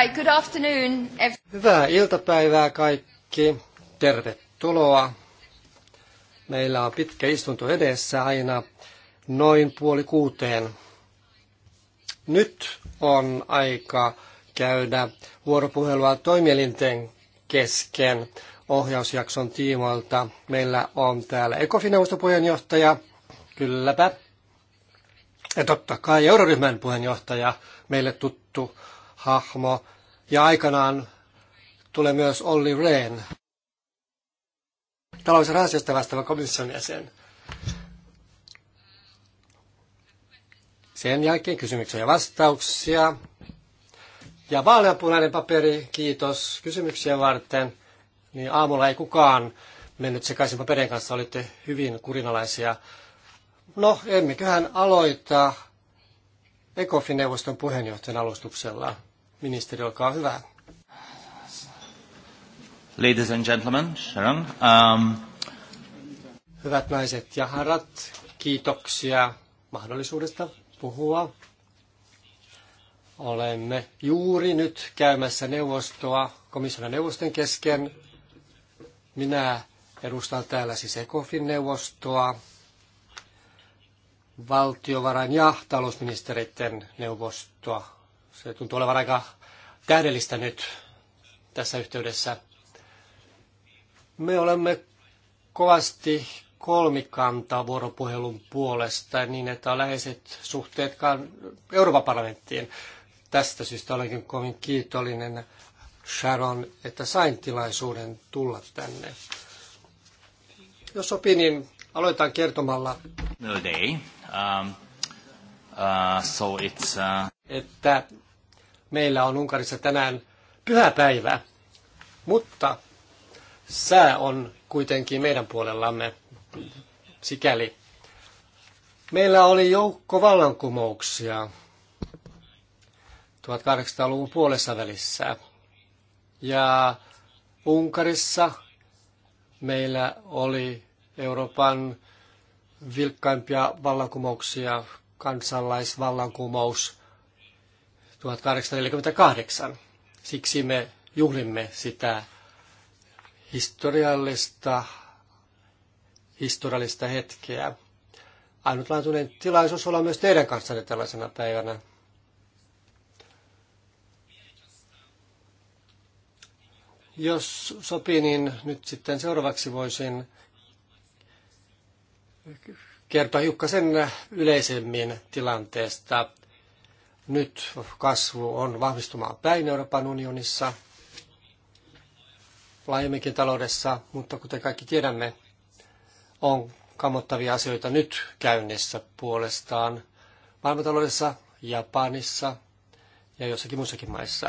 Right, good afternoon. Hyvää iltapäivää kaikki. Tervetuloa. Meillä on pitkä istunto edessä aina noin puoli kuuteen. Nyt on aika käydä vuoropuhelua toimielinten kesken ohjausjakson tiimoilta. Meillä on täällä Ekofineuvoston puheenjohtaja, kylläpä, ja totta kai euroryhmän puheenjohtaja, meille tuttu hahmo. Ja aikanaan tulee myös Olli Rehn, talous- ja rahasiosta vastaava komission jäsen. Sen jälkeen kysymyksiä ja vastauksia. Ja vaaleanpunainen paperi, kiitos kysymyksiä varten. Niin aamulla ei kukaan mennyt sekaisin paperin kanssa, olitte hyvin kurinalaisia. No, emmeköhän aloita ECOFin-neuvoston puheenjohtajan alustuksella. Ministeri, olkaa hyvä. Ladies and gentlemen, Sharon. Um... Hyvät naiset ja herrat, kiitoksia mahdollisuudesta puhua. Olemme juuri nyt käymässä neuvostoa komission neuvosten kesken. Minä edustan täällä siis ECOFin neuvostoa, valtiovarain ja talousministeriöiden neuvostoa. Se tuntuu olevan aika tähdellistä nyt tässä yhteydessä. Me olemme kovasti kolmikanta vuoropuhelun puolesta niin, että on läheiset suhteet Euroopan parlamenttiin. Tästä syystä olenkin kovin kiitollinen Sharon, että sain tilaisuuden tulla tänne. Jos sopii, niin aloitan kertomalla, no day. Um, uh, so it's, uh... että Meillä on Unkarissa tänään pyhäpäivä, mutta sää on kuitenkin meidän puolellamme sikäli. Meillä oli joukko vallankumouksia 1800-luvun puolessa välissä. Ja Unkarissa meillä oli Euroopan vilkkaimpia vallankumouksia, kansalaisvallankumous, 1848. Siksi me juhlimme sitä historiallista, historiallista hetkeä. Ainutlaatuinen tilaisuus olla myös teidän kanssanne tällaisena päivänä. Jos sopii, niin nyt sitten seuraavaksi voisin kertoa hiukkasen yleisemmin tilanteesta nyt kasvu on vahvistumaan päin Euroopan unionissa, laajemminkin taloudessa, mutta kuten kaikki tiedämme, on kamottavia asioita nyt käynnissä puolestaan maailmantaloudessa, Japanissa ja jossakin muissakin maissa.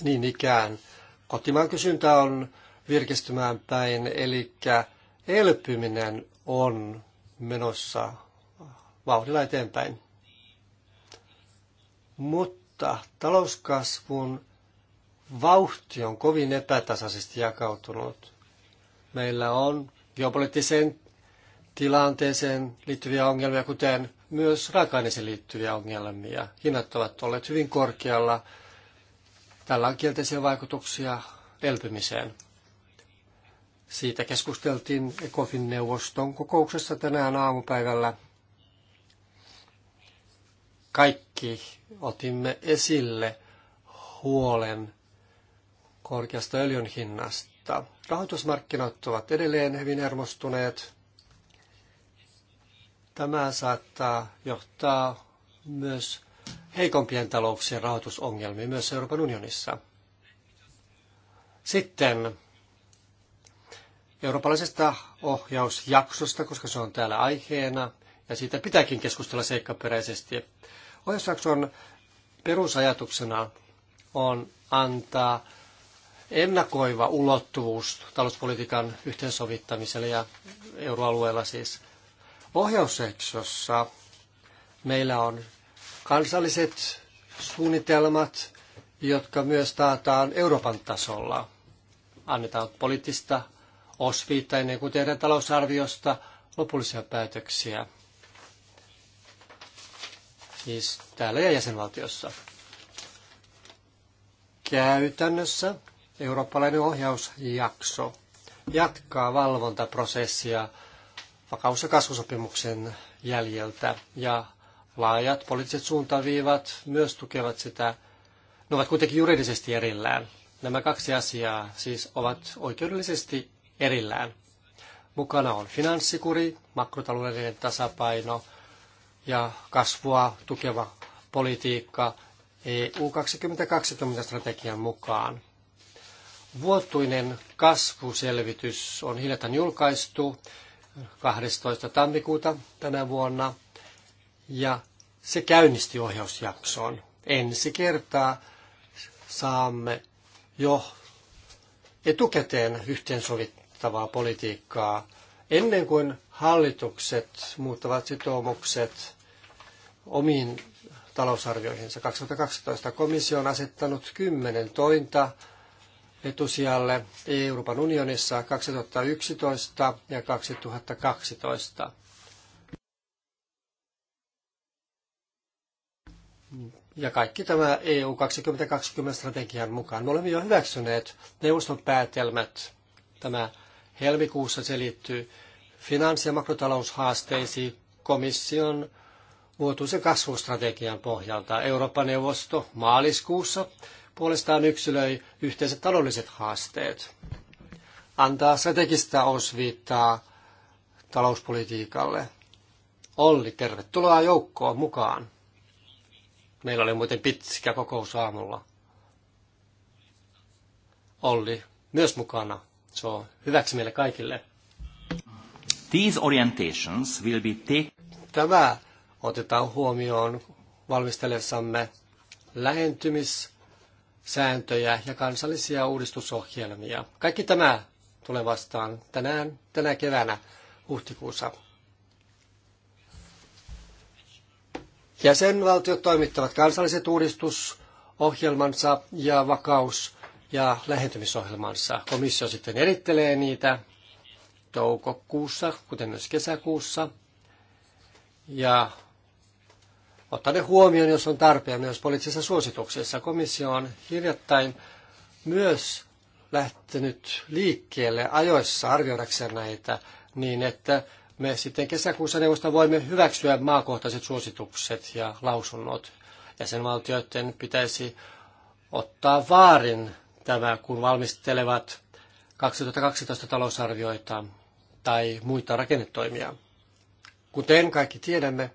Niin ikään kotimaan kysyntä on virkistymään päin, eli elpyminen on menossa vauhdilla eteenpäin. Mutta talouskasvun vauhti on kovin epätasaisesti jakautunut. Meillä on geopoliittiseen tilanteeseen liittyviä ongelmia, kuten myös raaka liittyviä ongelmia. Hinnat ovat olleet hyvin korkealla. Tällä on kielteisiä vaikutuksia elpymiseen. Siitä keskusteltiin ECOFIN-neuvoston kokouksessa tänään aamupäivällä – kaikki otimme esille huolen korkeasta öljyn hinnasta. Rahoitusmarkkinat ovat edelleen hyvin hermostuneet. Tämä saattaa johtaa myös heikompien talouksien rahoitusongelmiin myös Euroopan unionissa. Sitten eurooppalaisesta ohjausjaksosta, koska se on täällä aiheena, ja siitä pitääkin keskustella seikkaperäisesti. Ohjausjakson perusajatuksena on antaa ennakoiva ulottuvuus talouspolitiikan yhteensovittamiselle ja euroalueella siis. Ohjausjaksossa meillä on kansalliset suunnitelmat, jotka myös taataan Euroopan tasolla. Annetaan poliittista osviittaa ennen kuin tehdään talousarviosta lopullisia päätöksiä siis täällä ja jäsenvaltiossa. Käytännössä eurooppalainen ohjausjakso jatkaa valvontaprosessia vakaus- ja kasvusopimuksen jäljeltä ja laajat poliittiset suuntaviivat myös tukevat sitä. Ne ovat kuitenkin juridisesti erillään. Nämä kaksi asiaa siis ovat oikeudellisesti erillään. Mukana on finanssikuri, makrotaloudellinen tasapaino ja kasvua tukeva politiikka EU 2020 strategian mukaan. Vuotuinen kasvuselvitys on hiljattain julkaistu 12. tammikuuta tänä vuonna ja se käynnisti ohjausjakson. Ensi kertaa saamme jo etukäteen yhteensovittavaa politiikkaa ennen kuin hallitukset muuttavat sitoumukset omiin talousarvioihinsa. 2012 komissio on asettanut kymmenen tointa etusijalle Euroopan unionissa 2011 ja 2012. Ja kaikki tämä EU 2020-strategian mukaan. Me olemme jo hyväksyneet neuvoston päätelmät. Tämä helmikuussa se liittyy finanssi- ja makrotaloushaasteisiin komission vuotuisen kasvustrategian pohjalta. Euroopan neuvosto maaliskuussa puolestaan yksilöi yhteiset taloudelliset haasteet, antaa strategista osviittaa talouspolitiikalle. Olli, tervetuloa joukkoon mukaan. Meillä oli muuten pitkä kokous aamulla. Olli, myös mukana. Se on hyväksi meille kaikille. These orientations will be taken. Tämä otetaan huomioon valmistelessamme lähentymissääntöjä ja kansallisia uudistusohjelmia. Kaikki tämä tulee vastaan tänään, tänä keväänä huhtikuussa. Jäsenvaltiot toimittavat kansalliset uudistusohjelmansa ja vakaus- ja lähentymisohjelmansa. Komissio sitten erittelee niitä toukokuussa, kuten myös kesäkuussa. Ja ottaa ne huomioon, jos on tarpeen myös poliittisissa suosituksissa. Komissio on hiljattain myös lähtenyt liikkeelle ajoissa arvioidakseen näitä niin, että me sitten kesäkuussa neuvosta voimme hyväksyä maakohtaiset suositukset ja lausunnot. Jäsenvaltioiden pitäisi ottaa vaarin tämä, kun valmistelevat 2012 talousarvioita tai muita rakennetoimia. Kuten kaikki tiedämme,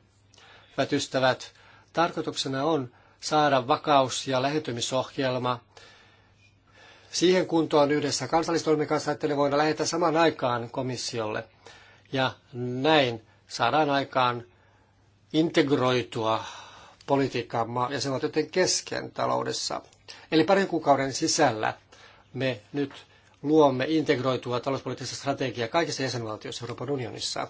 hyvät ystävät, tarkoituksena on saada vakaus- ja lähentymisohjelma siihen kuntoon yhdessä kansallistoimen kanssa, että ne voidaan lähettää samaan aikaan komissiolle. Ja näin saadaan aikaan integroitua politiikkaa jäsenvaltioiden kesken taloudessa. Eli parin kuukauden sisällä me nyt luomme integroitua talouspoliittista strategiaa kaikissa jäsenvaltioissa Euroopan unionissa.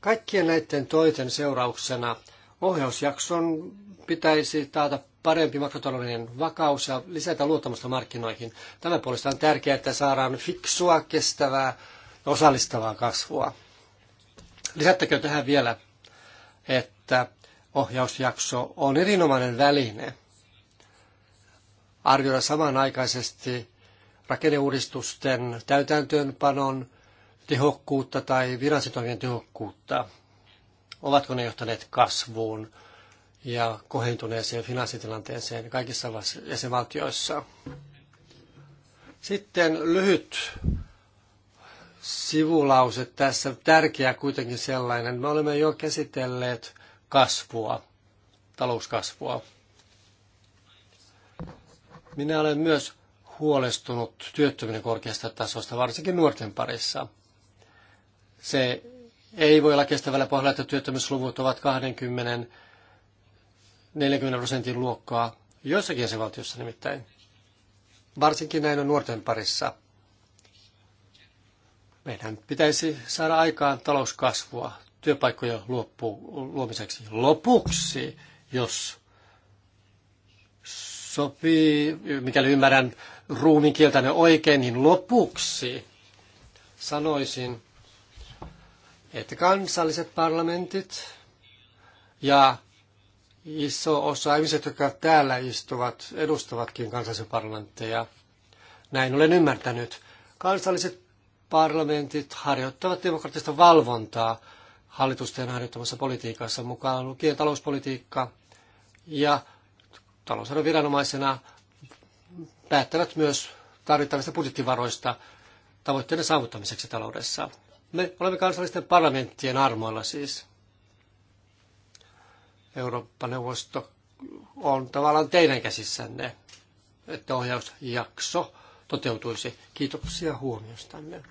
Kaikkien näiden toiten seurauksena ohjausjakson pitäisi taata parempi makrotaloudellinen vakaus ja lisätä luottamusta markkinoihin. Tämä puolestaan on tärkeää, että saadaan fiksua, kestävää ja osallistavaa kasvua. Lisättäkö tähän vielä, että ohjausjakso on erinomainen väline arvioida samanaikaisesti rakenneuudistusten täytäntöönpanon tehokkuutta tai viransitoimien tehokkuutta. Ovatko ne johtaneet kasvuun ja kohentuneeseen finanssitilanteeseen kaikissa jäsenvaltioissa? Sitten lyhyt sivulause tässä, tärkeä kuitenkin sellainen. Me olemme jo käsitelleet kasvua, talouskasvua. Minä olen myös huolestunut työttömyyden korkeasta tasosta, varsinkin nuorten parissa. Se ei voi olla kestävällä pohjalla, että työttömyysluvut ovat 20-40 prosentin luokkaa, joissakin jäsenvaltiossa nimittäin. Varsinkin näin on nuorten parissa. Meidän pitäisi saada aikaan talouskasvua työpaikkojen luomiseksi. Lopuksi, jos sopii, mikäli ymmärrän ruumin kieltäne oikein, niin lopuksi sanoisin, että kansalliset parlamentit ja iso osa ihmiset, jotka täällä istuvat, edustavatkin kansallisia parlamentteja. Näin olen ymmärtänyt. Kansalliset parlamentit harjoittavat demokraattista valvontaa hallitusten harjoittamassa politiikassa, mukaan lukien talouspolitiikka ja viranomaisena päättävät myös tarvittavista budjettivaroista tavoitteiden saavuttamiseksi taloudessa. Me olemme kansallisten parlamenttien armoilla siis. Eurooppa-neuvosto on tavallaan teidän käsissänne, että ohjausjakso toteutuisi. Kiitoksia huomiostanne.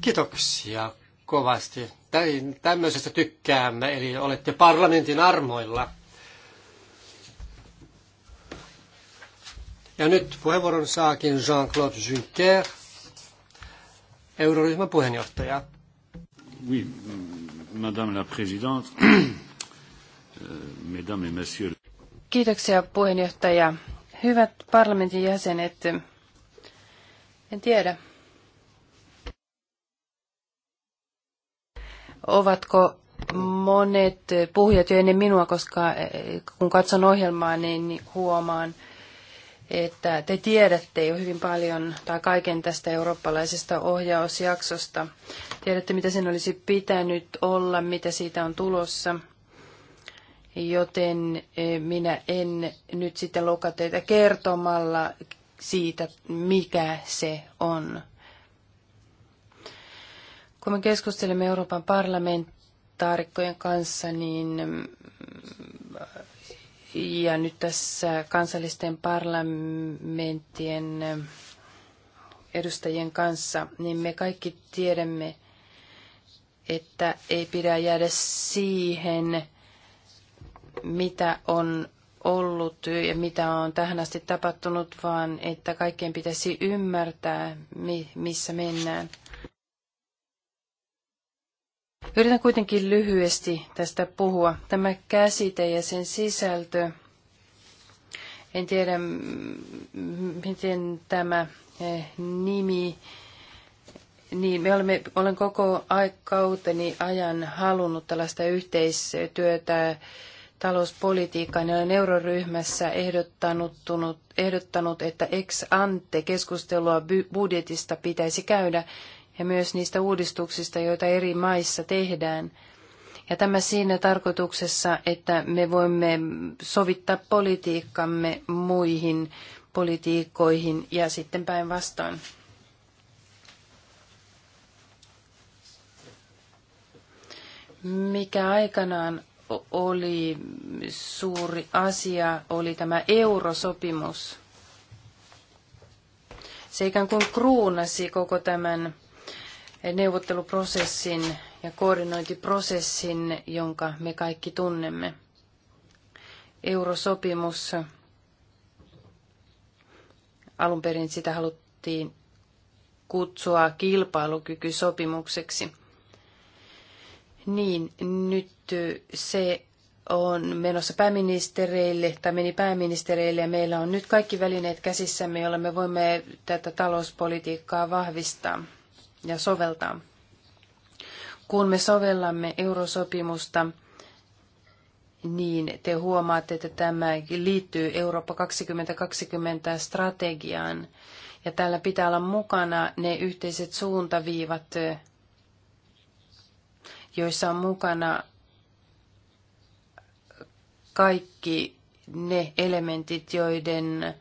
Kiitoksia kovasti. Tämmöisestä tykkäämme, eli olette parlamentin armoilla. Ja nyt puheenvuoron saakin Jean-Claude Juncker, euroryhmän puheenjohtaja. Oui, madame la présidente, mesdames et messieurs. Kiitoksia puheenjohtaja. Hyvät parlamentin jäsenet, en tiedä, ovatko monet puhujat jo ennen minua, koska kun katson ohjelmaa, niin huomaan – että te tiedätte jo hyvin paljon tai kaiken tästä eurooppalaisesta ohjausjaksosta. Tiedätte, mitä sen olisi pitänyt olla, mitä siitä on tulossa. Joten e, minä en nyt sitten loukkaa teitä kertomalla siitä, mikä se on. Kun me keskustelemme Euroopan parlamentaarikkojen kanssa, niin ja nyt tässä kansallisten parlamenttien edustajien kanssa, niin me kaikki tiedämme, että ei pidä jäädä siihen, mitä on ollut ja mitä on tähän asti tapahtunut, vaan että kaikkien pitäisi ymmärtää, missä mennään. Yritän kuitenkin lyhyesti tästä puhua. Tämä käsite ja sen sisältö, en tiedä miten tämä eh, nimi, niin me olemme, olen koko aikauteni ajan halunnut tällaista yhteistyötä talouspolitiikkaan niin ja olen euroryhmässä ehdottanut, ehdottanut että ex ante keskustelua budjetista pitäisi käydä ja myös niistä uudistuksista, joita eri maissa tehdään. Ja tämä siinä tarkoituksessa, että me voimme sovittaa politiikkamme muihin politiikkoihin ja sitten päinvastoin. Mikä aikanaan oli suuri asia, oli tämä eurosopimus. Se ikään kuin kruunasi koko tämän neuvotteluprosessin ja koordinointiprosessin, jonka me kaikki tunnemme. Eurosopimus, alun perin sitä haluttiin kutsua kilpailukykysopimukseksi. Niin, nyt se on menossa pääministereille, tai meni pääministereille, ja meillä on nyt kaikki välineet käsissämme, joilla me voimme tätä talouspolitiikkaa vahvistaa ja soveltaa. Kun me sovellamme eurosopimusta, niin te huomaatte, että tämä liittyy Eurooppa 2020 strategiaan. Ja täällä pitää olla mukana ne yhteiset suuntaviivat, joissa on mukana kaikki ne elementit, joiden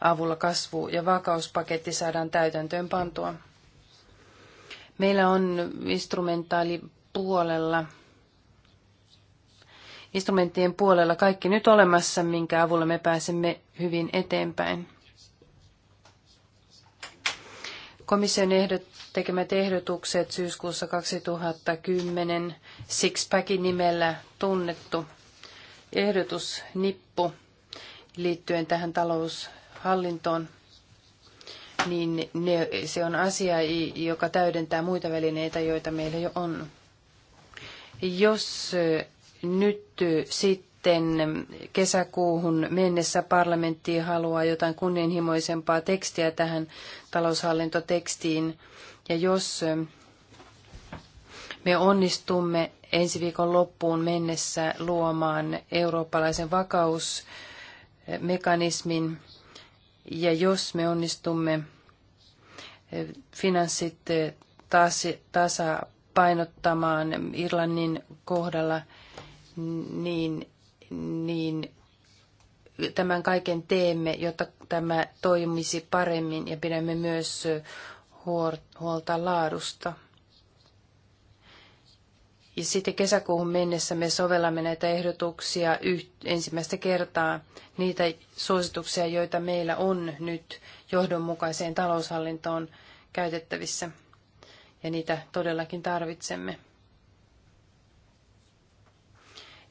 avulla kasvu- ja vakauspaketti saadaan täytäntöön pantua. Meillä on instrumentaalipuolella, instrumenttien puolella kaikki nyt olemassa, minkä avulla me pääsemme hyvin eteenpäin. Komission ehdot, tekemät ehdotukset syyskuussa 2010 Sixpackin nimellä tunnettu ehdotusnippu liittyen tähän taloushallintoon niin ne, se on asia, joka täydentää muita välineitä, joita meillä jo on. Jos nyt sitten kesäkuuhun mennessä parlamentti haluaa jotain kunnianhimoisempaa tekstiä tähän taloushallintotekstiin, ja jos me onnistumme ensi viikon loppuun mennessä luomaan eurooppalaisen vakausmekanismin, ja jos me onnistumme eh, finanssit eh, tasapainottamaan Irlannin kohdalla, niin, niin tämän kaiken teemme, jotta tämä toimisi paremmin ja pidämme myös eh, huolta laadusta. Ja sitten kesäkuuhun mennessä me sovellamme näitä ehdotuksia ensimmäistä kertaa, niitä suosituksia, joita meillä on nyt johdonmukaiseen taloushallintoon käytettävissä. Ja niitä todellakin tarvitsemme.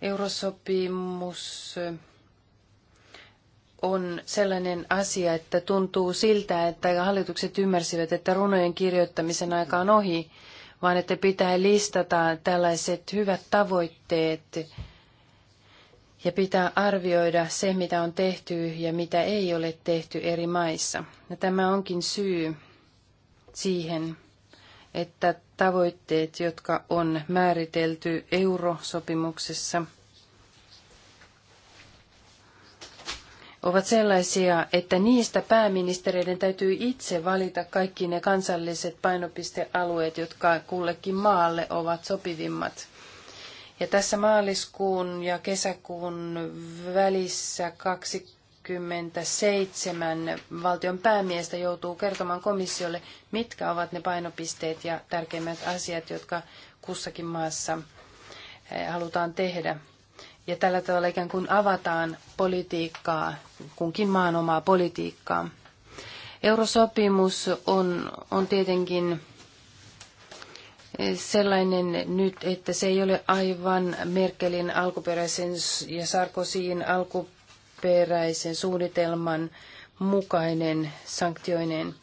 Eurosopimus on sellainen asia, että tuntuu siltä, että hallitukset ymmärsivät, että runojen kirjoittamisen aika on ohi vaan että pitää listata tällaiset hyvät tavoitteet ja pitää arvioida se, mitä on tehty ja mitä ei ole tehty eri maissa. Ja tämä onkin syy siihen, että tavoitteet, jotka on määritelty eurosopimuksessa – ovat sellaisia, että niistä pääministereiden täytyy itse valita kaikki ne kansalliset painopistealueet, jotka kullekin maalle ovat sopivimmat. Ja tässä maaliskuun ja kesäkuun välissä 27 valtion päämiestä joutuu kertomaan komissiolle, mitkä ovat ne painopisteet ja tärkeimmät asiat, jotka kussakin maassa eh, halutaan tehdä. Ja tällä tavalla ikään kuin avataan politiikkaa, kunkin maan omaa politiikkaa. Eurosopimus on, on tietenkin eh, sellainen nyt, että se ei ole aivan Merkelin alkuperäisen ja Sarkosiin alkuperäisen suunnitelman mukainen sanktioineen.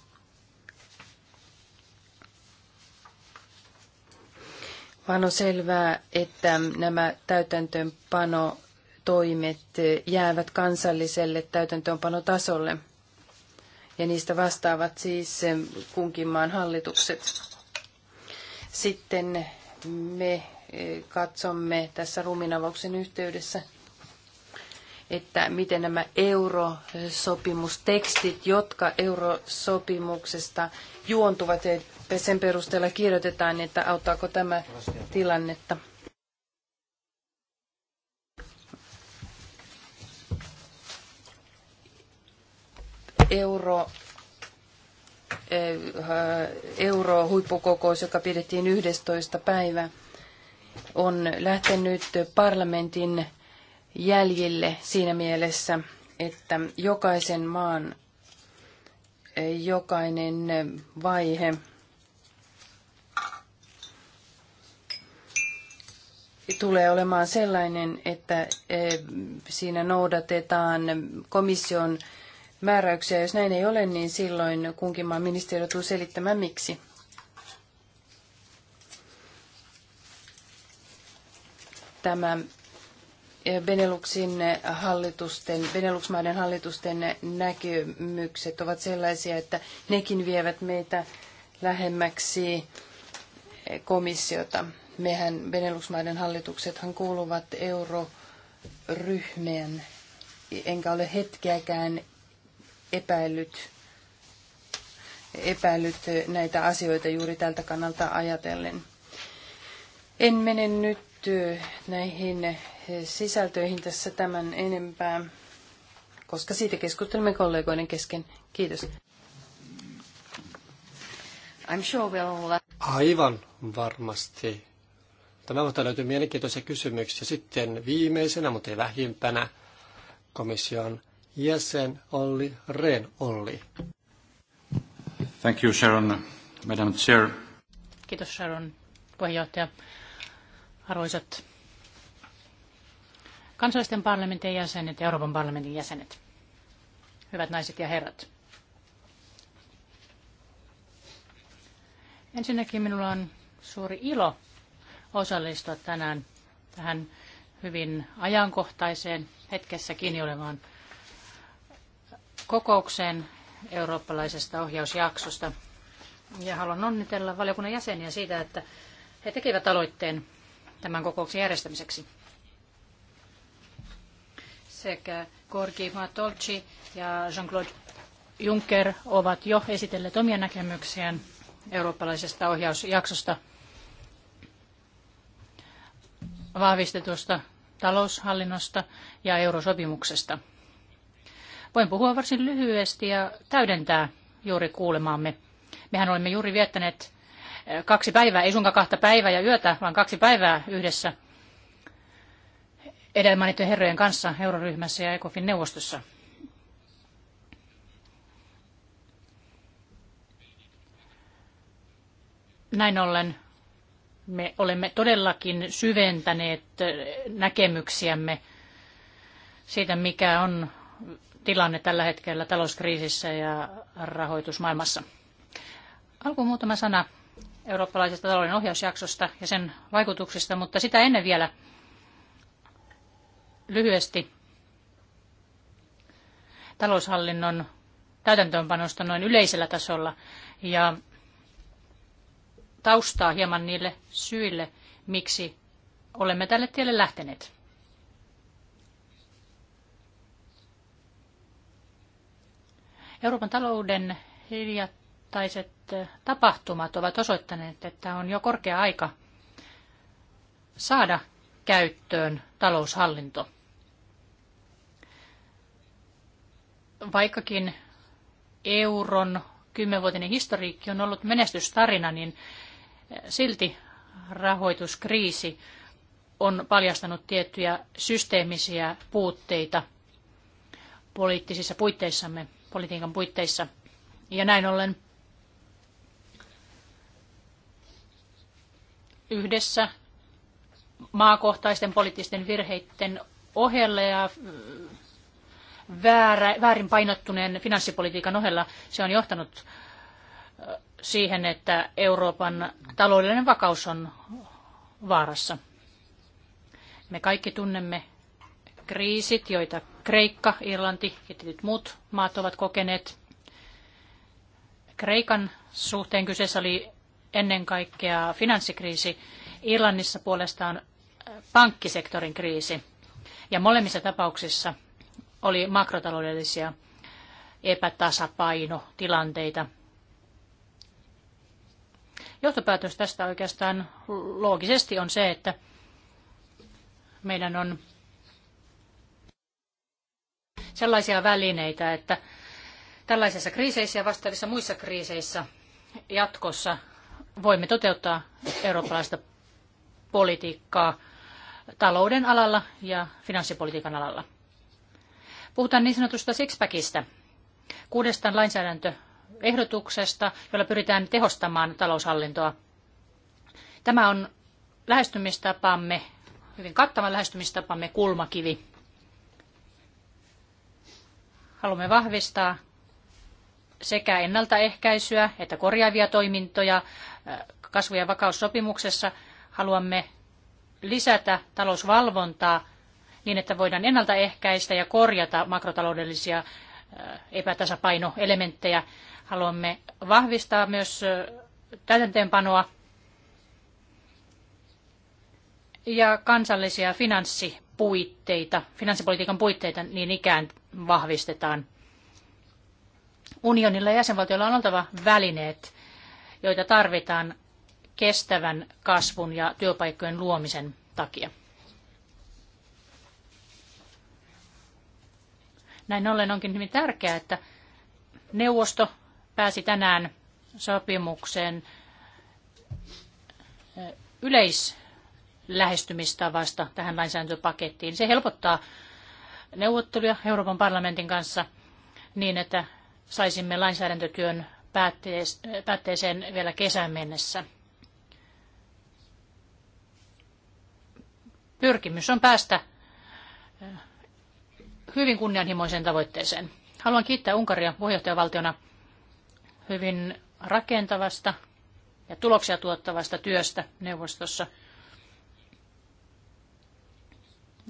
vaan on selvää, että nämä täytäntöönpano toimet jäävät kansalliselle täytäntöönpanotasolle. Ja niistä vastaavat siis kunkin maan hallitukset. Sitten me katsomme tässä ruminavauksen yhteydessä että miten nämä eurosopimustekstit, jotka eurosopimuksesta juontuvat ja sen perusteella kirjoitetaan, niin että auttaako tämä tilannetta. Euro eh, eurohuippukokous, joka pidettiin 11. päivä, on lähtenyt parlamentin jäljille siinä mielessä, että jokaisen maan jokainen vaihe tulee olemaan sellainen, että e, siinä noudatetaan komission määräyksiä. Jos näin ei ole, niin silloin kunkin maan ministeri joutuu selittämään miksi. Tämä Beneluxin hallitusten, Benelux-maiden hallitusten näkemykset ovat sellaisia, että nekin vievät meitä lähemmäksi komissiota. Mehän Benelux-maiden hallituksethan kuuluvat euroryhmään, enkä ole hetkeäkään epäillyt, epäillyt näitä asioita juuri tältä kannalta ajatellen. En mene nyt näihin sisältöihin tässä tämän enempää, koska siitä keskustelemme kollegoiden kesken. Kiitos. I'm sure we'll... Aivan varmasti. Tämä on löytyy mielenkiintoisia kysymyksiä. Sitten viimeisenä, mutta ei vähimpänä, komission jäsen Olli Rehn Olli. Thank you, Sharon, Madam Chair. Kiitos Sharon, puheenjohtaja. Arvoisat kansallisten parlamentin jäsenet ja Euroopan parlamentin jäsenet. Hyvät naiset ja herrat. Ensinnäkin minulla on suuri ilo osallistua tänään tähän hyvin ajankohtaiseen hetkessä kiinni olevaan kokoukseen eurooppalaisesta ohjausjaksosta. Ja haluan onnitella valiokunnan jäseniä siitä, että he tekivät aloitteen tämän kokouksen järjestämiseksi sekä Gorgi Matolci ja Jean-Claude Juncker ovat jo esitelleet omia näkemyksiään eurooppalaisesta ohjausjaksosta vahvistetusta taloushallinnosta ja eurosopimuksesta. Voin puhua varsin lyhyesti ja täydentää juuri kuulemaamme. Mehän olemme juuri viettäneet kaksi päivää, ei suinkaan kahta päivää ja yötä, vaan kaksi päivää yhdessä – edellä mainittujen herrojen kanssa euroryhmässä ja ECOFin neuvostossa. Näin ollen me olemme todellakin syventäneet näkemyksiämme siitä, mikä on tilanne tällä hetkellä talouskriisissä ja rahoitusmaailmassa. Alkuun muutama sana eurooppalaisesta talouden ohjausjaksosta ja sen vaikutuksista, mutta sitä ennen vielä – lyhyesti taloushallinnon täytäntöönpanosta noin yleisellä tasolla ja taustaa hieman niille syille, miksi olemme tälle tielle lähteneet. Euroopan talouden hiljattaiset tapahtumat ovat osoittaneet, että on jo korkea aika saada käyttöön taloushallinto. Vaikkakin euron kymmenvuotinen historiikki on ollut menestystarina, niin eh, silti rahoituskriisi on paljastanut tiettyjä systeemisiä puutteita poliittisissa puitteissamme, politiikan puitteissa. Ja näin ollen yhdessä maakohtaisten poliittisten virheiden ohella ja eh, väärä, väärin painottuneen finanssipolitiikan ohella se on johtanut siihen, että Euroopan taloudellinen vakaus on vaarassa. Me kaikki tunnemme kriisit, joita Kreikka, Irlanti ja tietyt muut maat ovat kokeneet. Kreikan suhteen kyseessä oli ennen kaikkea finanssikriisi. Irlannissa puolestaan pankkisektorin kriisi. Ja molemmissa tapauksissa oli makrotaloudellisia epätasapainotilanteita. Johtopäätös tästä oikeastaan loogisesti on se, että meidän on sellaisia välineitä, että tällaisissa kriiseissä ja vastaavissa muissa kriiseissä jatkossa voimme toteuttaa eurooppalaista politiikkaa talouden alalla ja finanssipolitiikan alalla. Puhutaan niin sanotusta sixpackista, kuudesta lainsäädäntöehdotuksesta, jolla pyritään tehostamaan taloushallintoa. Tämä on lähestymistapamme, hyvin kattava lähestymistapamme kulmakivi. Haluamme vahvistaa sekä ennaltaehkäisyä että korjaavia toimintoja äh, kasvu- ja vakaussopimuksessa. Haluamme lisätä talousvalvontaa niin että voidaan ennaltaehkäistä ja korjata makrotaloudellisia äh, epätasapainoelementtejä. Haluamme vahvistaa myös äh, täytäntöönpanoa ja kansallisia finanssipuitteita, finanssipolitiikan puitteita niin ikään vahvistetaan. Unionilla ja jäsenvaltioilla on oltava välineet, joita tarvitaan kestävän kasvun ja työpaikkojen luomisen takia. Näin ollen onkin hyvin tärkeää, että neuvosto pääsi tänään sopimukseen yleislähestymistavasta tähän lainsäädäntöpakettiin. Se helpottaa neuvotteluja Euroopan parlamentin kanssa niin, että saisimme lainsäädäntötyön päätteeseen vielä kesän mennessä. Pyrkimys on päästä hyvin kunnianhimoiseen tavoitteeseen. Haluan kiittää Unkaria puheenjohtajavaltiona hyvin rakentavasta ja tuloksia tuottavasta työstä neuvostossa.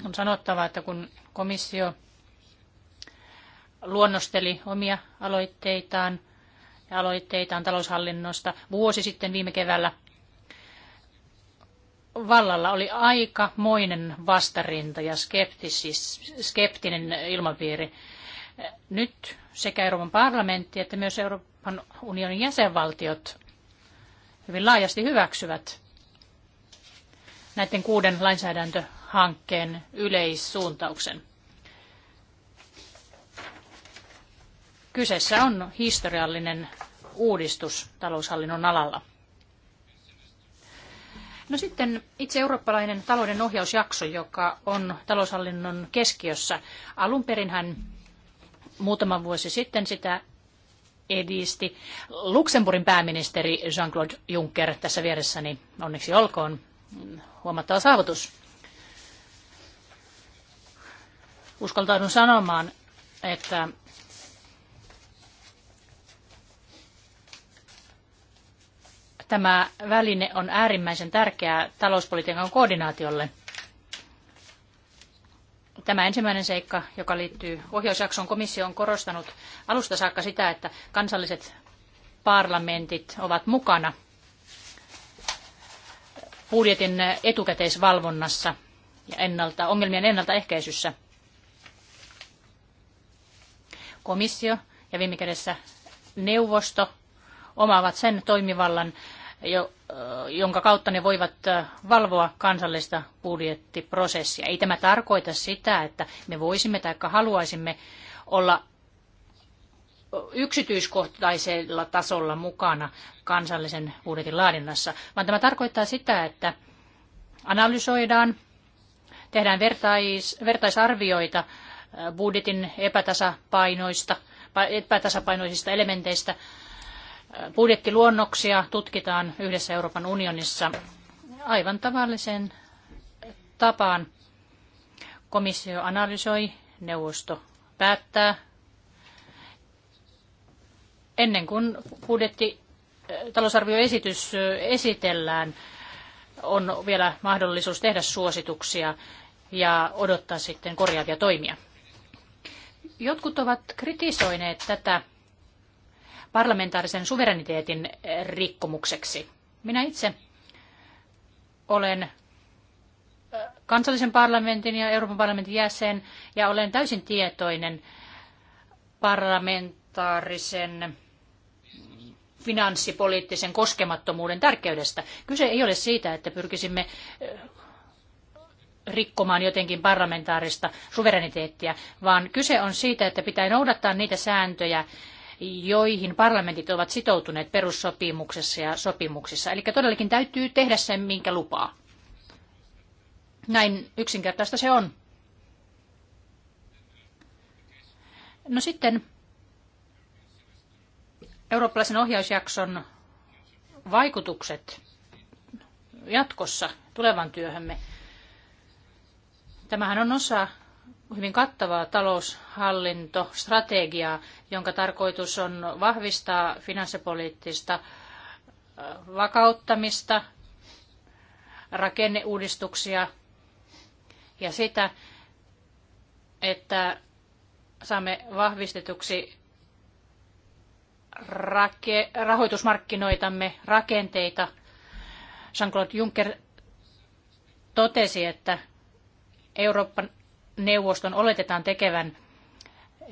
On sanottava, että kun komissio luonnosteli omia aloitteitaan ja aloitteitaan taloushallinnosta vuosi sitten viime keväällä, vallalla oli aika moinen vastarinta ja skeptinen ilmapiiri. Nyt sekä Euroopan parlamentti että myös Euroopan unionin jäsenvaltiot hyvin laajasti hyväksyvät näiden kuuden lainsäädäntöhankkeen yleissuuntauksen. Kyseessä on historiallinen uudistus taloushallinnon alalla. No sitten itse eurooppalainen talouden ohjausjakso, joka on taloushallinnon keskiössä. Alun perinhän muutama vuosi sitten sitä edisti Luxemburgin pääministeri Jean-Claude Juncker tässä vieressäni. Onneksi olkoon. Huomattava saavutus. Uskaltaudun sanomaan, että Tämä väline on äärimmäisen tärkeä talouspolitiikan koordinaatiolle. Tämä ensimmäinen seikka, joka liittyy ohjausjakson komissio on korostanut alusta saakka sitä, että kansalliset parlamentit ovat mukana budjetin etukäteisvalvonnassa ja ennalta, ongelmien ennaltaehkäisyssä. Komissio ja viime kädessä neuvosto omaavat sen toimivallan, jonka kautta ne voivat valvoa kansallista budjettiprosessia. Ei tämä tarkoita sitä, että me voisimme tai haluaisimme olla yksityiskohtaisella tasolla mukana kansallisen budjetin laadinnassa, vaan tämä tarkoittaa sitä, että analysoidaan, tehdään vertais, vertaisarvioita budjetin epätasapainoista, epätasapainoisista elementeistä – budjettiluonnoksia tutkitaan yhdessä Euroopan unionissa aivan tavallisen tapaan. Komissio analysoi, neuvosto päättää. Ennen kuin budjetti eh, talousarvioesitys eh, esitellään, on vielä mahdollisuus tehdä suosituksia ja odottaa sitten korjaavia toimia. Jotkut ovat kritisoineet tätä parlamentaarisen suvereniteetin rikkomukseksi. Minä itse olen kansallisen parlamentin ja Euroopan parlamentin jäsen ja olen täysin tietoinen parlamentaarisen finanssipoliittisen koskemattomuuden tärkeydestä. Kyse ei ole siitä, että pyrkisimme rikkomaan jotenkin parlamentaarista suvereniteettia, vaan kyse on siitä, että pitää noudattaa niitä sääntöjä, joihin parlamentit ovat sitoutuneet perussopimuksessa ja sopimuksissa. Eli todellakin täytyy tehdä sen, minkä lupaa. Näin yksinkertaista se on. No sitten eurooppalaisen ohjausjakson vaikutukset jatkossa tulevan työhömme. Tämähän on osa hyvin kattavaa taloushallintostrategiaa, jonka tarkoitus on vahvistaa finanssipoliittista vakauttamista, rakenneuudistuksia ja sitä, että saamme vahvistetuksi rake, rahoitusmarkkinoitamme rakenteita. Jean-Claude Juncker totesi, että Euroopan neuvoston oletetaan tekevän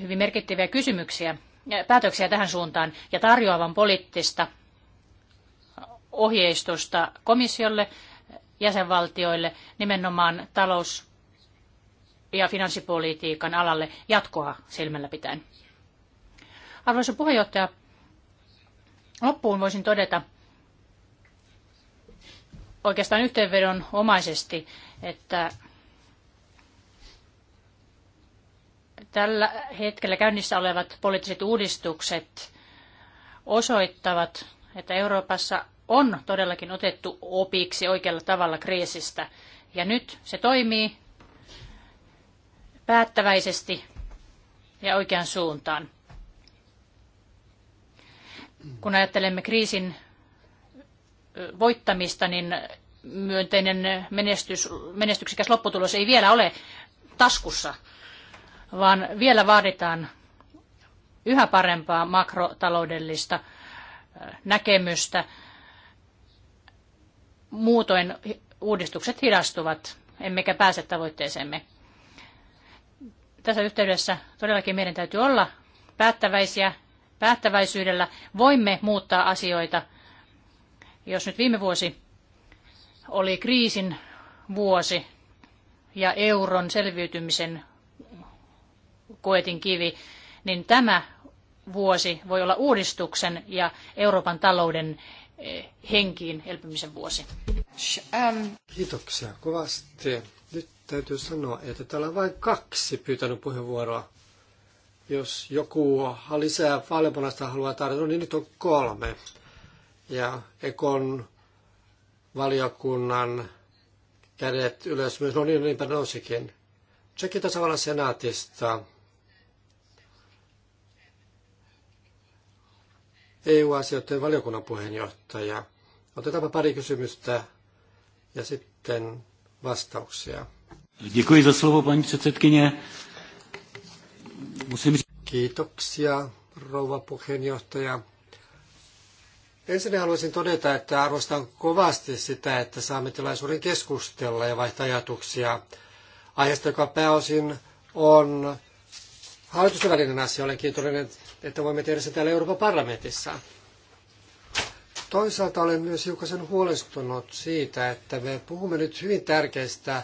hyvin merkittäviä kysymyksiä, päätöksiä tähän suuntaan ja tarjoavan poliittista ohjeistusta komissiolle, jäsenvaltioille nimenomaan talous- ja finanssipolitiikan alalle jatkoa silmällä pitäen. Arvoisa puheenjohtaja, loppuun voisin todeta oikeastaan yhteenvedon omaisesti, että Tällä hetkellä käynnissä olevat poliittiset uudistukset osoittavat, että Euroopassa on todellakin otettu opiksi oikealla tavalla kriisistä. Ja nyt se toimii päättäväisesti ja oikeaan suuntaan. Kun ajattelemme kriisin voittamista, niin myönteinen menestys, menestyksekäs lopputulos ei vielä ole taskussa vaan vielä vaaditaan yhä parempaa makrotaloudellista näkemystä. Muutoin uudistukset hidastuvat, emmekä pääse tavoitteeseemme. Tässä yhteydessä todellakin meidän täytyy olla päättäväisiä. Päättäväisyydellä voimme muuttaa asioita. Jos nyt viime vuosi oli kriisin vuosi ja euron selviytymisen koetin kivi, niin tämä vuosi voi olla uudistuksen ja Euroopan talouden eh, henkiin elpymisen vuosi. Ähm. Kiitoksia kovasti. Nyt täytyy sanoa, että täällä on vain kaksi pyytänyt puheenvuoroa. Jos joku lisää valiokunnasta haluaa tarjota, niin nyt on kolme. Ja Ekon valiokunnan kädet ylös myös, no niin, niinpä nousikin. Tsekin tasavallan senaatista EU-asioiden valiokunnan puheenjohtaja. Otetaanpa pari kysymystä ja sitten vastauksia. Děkuji za slovo, paní předsedkyně. Musím... Kiitoksia, rouva puheenjohtaja. Ensin haluaisin todeta, että arvostan kovasti sitä, että saamme tilaisuuden keskustella ja vaihtaa ajatuksia aiheesta, joka pääosin on hallitusten välinen asia. Olen kiitollinen että voimme tehdä sen täällä Euroopan parlamentissa. Toisaalta olen myös hiukan huolestunut siitä, että me puhumme nyt hyvin tärkeistä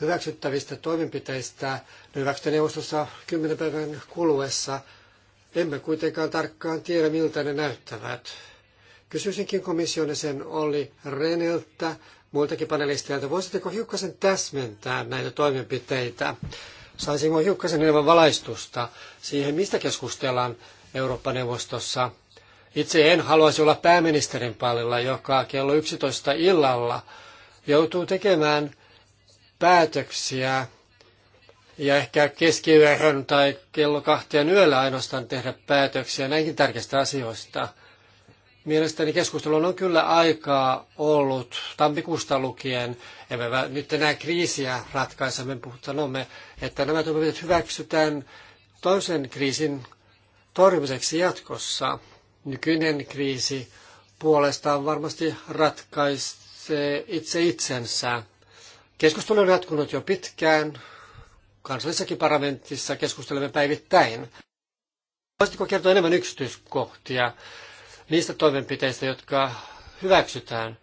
hyväksyttävistä toimenpiteistä hyväksytä neuvostossa kymmenen päivän kuluessa. Emme kuitenkaan tarkkaan tiedä, miltä ne näyttävät. Kysyisinkin komission sen oli Reneltä, muiltakin panelisteilta, voisitteko hiukkasen täsmentää näitä toimenpiteitä? Saisinko hiukkasen enemmän valaistusta siihen, mistä keskustellaan Eurooppa-neuvostossa. Itse en haluaisi olla pääministerin pallilla, joka kello 11 illalla joutuu tekemään päätöksiä ja ehkä keskiyöhön tai kello kahteen yöllä ainoastaan tehdä päätöksiä näinkin tärkeistä asioista. Mielestäni keskustelun on kyllä aikaa ollut tammikuusta lukien. Emme nyt enää kriisiä ratkaisemme, puhutaan, me että nämä toimenpiteet hyväksytään toisen kriisin torjumiseksi jatkossa. Nykyinen kriisi puolestaan varmasti ratkaisee itse itsensä. Keskustelu on jatkunut jo pitkään. Kansallisessakin parlamentissa keskustelemme päivittäin. Voisitko kertoa enemmän yksityiskohtia niistä toimenpiteistä, jotka hyväksytään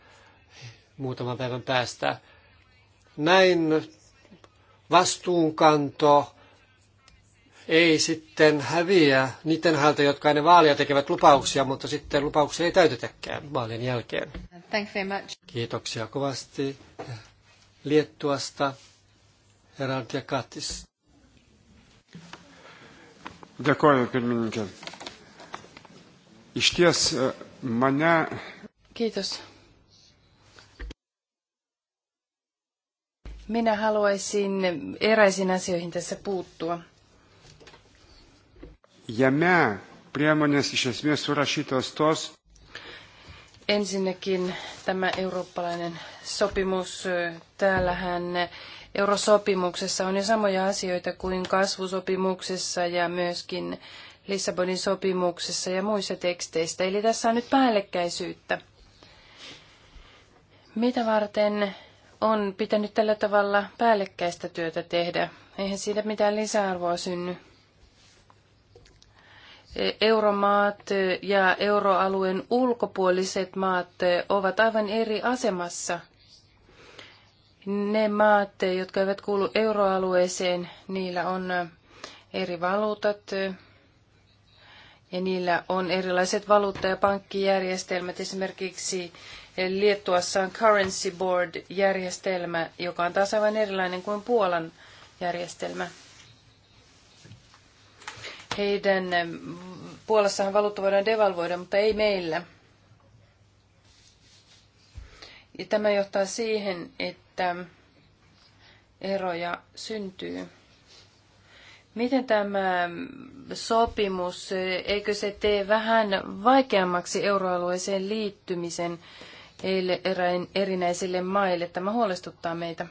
muutaman päivän päästä? Näin vastuunkanto ei sitten häviä niiden häältä, jotka ennen vaalia tekevät lupauksia, mutta sitten lupauksia ei täytetäkään vaalien jälkeen. Thank you very much. Kiitoksia kovasti Liettuasta, Herald ja Katis. Dėkoju, e, mane. Kiitos. Minä haluaisin eräisiin asioihin tässä puuttua. Jame priemonės iš esmės surašytos tos. Ensinnäkin tämä eurooppalainen sopimus, täällähän eurosopimuksessa on jo samoja asioita kuin kasvusopimuksessa ja myöskin Lissabonin sopimuksessa ja muissa teksteistä. Eli tässä on nyt päällekkäisyyttä. Mitä varten on pitänyt tällä tavalla päällekkäistä työtä tehdä? Eihän siitä mitään lisäarvoa synny euromaat ja euroalueen ulkopuoliset maat ovat aivan eri asemassa. Ne maat, jotka eivät kuulu euroalueeseen, niillä on eri valuutat ja niillä on erilaiset valuutta- ja pankkijärjestelmät. Esimerkiksi Liettuassa on Currency Board-järjestelmä, joka on taas aivan erilainen kuin Puolan järjestelmä. Heidän Puolassahan valuutta voidaan devalvoida, mutta ei meillä. Ja tämä johtaa siihen, että eroja syntyy. Miten tämä sopimus, eikö se tee vähän vaikeammaksi euroalueeseen liittymisen erinäisille maille? Tämä huolestuttaa meitä.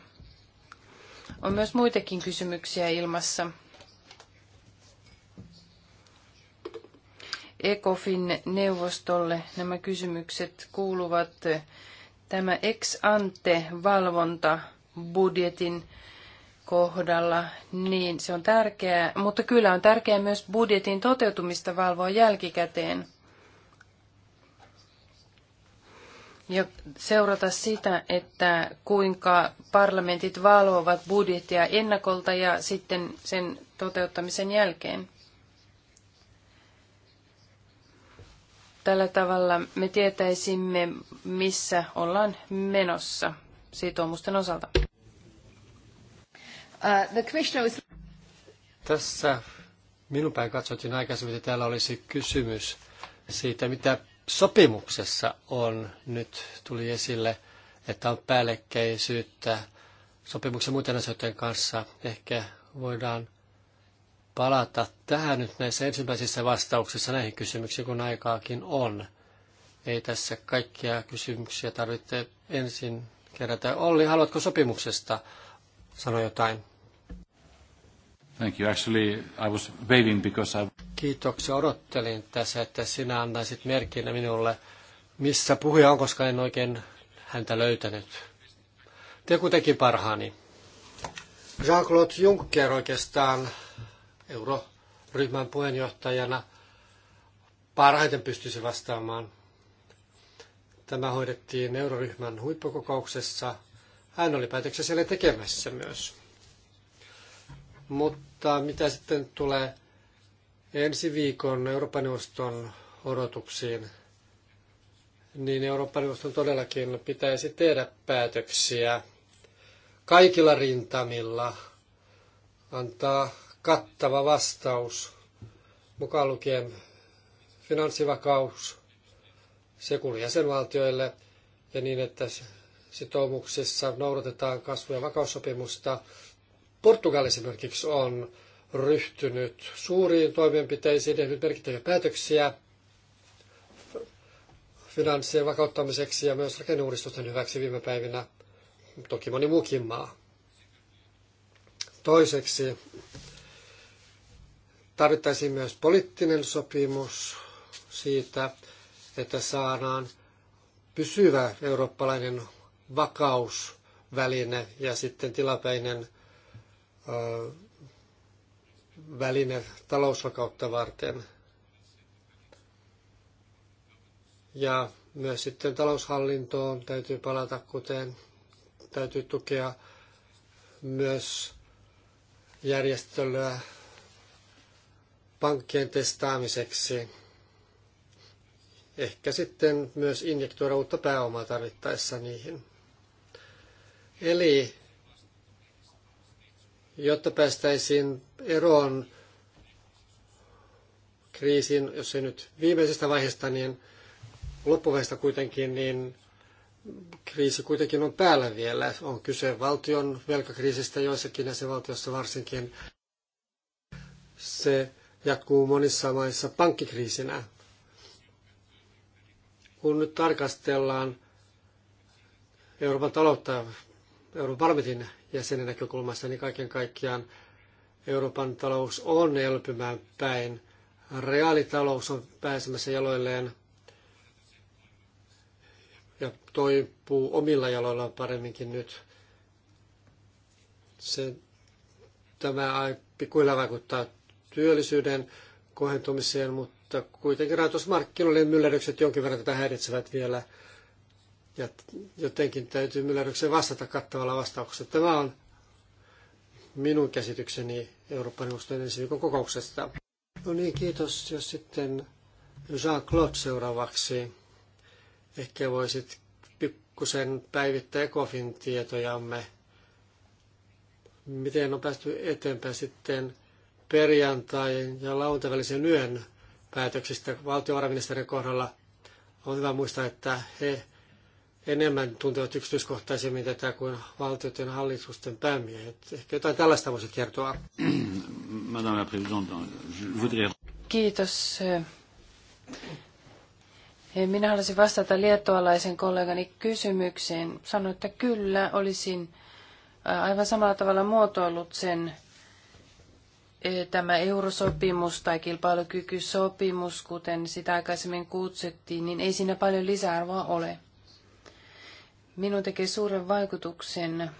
On myös muitakin kysymyksiä ilmassa. ECOFIN-neuvostolle nämä kysymykset kuuluvat. Tämä ex ante valvonta budjetin kohdalla, niin se on tärkeää, mutta kyllä on tärkeää myös budjetin toteutumista valvoa jälkikäteen. Ja seurata sitä, että kuinka parlamentit valvovat budjettia ennakolta ja sitten sen toteuttamisen jälkeen. Tällä tavalla me tietäisimme, missä ollaan menossa sitoumusten osalta. Uh, the commissioner was... Tässä minun päin katsottiin aikaisemmin, että täällä olisi kysymys siitä, mitä sopimuksessa on. Nyt tuli esille, että on päällekkäisyyttä sopimuksen muiden asioiden kanssa. Ehkä voidaan palata tähän nyt näissä ensimmäisissä vastauksissa näihin kysymyksiin, kun aikaakin on. Ei tässä kaikkia kysymyksiä tarvitse ensin kerätä. Olli, haluatko sopimuksesta sanoa jotain? Thank you. Actually, I was waving because I... Kiitoksia. Odottelin tässä, että sinä antaisit merkin minulle, missä puhuja on, koska en oikein häntä löytänyt. Te kuitenkin parhaani. Jean-Claude Juncker oikeastaan euroryhmän puheenjohtajana parhaiten pystyisi vastaamaan. Tämä hoidettiin euroryhmän huippukokouksessa. Hän oli päätöksessä siellä tekemässä myös. Mutta mitä sitten tulee ensi viikon Euroopan neuvoston odotuksiin, niin Euroopan neuvoston todellakin pitäisi tehdä päätöksiä kaikilla rintamilla, antaa kattava vastaus, mukaan lukien finanssivakaus, se kuuluu jäsenvaltioille ja niin, että sitoumuksissa noudatetaan kasvu- ja vakaussopimusta. Portugali esimerkiksi on ryhtynyt suuriin toimenpiteisiin, tehnyt merkittäviä päätöksiä finanssien vakauttamiseksi ja myös rakenneuudistusten hyväksi viime päivinä, toki moni muukin maa. Toiseksi Tarvittaisiin myös poliittinen sopimus siitä, että saadaan pysyvä eurooppalainen vakausväline ja sitten tilapäinen ö, väline talousvakautta varten. Ja myös sitten taloushallintoon täytyy palata, kuten täytyy tukea myös järjestelyä pankkien testaamiseksi. Ehkä sitten myös injektoida uutta pääomaa tarvittaessa niihin. Eli jotta päästäisiin eroon kriisin, jos ei nyt viimeisestä vaiheesta, niin loppuvaiheesta kuitenkin, niin kriisi kuitenkin on päällä vielä. On kyse valtion velkakriisistä joissakin valtiossa varsinkin. Se jatkuu monissa maissa pankkikriisinä. Kun nyt tarkastellaan Euroopan taloutta Euroopan parlamentin jäsenen näkökulmasta, niin kaiken kaikkiaan Euroopan talous on elpymään päin. Reaalitalous on pääsemässä jaloilleen ja toipuu omilla jaloillaan paremminkin nyt. Se, tämä pikkuhiljaa vaikuttaa työllisyyden kohentumiseen, mutta kuitenkin rahoitusmarkkinoiden myllerrykset jonkin verran tätä häiritsevät vielä. Ja jotenkin täytyy myllerrykseen vastata kattavalla vastauksella. Tämä on minun käsitykseni Euroopan neuvoston ensi viikon kokouksesta. No niin, kiitos. Ja sitten Jean-Claude seuraavaksi. Ehkä voisit pikkusen päivittää ECOFIN tietojamme. Miten on päästy eteenpäin sitten perjantain ja lauantain välisen yön päätöksistä valtiovarainministerin kohdalla on hyvä muistaa, että he enemmän tuntevat yksityiskohtaisemmin tätä kuin valtioiden hallitusten päämiehet. Ehkä jotain tällaista voisi kertoa. Madame la Présidente, je voudrais... Kiitos. Minä haluaisin vastata liettualaisen kollegani kysymykseen. Sanoin, että kyllä, olisin aivan samalla tavalla muotoillut sen tämä eurosopimus tai kilpailukykysopimus, kuten sitä aikaisemmin kutsuttiin, niin ei siinä paljon lisäarvoa ole. Minun tekee suuren vaikutuksen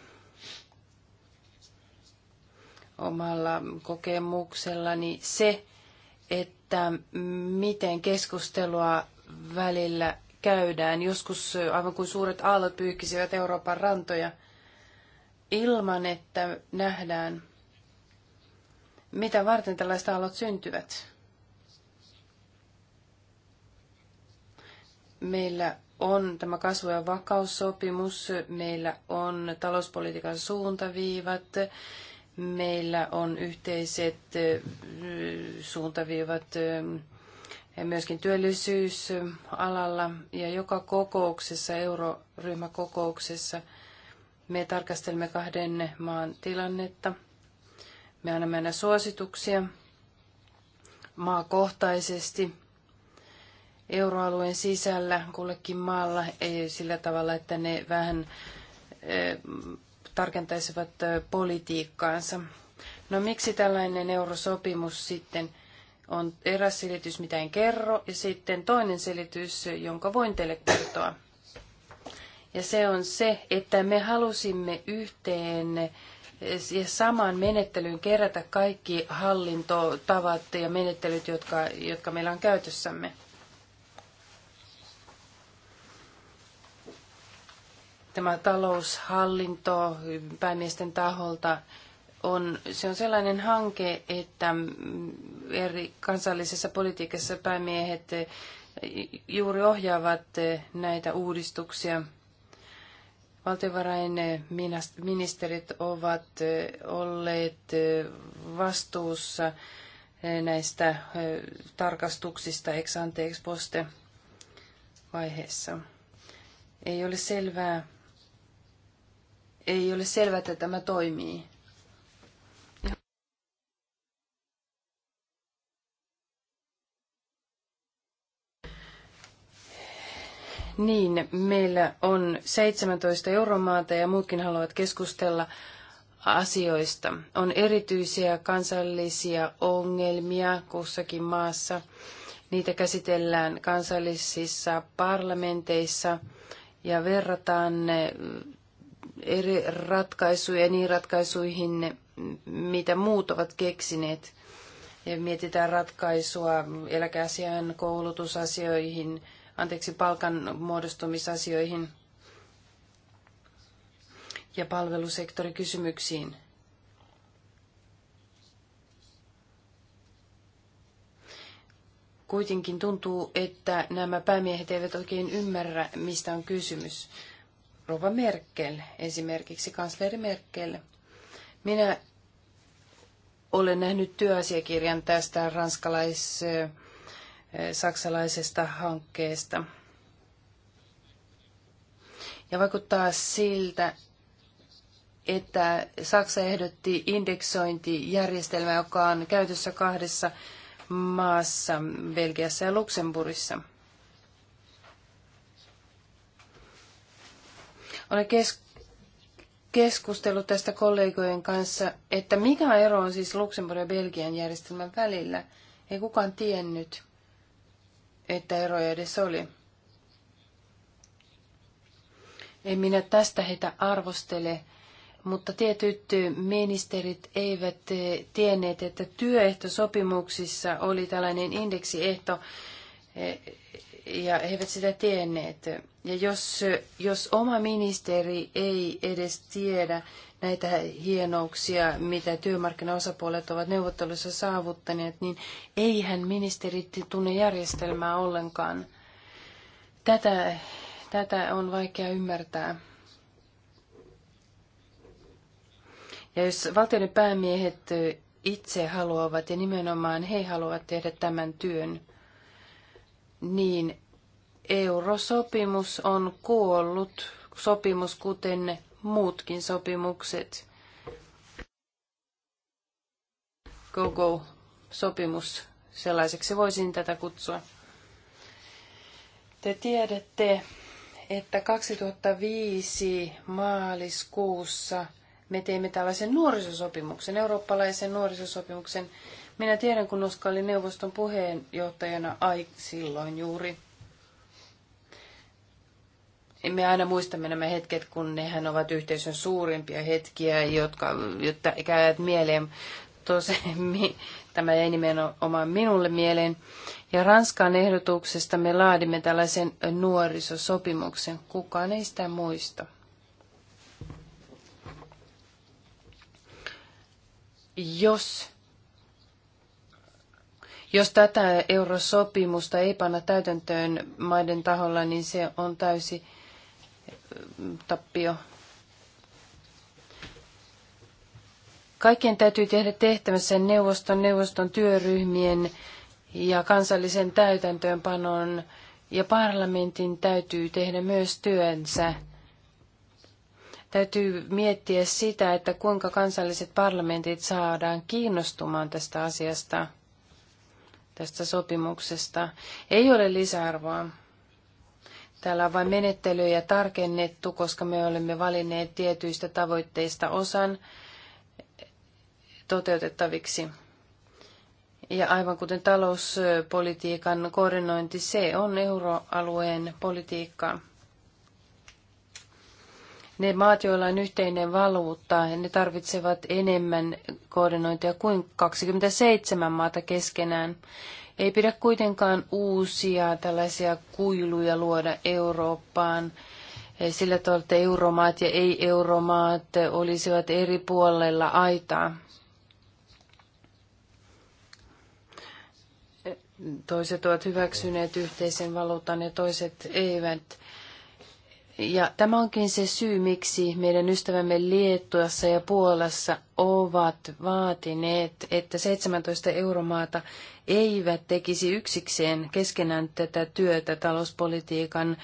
omalla kokemuksellani se, että miten keskustelua välillä käydään. Joskus aivan kuin suuret aallot pyyhkisivät Euroopan rantoja ilman, että nähdään – mitä varten tällaiset aallot syntyvät. Meillä on tämä kasvu- ja vakaussopimus, meillä on talouspolitiikan suuntaviivat, meillä on yhteiset suuntaviivat ja myöskin työllisyysalalla ja joka kokouksessa, euroryhmäkokouksessa, me tarkastelemme kahden maan tilannetta – me annamme aina suosituksia maakohtaisesti euroalueen sisällä kullekin maalla ei sillä tavalla, että ne vähän eh, tarkentaisivat eh, politiikkaansa. No miksi tällainen eurosopimus sitten on eräs selitys, mitä en kerro, ja sitten toinen selitys, jonka voin teille kertoa. Ja se on se, että me halusimme yhteen ja samaan menettelyyn kerätä kaikki hallintotavat ja menettelyt, jotka, jotka meillä on käytössämme. Tämä taloushallinto päämiesten taholta on, se on sellainen hanke, että eri kansallisessa politiikassa päämiehet juuri ohjaavat näitä uudistuksia – Valtiovarainministerit ovat olleet vastuussa näistä tarkastuksista ex ante ex poste vaiheessa. Ei ole selvää, ei ole selvää, että tämä toimii. niin meillä on 17 euromaata ja muutkin haluavat keskustella asioista. On erityisiä kansallisia ongelmia kussakin maassa. Niitä käsitellään kansallisissa parlamenteissa ja verrataan ne eri ratkaisuja niin ratkaisuihin, mitä muut ovat keksineet. Ja mietitään ratkaisua eläkeasiaan, koulutusasioihin – anteeksi, palkan muodostumisasioihin ja palvelusektorikysymyksiin. Kuitenkin tuntuu, että nämä päämiehet eivät oikein ymmärrä, mistä on kysymys. Rova Merkel, esimerkiksi kansleri Merkel. Minä olen nähnyt työasiakirjan tästä ranskalais- Eh, saksalaisesta hankkeesta. Ja vaikuttaa siltä, että Saksa ehdotti indeksointijärjestelmää, joka on käytössä kahdessa maassa, Belgiassa ja Luxemburgissa. Olen kes- keskustellut tästä kollegojen kanssa, että mikä ero on siis Luxemburgin ja Belgian järjestelmän välillä. Ei kukaan tiennyt että eroja edes oli. En minä tästä heitä arvostele, mutta tietyt ministerit eivät eh, tienneet, että työehtosopimuksissa oli tällainen indeksiehto, eh, ja he eivät sitä tienneet. Ja jos, jos oma ministeri ei edes tiedä näitä hienouksia, mitä työmarkkinaosapuolet ovat neuvottelussa saavuttaneet, niin eihän ministerit tunne järjestelmää ollenkaan. Tätä, tätä on vaikea ymmärtää. Ja jos valtioiden päämiehet itse haluavat ja nimenomaan he haluavat tehdä tämän työn, niin eurosopimus on kuollut sopimus, kuten muutkin sopimukset. Go-go-sopimus, sellaiseksi voisin tätä kutsua. Te tiedätte, että 2005 maaliskuussa me teimme tällaisen nuorisosopimuksen, eurooppalaisen nuorisosopimuksen, minä tiedän, kun Oska oli neuvoston puheenjohtajana ai, silloin juuri. Me aina muistamme nämä hetket, kun nehän ovat yhteisön suurimpia hetkiä, jotka, jotta käyvät mieleen. Tosi, mi, tämä ei nimenomaan minulle mieleen. Ja Ranskan ehdotuksesta me laadimme tällaisen nuorisosopimuksen. Kukaan ei sitä muista. Jos jos tätä eurosopimusta ei panna täytäntöön maiden taholla, niin se on täysi tappio. Kaikkien täytyy tehdä tehtävänsä neuvoston, neuvoston työryhmien ja kansallisen täytäntöönpanon ja parlamentin täytyy tehdä myös työnsä. Täytyy miettiä sitä, että kuinka kansalliset parlamentit saadaan kiinnostumaan tästä asiasta tästä sopimuksesta ei ole lisäarvoa. Täällä on vain menettelyjä tarkennettu, koska me olemme valinneet tietyistä tavoitteista osan toteutettaviksi. Ja aivan kuten talouspolitiikan koordinointi, se on euroalueen politiikkaa. Ne maat, joilla on yhteinen valuutta, ne tarvitsevat enemmän koordinointia kuin 27 maata keskenään. Ei pidä kuitenkaan uusia tällaisia kuiluja luoda Eurooppaan eh, sillä tavalla, että euromaat ja ei-euromaat olisivat eri puolella aitaa. Eh, toiset ovat hyväksyneet yhteisen valuutan ja toiset eivät. Ja tämä onkin se syy, miksi meidän ystävämme Liettuassa ja Puolassa ovat vaatineet, että 17 euromaata eivät tekisi yksikseen keskenään tätä työtä talouspolitiikan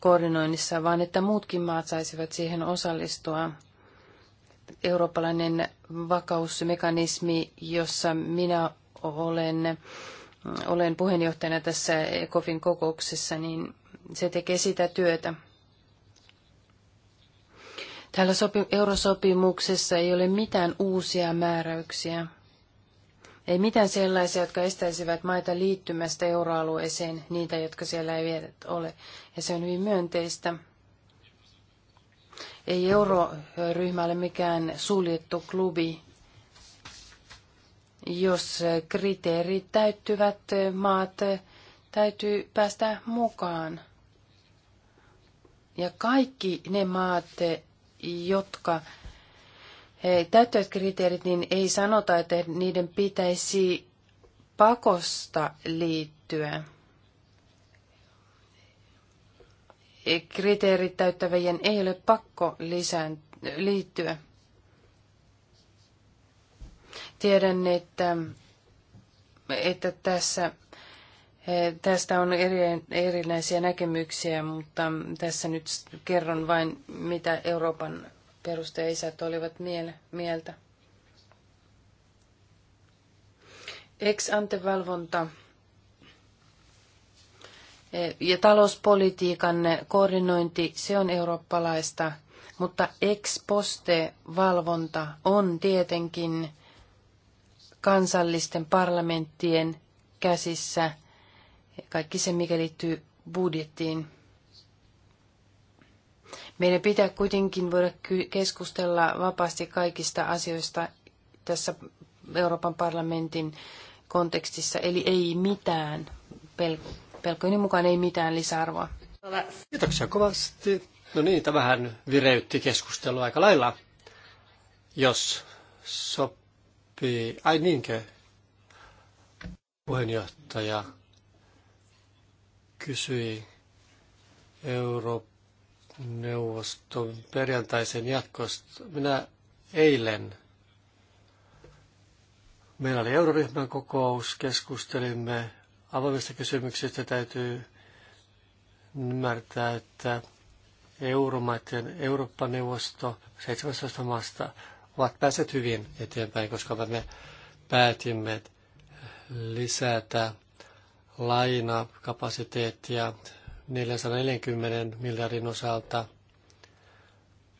koordinoinnissa, vaan että muutkin maat saisivat siihen osallistua. Eurooppalainen vakausmekanismi, jossa minä olen, olen puheenjohtajana tässä ECOFin kokouksessa, niin se tekee sitä työtä. Täällä sopi- eurosopimuksessa ei ole mitään uusia määräyksiä. Ei mitään sellaisia, jotka estäisivät maita liittymästä euroalueeseen, niitä, jotka siellä ei vielä ole. Ja se on hyvin myönteistä. Ei euroryhmä ole mikään suljettu klubi. Jos kriteerit täyttyvät, maat täytyy päästä mukaan. Ja kaikki ne maat, jotka täyttävät kriteerit, niin ei sanota, että niiden pitäisi pakosta liittyä. Kriteerit täyttävien ei ole pakko lisään, liittyä. Tiedän, että, että tässä Tästä on eri, erilaisia näkemyksiä, mutta tässä nyt kerron vain, mitä Euroopan perusteisät olivat mieltä. ex ante valvonta e, ja talouspolitiikan koordinointi, se on eurooppalaista, mutta ex-poste-valvonta on tietenkin kansallisten parlamenttien käsissä – kaikki se, mikä liittyy budjettiin. Meidän pitää kuitenkin voida keskustella vapaasti kaikista asioista tässä Euroopan parlamentin kontekstissa, eli ei mitään, pel- pelkojeni mukaan ei mitään lisäarvoa. Kiitoksia kovasti. No niin, tämähän vireytti keskustelua aika lailla, jos sopii. Ai niinkö, puheenjohtaja? kysyi Euroneuvoston perjantaisen jatkosta. Minä eilen Meillä oli euroryhmän kokous, keskustelimme avoimista kysymyksistä. Täytyy ymmärtää, että euromaiden Eurooppa-neuvosto 17 maasta ovat päässeet hyvin eteenpäin, koska me päätimme lisätä lainakapasiteettia 440 miljardin osalta.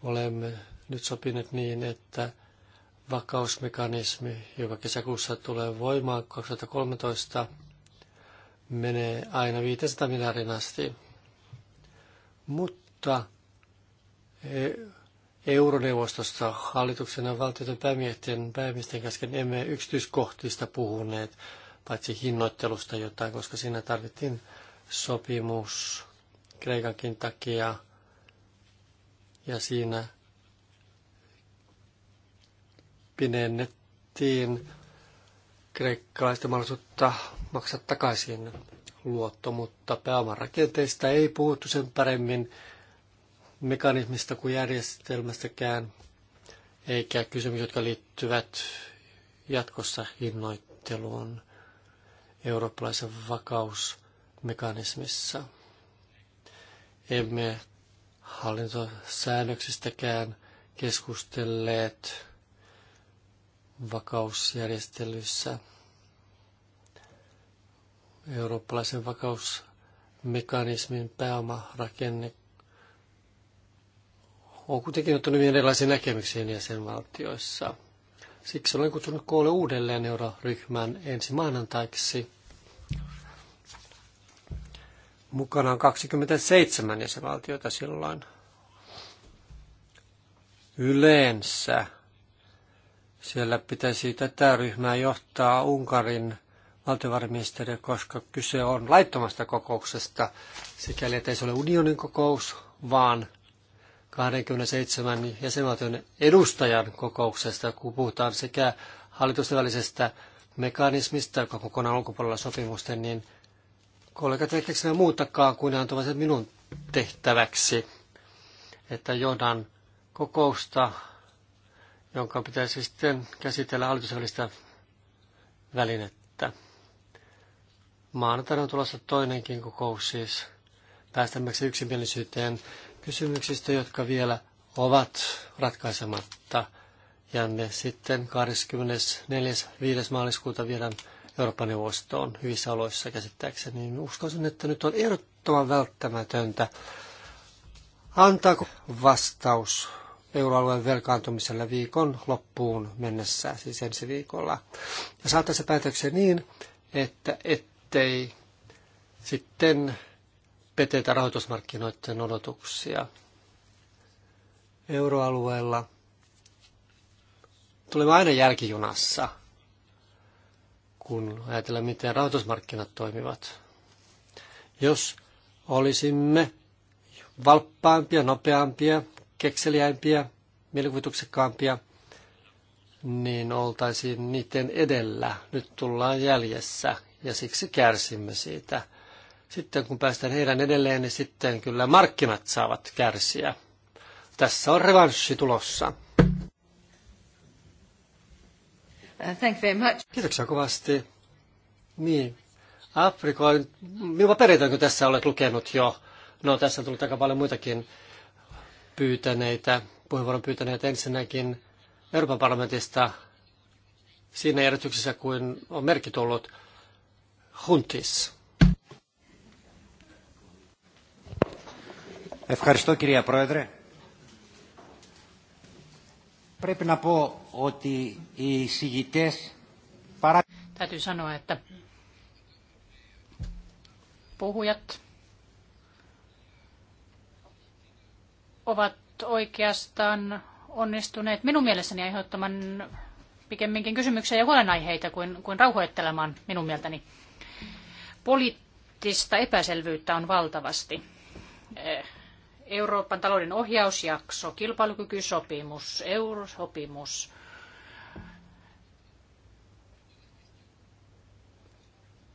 Olemme nyt sopineet niin, että vakausmekanismi, joka kesäkuussa tulee voimaan 2013, menee aina 500 miljardin asti. Mutta e- euroneuvostossa hallituksen ja valtioiden päämiehtien päämiesten kesken emme yksityiskohtista puhuneet paitsi hinnoittelusta jotain, koska siinä tarvittiin sopimus Kreikankin takia ja siinä pidennettiin kreikkalaisten mahdollisuutta maksaa takaisin luotto, mutta pääomarakenteista ei puhuttu sen paremmin mekanismista kuin järjestelmästäkään, eikä kysymys, jotka liittyvät jatkossa hinnoitteluun eurooppalaisen vakausmekanismissa. Emme hallintosäännöksistäkään keskustelleet vakausjärjestelyssä. Eurooppalaisen vakausmekanismin pääomarakenne on kuitenkin ottanut erilaisia näkemyksiä jäsenvaltioissa. Siksi olen kutsunut koolle uudelleen euroryhmään ensi maanantaiksi. Mukana on 27 jäsenvaltiota silloin. Yleensä siellä pitäisi tätä ryhmää johtaa Unkarin valtiovarainministeri, koska kyse on laittomasta kokouksesta, sikäli ettei se ole unionin kokous, vaan 27 jäsenvaltion edustajan kokouksesta, kun puhutaan sekä hallitusten välisestä mekanismista, joka on kokonaan ulkopuolella sopimusten, niin kollegat eivät muutakaan kuin ne antavat minun tehtäväksi, että johdan kokousta, jonka pitäisi sitten käsitellä hallitusvälistä välinettä. Maanantaina on tulossa toinenkin kokous siis päästämmeksi yksimielisyyteen kysymyksistä, jotka vielä ovat ratkaisematta. Ja ne sitten 24.5. maaliskuuta viedään Euroopan neuvostoon hyvissä oloissa käsittääkseni, niin uskoisin, että nyt on ehdottoman välttämätöntä. Antaako vastaus euroalueen velkaantumiselle viikon loppuun mennessä, siis ensi viikolla. Ja se päätöksen niin, että ettei sitten peteitä rahoitusmarkkinoiden odotuksia. Euroalueella tulemme aina jälkijunassa, kun ajatellaan, miten rahoitusmarkkinat toimivat. Jos olisimme valppaampia, nopeampia, kekseliäimpiä, mielikuvituksekkaampia, niin oltaisiin niiden edellä. Nyt tullaan jäljessä ja siksi kärsimme siitä – sitten kun päästään heidän edelleen, niin sitten kyllä markkinat saavat kärsiä. Tässä on revanssi tulossa. Uh, thank very much. Kiitoksia kovasti. Niin. Afrikoin, minua kun tässä olet lukenut jo? No tässä on tullut aika paljon muitakin pyytäneitä, puheenvuoron pyytäneitä ensinnäkin Euroopan parlamentista siinä järjestyksessä kuin on merkki tullut Huntis. Ευχαριστώ κυρία Πρόεδρε. Πρέπει να πω ότι οι παρά... Täytyy sanoa, että puhujat ovat oikeastaan onnistuneet minun mielessäni aiheuttamaan pikemminkin kysymyksiä ja huolenaiheita kuin, kuin rauhoittelemaan minun mieltäni. Poliittista epäselvyyttä on valtavasti. Eh, Euroopan talouden ohjausjakso, kilpailukykysopimus, eurosopimus.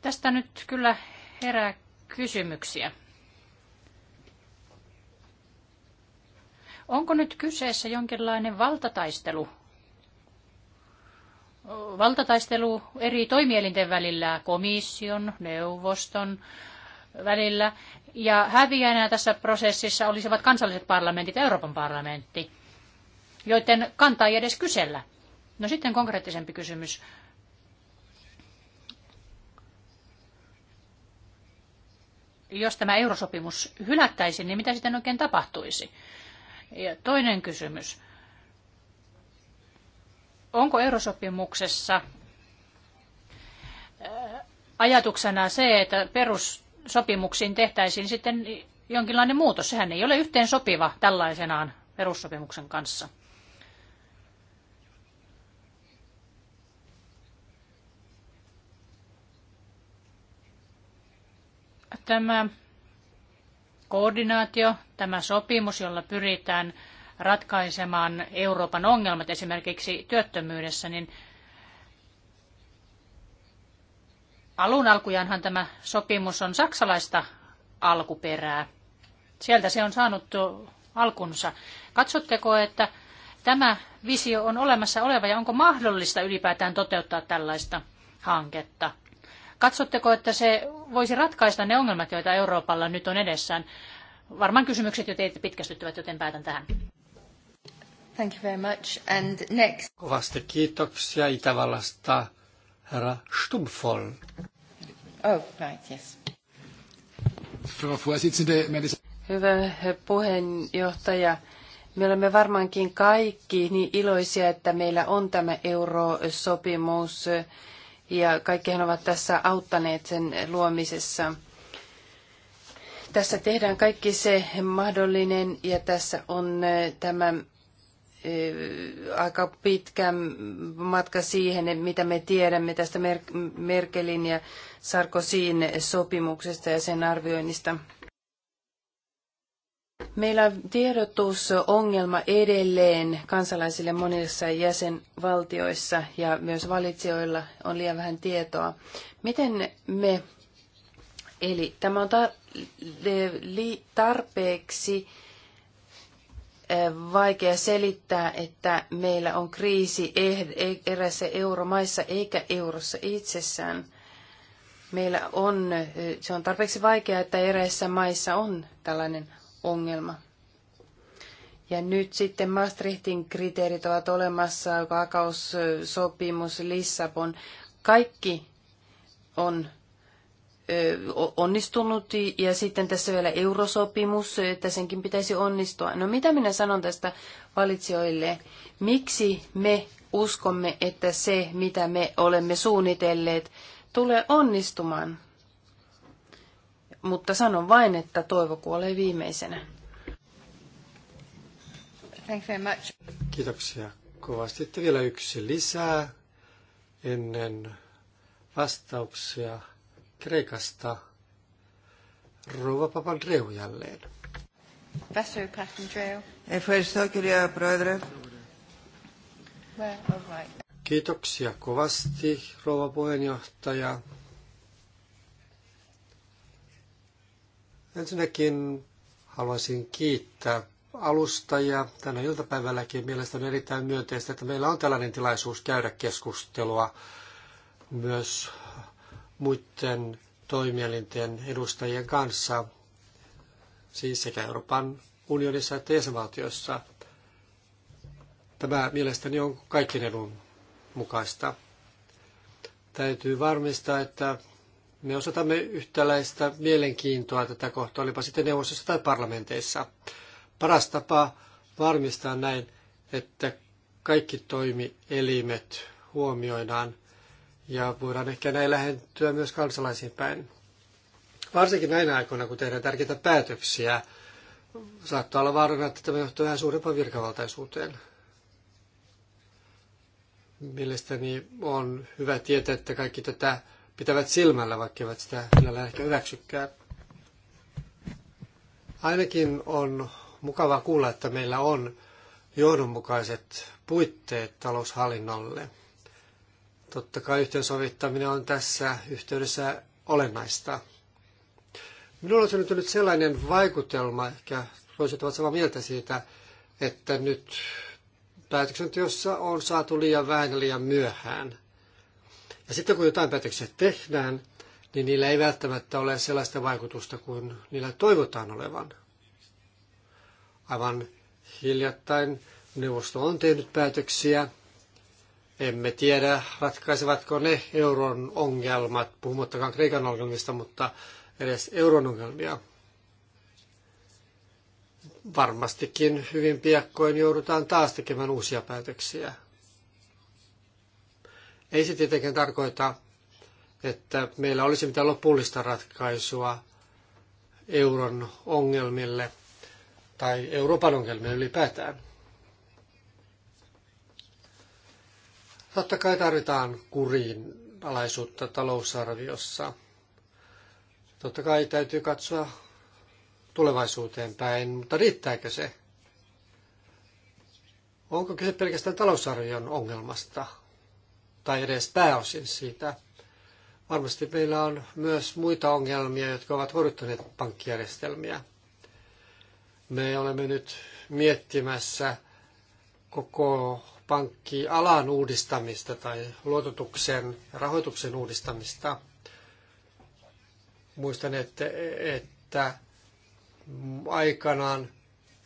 Tästä nyt kyllä herää kysymyksiä. Onko nyt kyseessä jonkinlainen valtataistelu? Valtataistelu eri toimielinten välillä, komission, neuvoston välillä ja häviäjänä tässä prosessissa olisivat kansalliset parlamentit ja Euroopan parlamentti, joiden kantaa ei edes kysellä. No sitten konkreettisempi kysymys. Jos tämä eurosopimus hylättäisiin, niin mitä sitten oikein tapahtuisi? Ja toinen kysymys. Onko eurosopimuksessa äh, ajatuksena se, että perus sopimuksiin tehtäisiin sitten jonkinlainen muutos. Sehän ei ole yhteen sopiva tällaisenaan perussopimuksen kanssa. Tämä koordinaatio, tämä sopimus, jolla pyritään ratkaisemaan Euroopan ongelmat esimerkiksi työttömyydessä, niin Alun alkujaanhan tämä sopimus on saksalaista alkuperää. Sieltä se on saanut alkunsa. Katsotteko, että tämä visio on olemassa oleva ja onko mahdollista ylipäätään toteuttaa tällaista hanketta? Katsotteko, että se voisi ratkaista ne ongelmat, joita Euroopalla nyt on edessään? Varmaan kysymykset jo teitä pitkästyttävät, joten päätän tähän. Thank you very much. And next. Kovasti kiitoksia Itävallasta herra Stumpfoll. Oh, right, yes. Hyvä puheenjohtaja. Me olemme varmaankin kaikki niin iloisia, että meillä on tämä eurosopimus ja kaikkihan ovat tässä auttaneet sen luomisessa. Tässä tehdään kaikki se mahdollinen ja tässä on äh, tämä aika pitkä matka siihen, mitä me tiedämme tästä Merkelin ja Sarkozyn sopimuksesta ja sen arvioinnista. Meillä on tiedotusongelma edelleen kansalaisille monissa jäsenvaltioissa ja myös valitsijoilla on liian vähän tietoa. Miten me, eli tämä on tarpeeksi vaikea selittää, että meillä on kriisi eh- e- eräissä euromaissa eikä eurossa itsessään. Meillä on, se on tarpeeksi vaikeaa, että eräissä maissa on tällainen ongelma. Ja nyt sitten Maastrichtin kriteerit ovat olemassa, vakaussopimus, Lissabon. Kaikki on onnistunut ja sitten tässä vielä eurosopimus, että senkin pitäisi onnistua. No mitä minä sanon tästä valitsijoille? Miksi me uskomme, että se, mitä me olemme suunnitelleet, tulee onnistumaan? Mutta sanon vain, että toivo kuolee viimeisenä. Thank you very much. Kiitoksia kovasti. Sitten vielä yksi lisää ennen vastauksia. Kreikasta Rouva Papandreou jälleen. Professor Papandreou. Ευχαριστώ κυρία Πρόεδρε. Kiitoksia kovasti, rouva puheenjohtaja. Ensinnäkin haluaisin kiittää alustajia tänä iltapäivälläkin. Mielestäni on erittäin myönteistä, että meillä on tällainen tilaisuus käydä keskustelua myös muiden toimielinten edustajien kanssa, siis sekä Euroopan unionissa että jäsenvaltioissa. Tämä mielestäni on kaikkien edun mukaista. Täytyy varmistaa, että me osoitamme yhtäläistä mielenkiintoa tätä kohtaa, olipa sitten neuvostossa tai parlamenteissa. Paras tapa varmistaa näin, että kaikki toimielimet huomioidaan – ja voidaan ehkä näin lähentyä myös kansalaisiin päin. Varsinkin näinä aikoina, kun tehdään tärkeitä päätöksiä, saattaa olla vaarana, että tämä johtaa vähän suurempaan virkavaltaisuuteen. Mielestäni on hyvä tietää, että kaikki tätä pitävät silmällä, vaikka eivät sitä sinällään ehkä hyväksykään. Ainakin on mukava kuulla, että meillä on johdonmukaiset puitteet taloushallinnolle – Totta kai yhteensovittaminen on tässä yhteydessä olennaista. Minulla on nyt sellainen vaikutelma, ehkä toiset ovat samaa mieltä siitä, että nyt päätöksenteossa on saatu liian vähän ja liian myöhään. Ja sitten kun jotain päätöksiä tehdään, niin niillä ei välttämättä ole sellaista vaikutusta kuin niillä toivotaan olevan. Aivan hiljattain neuvosto on tehnyt päätöksiä, emme tiedä, ratkaisevatko ne euron ongelmat, puhumattakaan Kreikan ongelmista, mutta edes euron ongelmia. Varmastikin hyvin piakkoin joudutaan taas tekemään uusia päätöksiä. Ei se tietenkään tarkoita, että meillä olisi mitään lopullista ratkaisua euron ongelmille tai Euroopan ongelmille ylipäätään. Totta kai tarvitaan kuriin alaisuutta talousarviossa. Totta kai täytyy katsoa tulevaisuuteen päin, mutta riittääkö se? Onko kyse pelkästään talousarvion ongelmasta? Tai edes pääosin siitä? Varmasti meillä on myös muita ongelmia, jotka ovat horjuttaneet pankkijärjestelmiä. Me olemme nyt miettimässä koko pankkialan uudistamista tai luototuksen ja rahoituksen uudistamista. Muistan, että, että aikanaan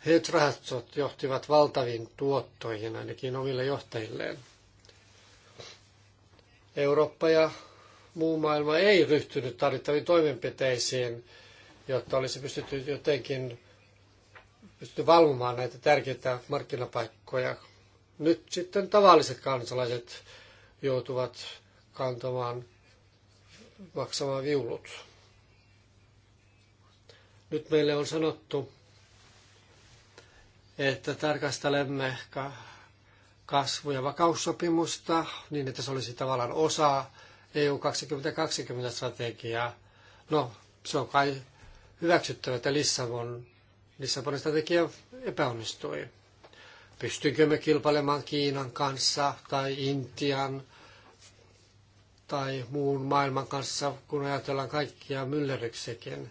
hedgerahastot johtivat valtaviin tuottoihin ainakin omille johtajilleen. Eurooppa ja muu maailma ei ryhtynyt tarvittaviin toimenpiteisiin, jotta olisi pystytty jotenkin pystytty valvomaan näitä tärkeitä markkinapaikkoja nyt sitten tavalliset kansalaiset joutuvat kantamaan, maksamaan viulut. Nyt meille on sanottu, että tarkastelemme kasvu- ja vakaussopimusta niin, että se olisi tavallaan osa EU 2020-strategiaa. No, se on kai hyväksyttävä, että Lissabon, Lissabonin strategia epäonnistui pystynkö me kilpailemaan Kiinan kanssa tai Intian tai muun maailman kanssa, kun ajatellaan kaikkia myllerryksikin?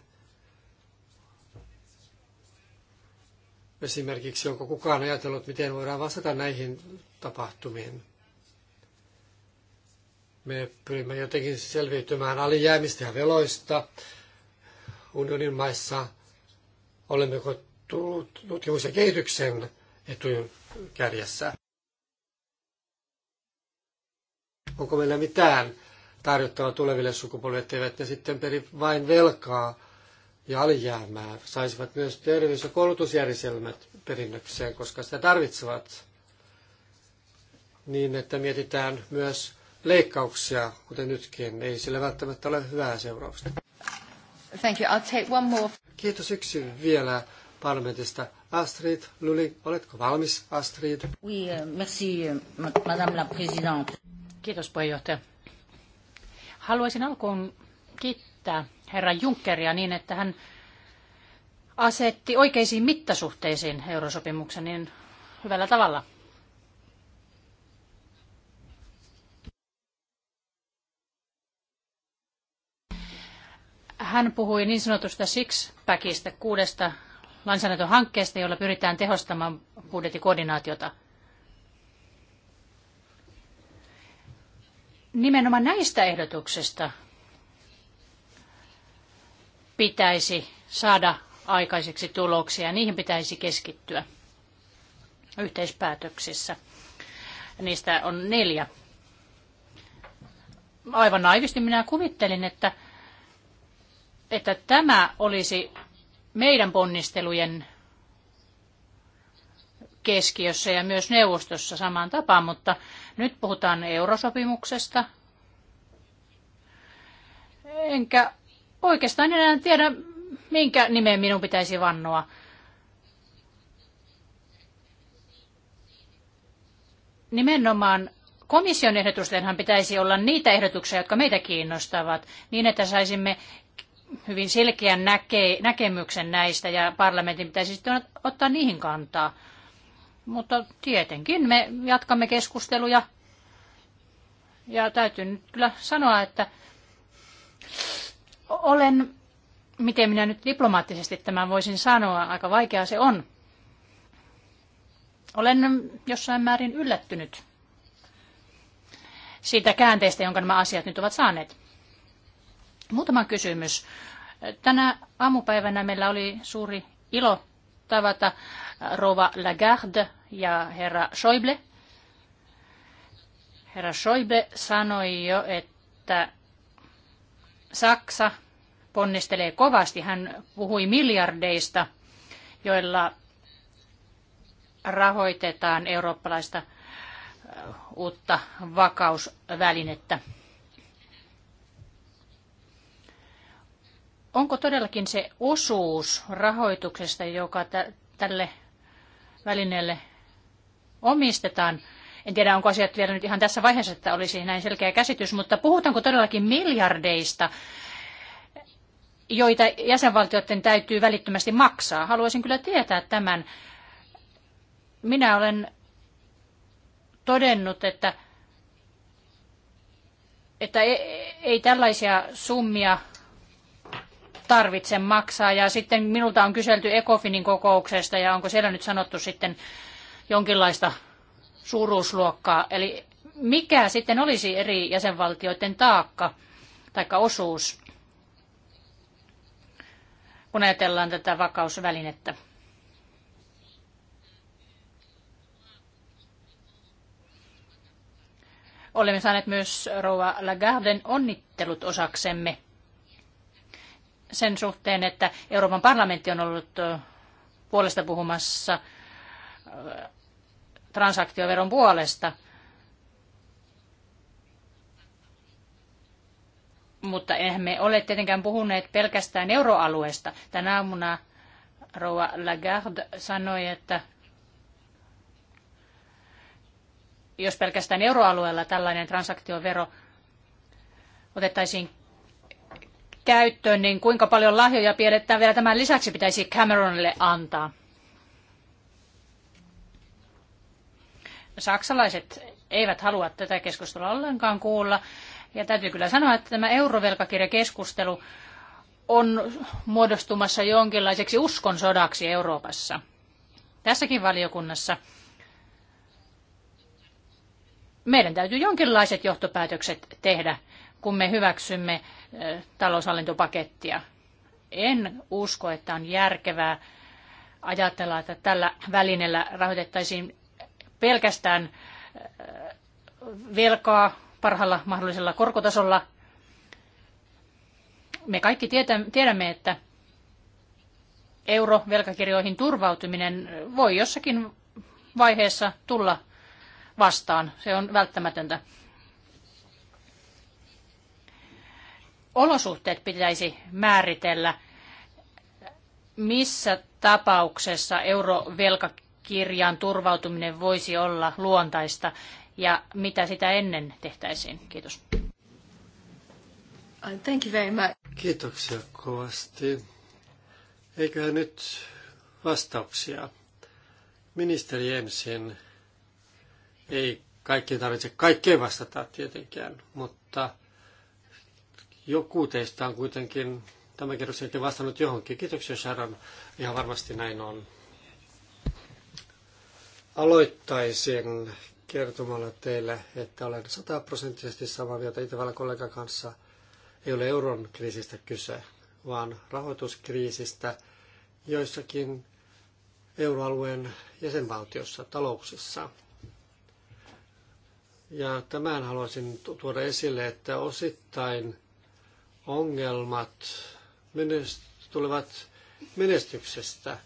Esimerkiksi onko kukaan ajatellut, miten voidaan vastata näihin tapahtumiin? Me pyrimme jotenkin selviytymään alijäämistä ja veloista unionin maissa. Olemmeko tutkimus- ja kehityksen etujen kärjessä. Onko meillä mitään tarjottava tuleville sukupolville, etteivät ne sitten peri vain velkaa ja alijäämää, saisivat myös terveys- ja koulutusjärjestelmät perinnökseen, koska sitä tarvitsevat niin, että mietitään myös leikkauksia, kuten nytkin. Ei sillä välttämättä ole hyvää seurausta. Thank you. I'll take one more. Kiitos yksi vielä parlamentista. Astrid, Luli, oletko valmis, Astrid? Oui, euh, merci, euh, madame la présidente. Kiitos, puheenjohtaja. Haluaisin alkuun kiittää herra Junckeria niin, että hän asetti oikeisiin mittasuhteisiin eurosopimuksen niin hyvällä tavalla. Hän puhui niin sanotusta six-packista, kuudesta lainsäädäntöhankkeesta, jolla pyritään tehostamaan budjettikoordinaatiota. Nimenomaan näistä ehdotuksista pitäisi saada aikaiseksi tuloksia ja niihin pitäisi keskittyä yhteispäätöksissä. Niistä on neljä. Aivan naivisti minä kuvittelin, että, että tämä olisi meidän ponnistelujen keskiössä ja myös neuvostossa samaan tapaan, mutta nyt puhutaan eurosopimuksesta. Enkä oikeastaan enää tiedä, minkä nimeen minun pitäisi vannoa. Nimenomaan komission ehdotustenhan pitäisi olla niitä ehdotuksia, jotka meitä kiinnostavat, niin että saisimme hyvin selkeän näke, näkemyksen näistä ja parlamentin pitäisi sitten ottaa niihin kantaa. Mutta tietenkin me jatkamme keskusteluja. Ja täytyy nyt kyllä sanoa, että olen, miten minä nyt diplomaattisesti tämän voisin sanoa, aika vaikeaa se on. Olen jossain määrin yllättynyt siitä käänteestä, jonka nämä asiat nyt ovat saaneet. Muutama kysymys. Tänä aamupäivänä meillä oli suuri ilo tavata Rova Lagarde ja herra Schäuble. Herra Schäuble sanoi jo, että Saksa ponnistelee kovasti. Hän puhui miljardeista, joilla rahoitetaan eurooppalaista uutta vakausvälinettä. Onko todellakin se osuus rahoituksesta, joka tälle välineelle omistetaan, en tiedä, onko asiat vielä nyt ihan tässä vaiheessa, että olisi näin selkeä käsitys, mutta puhutaanko todellakin miljardeista, joita jäsenvaltioiden täytyy välittömästi maksaa? Haluaisin kyllä tietää tämän. Minä olen todennut, että, että e-, ei tällaisia summia tarvitse maksaa. Ja sitten minulta on kyselty Ecofinin kokouksesta ja onko siellä nyt sanottu sitten jonkinlaista suuruusluokkaa. Eli mikä sitten olisi eri jäsenvaltioiden taakka tai osuus, kun ajatellaan tätä vakausvälinettä? Olemme saaneet myös Rouva Lagarden onnittelut osaksemme sen suhteen, että Euroopan parlamentti on ollut puolesta puhumassa transaktioveron puolesta. Mutta eihän me ole tietenkään puhuneet pelkästään euroalueesta. Tänä aamuna rouva Lagarde sanoi, että jos pelkästään euroalueella tällainen transaktiovero otettaisiin käyttöön, niin kuinka paljon lahjoja pidetään vielä tämän lisäksi pitäisi Cameronille antaa? Saksalaiset eivät halua tätä keskustelua ollenkaan kuulla. Ja täytyy kyllä sanoa, että tämä eurovelkakirjakeskustelu on muodostumassa jonkinlaiseksi uskonsodaksi Euroopassa. Tässäkin valiokunnassa meidän täytyy jonkinlaiset johtopäätökset tehdä – kun me hyväksymme taloushallintopakettia. En usko, että on järkevää ajatella, että tällä välineellä rahoitettaisiin pelkästään velkaa parhaalla mahdollisella korkotasolla. Me kaikki tiedämme, että eurovelkakirjoihin turvautuminen voi jossakin vaiheessa tulla vastaan. Se on välttämätöntä. olosuhteet pitäisi määritellä, missä tapauksessa eurovelkakirjaan turvautuminen voisi olla luontaista ja mitä sitä ennen tehtäisiin. Kiitos. Uh, thank you very much. Kiitoksia kovasti. Eiköhän nyt vastauksia. Ministeri ensin. Ei kaikkien tarvitse kaikkeen vastata tietenkään, mutta joku teistä on kuitenkin tämän kerroksen jälkeen vastannut johonkin. Kiitoksia Sharon, ihan varmasti näin on. Aloittaisin kertomalla teille, että olen sataprosenttisesti samaa mieltä Itävallan kollegan kanssa. Ei ole euron kriisistä kyse, vaan rahoituskriisistä joissakin euroalueen jäsenvaltiossa, talouksissa. Ja tämän haluaisin tuoda esille, että osittain – ongelmat tulevat menestyksestä.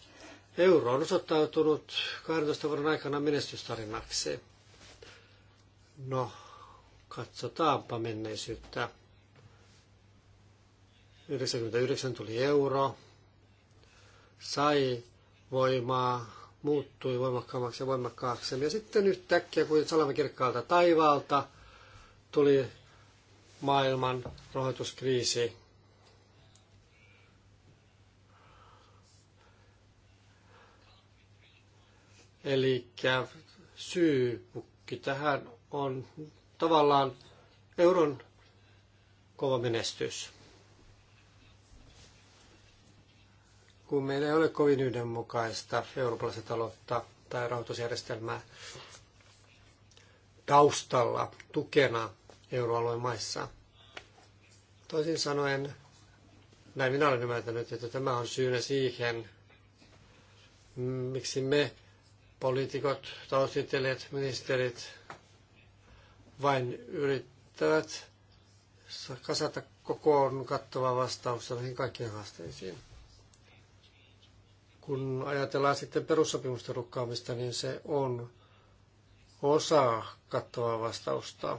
Euro on osoittautunut 12 vuoden aikana menestystarinaksi. No, katsotaanpa menneisyyttä. 99 tuli euro, sai voimaa, muuttui voimakkaammaksi ja voimakkaaksi. Ja sitten yhtäkkiä kuin salama taivaalta tuli maailman rahoituskriisi Eli syypukki tähän on tavallaan euron kova menestys. Kun meillä ei ole kovin yhdenmukaista eurooppalaista taloutta tai rahoitusjärjestelmää taustalla tukena euroalueen maissa. Toisin sanoen, näin minä olen ymmärtänyt, että tämä on syynä siihen, miksi me poliitikot, taustitieteilijät, ministerit vain yrittävät kasata kokoon kattavaa vastaus näihin kaikkiin haasteisiin. Kun ajatellaan sitten perussopimusten rukkaamista, niin se on osa kattavaa vastausta.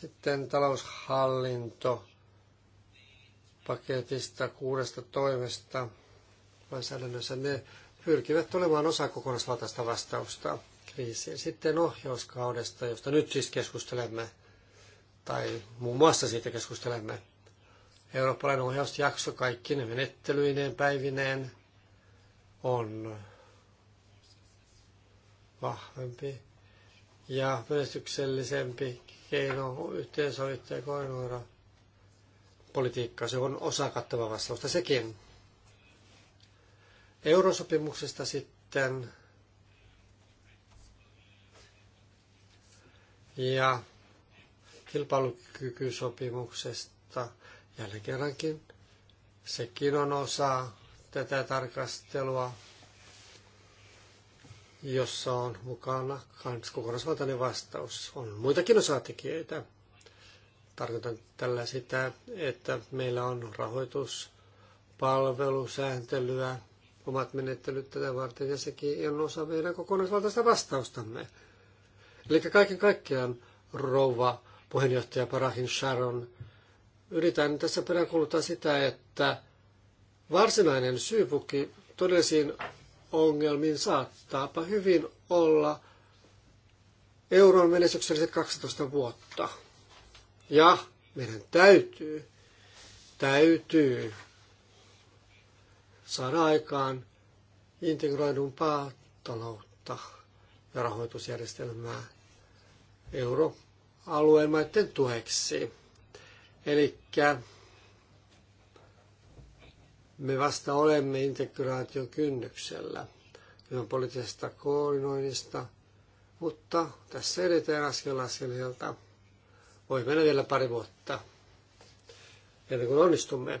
Sitten taloushallinto paketista kuudesta toimesta lainsäädännössä ne pyrkivät olemaan osa kokonaisvaltaista vastausta kriisiin. Sitten ohjauskaudesta, josta nyt siis keskustelemme, tai muun muassa siitä keskustelemme. Eurooppalainen ohjausjakso kaikkine menettelyineen, päivineen on vahvempi ja menestyksellisempi keino yhteensovittaa ja koordinoida politiikkaa. Se on osa kattava vastausta sekin. Eurosopimuksesta sitten ja kilpailukykysopimuksesta jälleen kerrankin. Sekin on osa tätä tarkastelua jossa on mukana kokonaisvaltainen vastaus. On muitakin osatekijöitä. Tarkoitan tällä sitä, että meillä on rahoitus, palvelu, sääntelyä, omat menettelyt tätä varten, ja sekin on osa meidän kokonaisvaltaista vastaustamme. Eli kaiken kaikkiaan rouva puheenjohtaja Parahin Sharon, yritän tässä peräänkuuluttaa sitä, että varsinainen syypukki todellisiin ongelmiin saattaapa hyvin olla euron menestykselliset 12 vuotta. Ja meidän täytyy, täytyy saada aikaan integroidumpaa taloutta ja rahoitusjärjestelmää euroalueen maiden tueksi. Eli me vasta olemme integraatiokynnyksellä hyvän poliittisesta koordinoinnista, mutta tässä edetään askel askeleelta. Voi mennä vielä pari vuotta ennen kuin onnistumme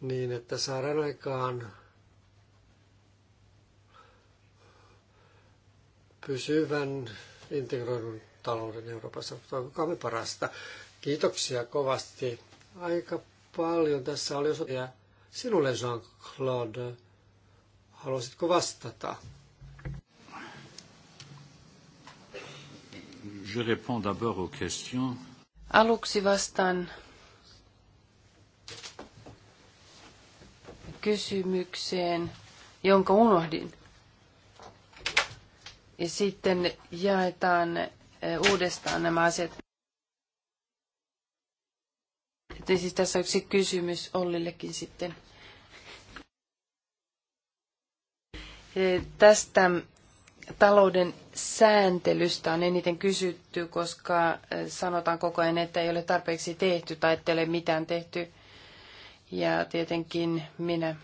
niin, että saadaan aikaan pysyvän integroidun talouden Euroopassa. me parasta. Kiitoksia kovasti. Aika paljon. Tässä oli ja sinulle, Jean-Claude. Haluaisitko vastata? Je réponds d'abord aux questions. Aluksi vastaan kysymykseen, jonka unohdin. Ja sitten jaetaan uudestaan nämä asiat. Siis tässä yksi kysymys Ollillekin sitten. E, tästä talouden sääntelystä on eniten kysytty, koska e, sanotaan koko ajan, että ei ole tarpeeksi tehty tai ettei ole mitään tehty. Ja tietenkin minä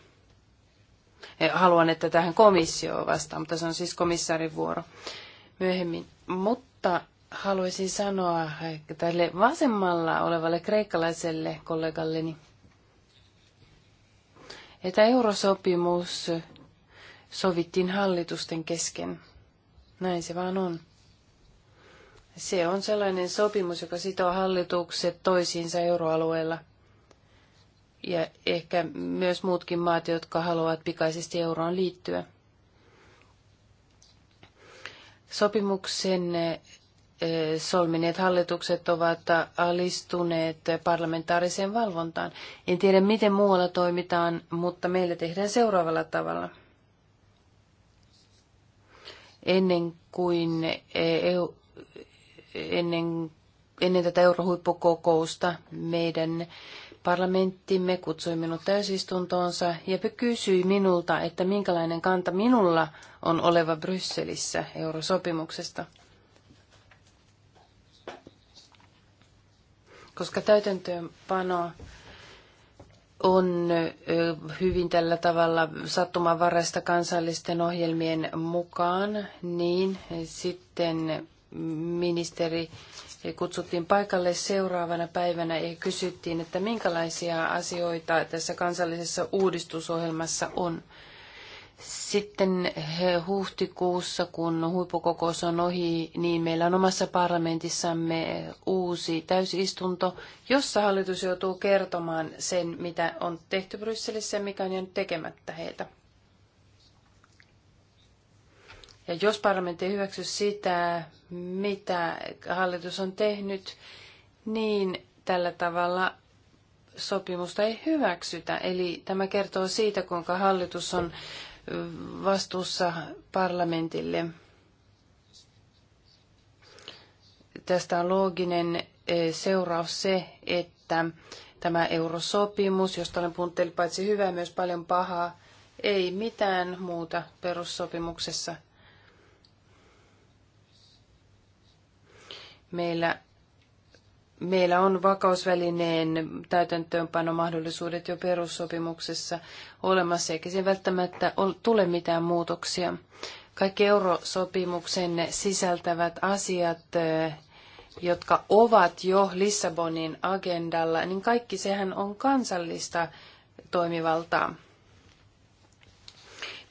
e, haluan, että tähän komissio vastaa, mutta se on siis komissaarin vuoro myöhemmin. Mutta haluaisin sanoa tälle vasemmalla olevalle kreikkalaiselle kollegalleni, että eurosopimus sovittiin hallitusten kesken. Näin se vaan on. Se on sellainen sopimus, joka sitoo hallitukset toisiinsa euroalueella. Ja ehkä myös muutkin maat, jotka haluavat pikaisesti euroon liittyä. Sopimuksen solmineet hallitukset ovat alistuneet parlamentaariseen valvontaan. En tiedä, miten muualla toimitaan, mutta meillä tehdään seuraavalla tavalla. Ennen kuin EU, ennen, ennen tätä eurohuippukokousta meidän parlamenttimme kutsui minut täysistuntoonsa ja kysyi minulta, että minkälainen kanta minulla on oleva Brysselissä eurosopimuksesta – koska täytäntöönpano on hyvin tällä tavalla sattumanvaraista kansallisten ohjelmien mukaan, niin sitten ministeri kutsuttiin paikalle seuraavana päivänä ja kysyttiin, että minkälaisia asioita tässä kansallisessa uudistusohjelmassa on. Sitten eh, huhtikuussa, kun huippukokous on ohi, niin meillä on omassa parlamentissamme eh, uusi täysistunto, jossa hallitus joutuu kertomaan sen, mitä on tehty Brysselissä ja mikä on jäänyt tekemättä heiltä. Ja jos parlamentti ei hyväksy sitä, mitä hallitus on tehnyt, niin tällä tavalla sopimusta ei hyväksytä. Eli tämä kertoo siitä, kuinka hallitus on vastuussa parlamentille. Tästä on looginen eh, seuraus se, että tämä eurosopimus, josta olen puhunut teille paitsi hyvää, myös paljon pahaa, ei mitään muuta perussopimuksessa. Meillä meillä on vakausvälineen täytäntöönpanomahdollisuudet jo perussopimuksessa olemassa, eikä siinä välttämättä tule mitään muutoksia. Kaikki eurosopimuksen sisältävät asiat, jotka ovat jo Lissabonin agendalla, niin kaikki sehän on kansallista toimivaltaa.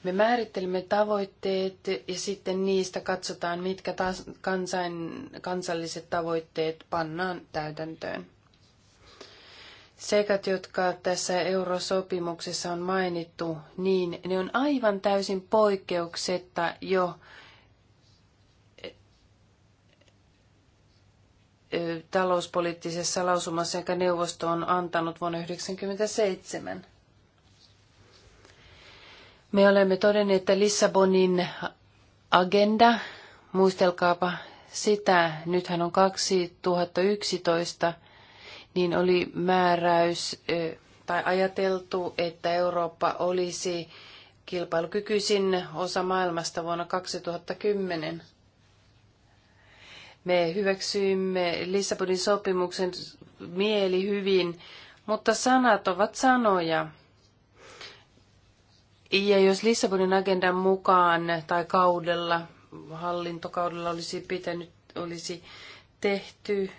Me määrittelemme tavoitteet ja sitten niistä katsotaan, mitkä taas kansain, kansalliset tavoitteet pannaan täytäntöön. Seikat, jotka tässä eurosopimuksessa on mainittu, niin ne on aivan täysin poikkeuksetta jo talouspoliittisessa lausumassa, jonka neuvosto on antanut vuonna 1997. Me olemme todenneet, että Lissabonin agenda, muistelkaapa sitä, nythän on 2011, niin oli määräys tai ajateltu, että Eurooppa olisi kilpailukykyisin osa maailmasta vuonna 2010. Me hyväksyimme Lissabonin sopimuksen mieli hyvin, mutta sanat ovat sanoja. Ja jos Lissabonin agendan mukaan tai kaudella, hallintokaudella olisi pitänyt, olisi tehty,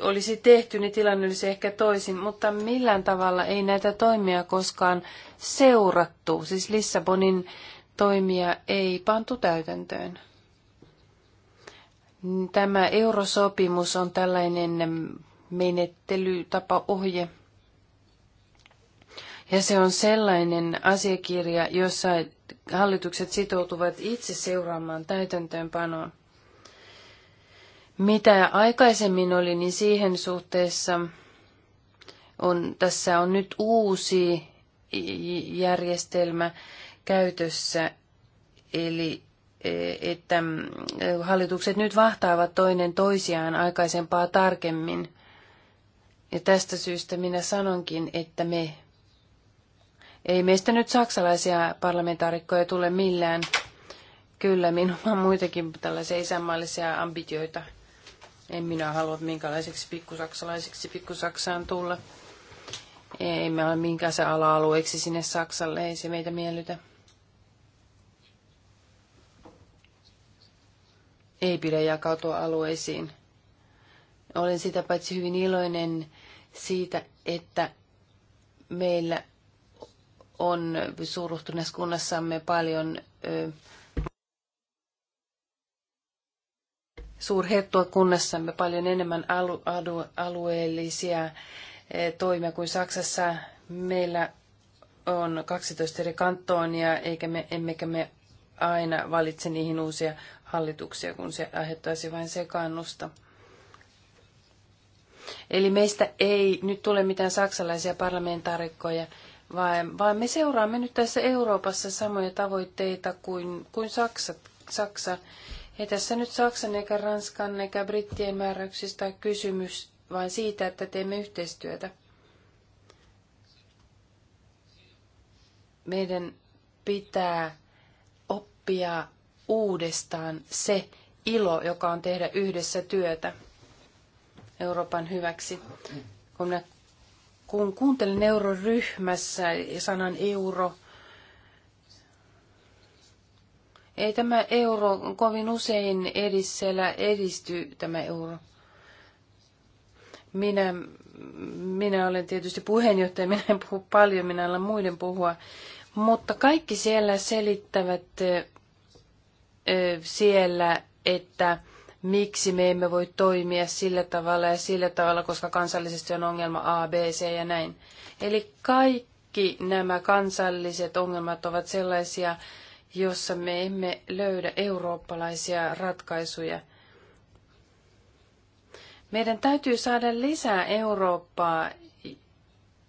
olisi tehty, niin tilanne olisi ehkä toisin, mutta millään tavalla ei näitä toimia koskaan seurattu. Siis Lissabonin toimia ei pantu täytäntöön. Tämä eurosopimus on tällainen menettelytapaohje, ja se on sellainen asiakirja, jossa hallitukset sitoutuvat itse seuraamaan täytäntöönpanoa. Mitä aikaisemmin oli, niin siihen suhteessa on, tässä on nyt uusi järjestelmä käytössä, eli e, että e, hallitukset nyt vahtaavat toinen toisiaan aikaisempaa tarkemmin. Ja tästä syystä minä sanonkin, että me ei meistä nyt saksalaisia parlamentaarikkoja tule millään. Kyllä, minulla on muitakin tällaisia isänmaallisia ambitioita. En minä halua minkälaiseksi pikkusaksalaiseksi pikkusaksaan tulla. Ei me ole se ala-alueeksi sinne Saksalle, ei se meitä miellytä. Ei pidä jakautua alueisiin. Olen sitä paitsi hyvin iloinen siitä, että meillä on suuruhtuneessa kunnassamme paljon suurhettua kunnassamme paljon enemmän alu, alu, alueellisia toimia kuin Saksassa. Meillä on 12 eri kantonia, eikä me, emmekä me aina valitse niihin uusia hallituksia, kun se aiheuttaisi vain sekaannusta. Eli meistä ei nyt tule mitään saksalaisia parlamentaarikkoja, vaan, vaan me seuraamme nyt tässä Euroopassa samoja tavoitteita kuin, kuin Saksa, Saksa. Ei tässä nyt Saksan eikä Ranskan eikä brittien määräyksistä kysymys, vaan siitä, että teemme yhteistyötä. Meidän pitää oppia uudestaan se ilo, joka on tehdä yhdessä työtä Euroopan hyväksi. Kun minä kun kuuntelin euroryhmässä sanan euro, ei tämä euro kovin usein edisellä edisty tämä euro. Minä, minä olen tietysti puheenjohtaja, minä en puhu paljon, minä olen muiden puhua. Mutta kaikki siellä selittävät siellä, että miksi me emme voi toimia sillä tavalla ja sillä tavalla, koska kansallisesti on ongelma A, B, C ja näin. Eli kaikki nämä kansalliset ongelmat ovat sellaisia, jossa me emme löydä eurooppalaisia ratkaisuja. Meidän täytyy saada lisää Eurooppaa,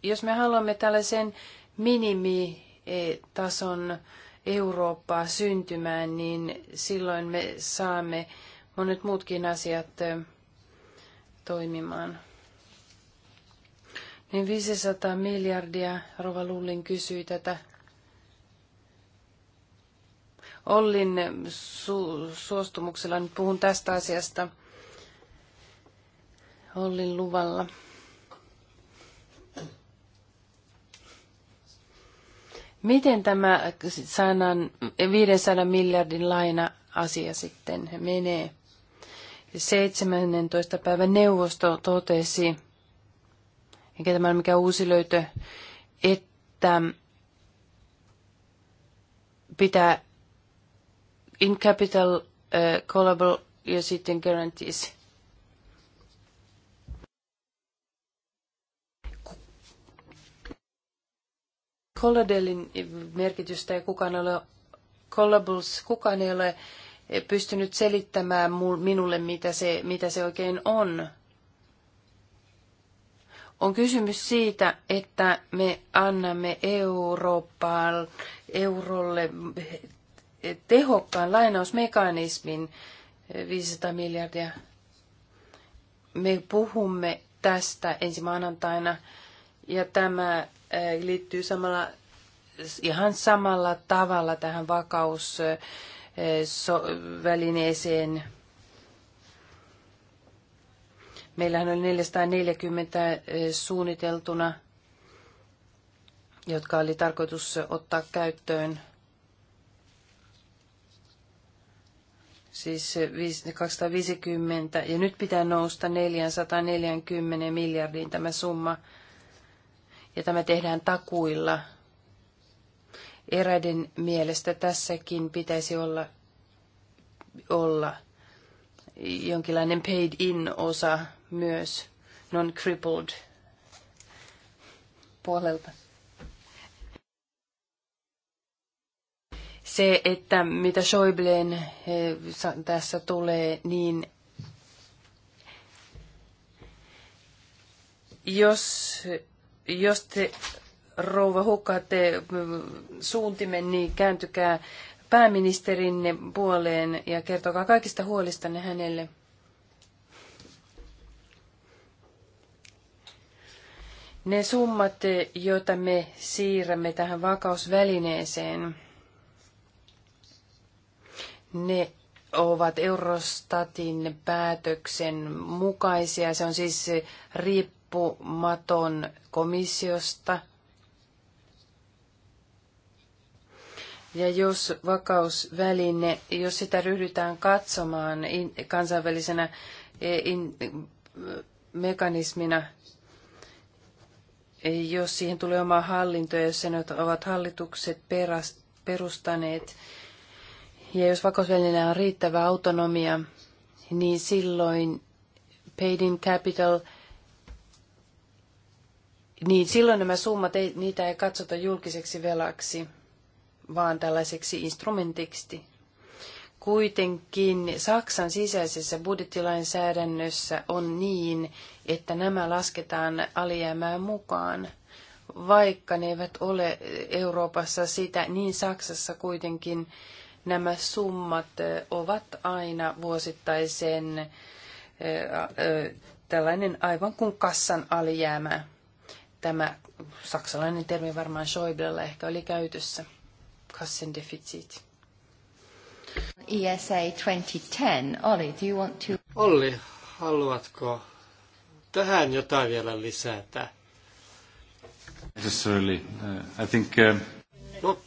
jos me haluamme tällaisen minimitason Eurooppaa syntymään, niin silloin me saamme monet muutkin asiat toimimaan. Niin 500 miljardia, Rova Lullin kysyi tätä. Ollin su- suostumuksella nyt puhun tästä asiasta Ollin luvalla. Miten tämä 500 miljardin laina-asia sitten menee? 17. päivä neuvosto totesi, eikä tämä ole mikään uusi löytö, että pitää in capital, uh, callable ja sitten guarantees. Colladelin merkitystä ja kukaan ole, callables, kukaan ei ole pystynyt selittämään minulle, mitä se, mitä se oikein on. On kysymys siitä, että me annamme Eurooppaan, eurolle tehokkaan lainausmekanismin 500 miljardia. Me puhumme tästä ensi maanantaina ja tämä liittyy samalla, ihan samalla tavalla tähän vakaus so- välineeseen. Meillähän oli 440 eh, suunniteltuna, jotka oli tarkoitus ottaa käyttöön. Siis 250, eh, ja nyt pitää nousta 440 miljardiin tämä summa, ja tämä tehdään takuilla – Eräiden mielestä tässäkin pitäisi olla, olla jonkinlainen paid in osa myös non-crippled puolelta. Se, että mitä Schäubleen eh, tässä tulee, niin jos, jos te Rouva Hukka, te mm, niin kääntykää pääministerinne puoleen ja kertokaa kaikista huolistanne hänelle. Ne summat, joita me siirrämme tähän vakausvälineeseen, ne ovat Eurostatin päätöksen mukaisia. Se on siis riippumaton komissiosta – Ja jos vakausväline, jos sitä ryhdytään katsomaan kansainvälisenä e, mekanismina, e, jos siihen tulee oma hallinto ja jos sen ovat hallitukset perustaneet, ja jos vakausväline on riittävä autonomia, niin silloin paid in capital, niin silloin nämä summat, ei, niitä ei katsota julkiseksi velaksi vaan tällaiseksi instrumentiksi. Kuitenkin Saksan sisäisessä budjettilainsäädännössä on niin, että nämä lasketaan alijäämään mukaan. Vaikka ne eivät ole Euroopassa sitä, niin Saksassa kuitenkin nämä summat ovat aina vuosittaisen tällainen aivan kuin kassan alijäämä. Tämä saksalainen termi varmaan Schäublella ehkä oli käytössä. ESA e 2010. Olli, do you want to... Olli, haluatko tähän jotain vielä lisätä? Necessarily. Uh, I think uh, no.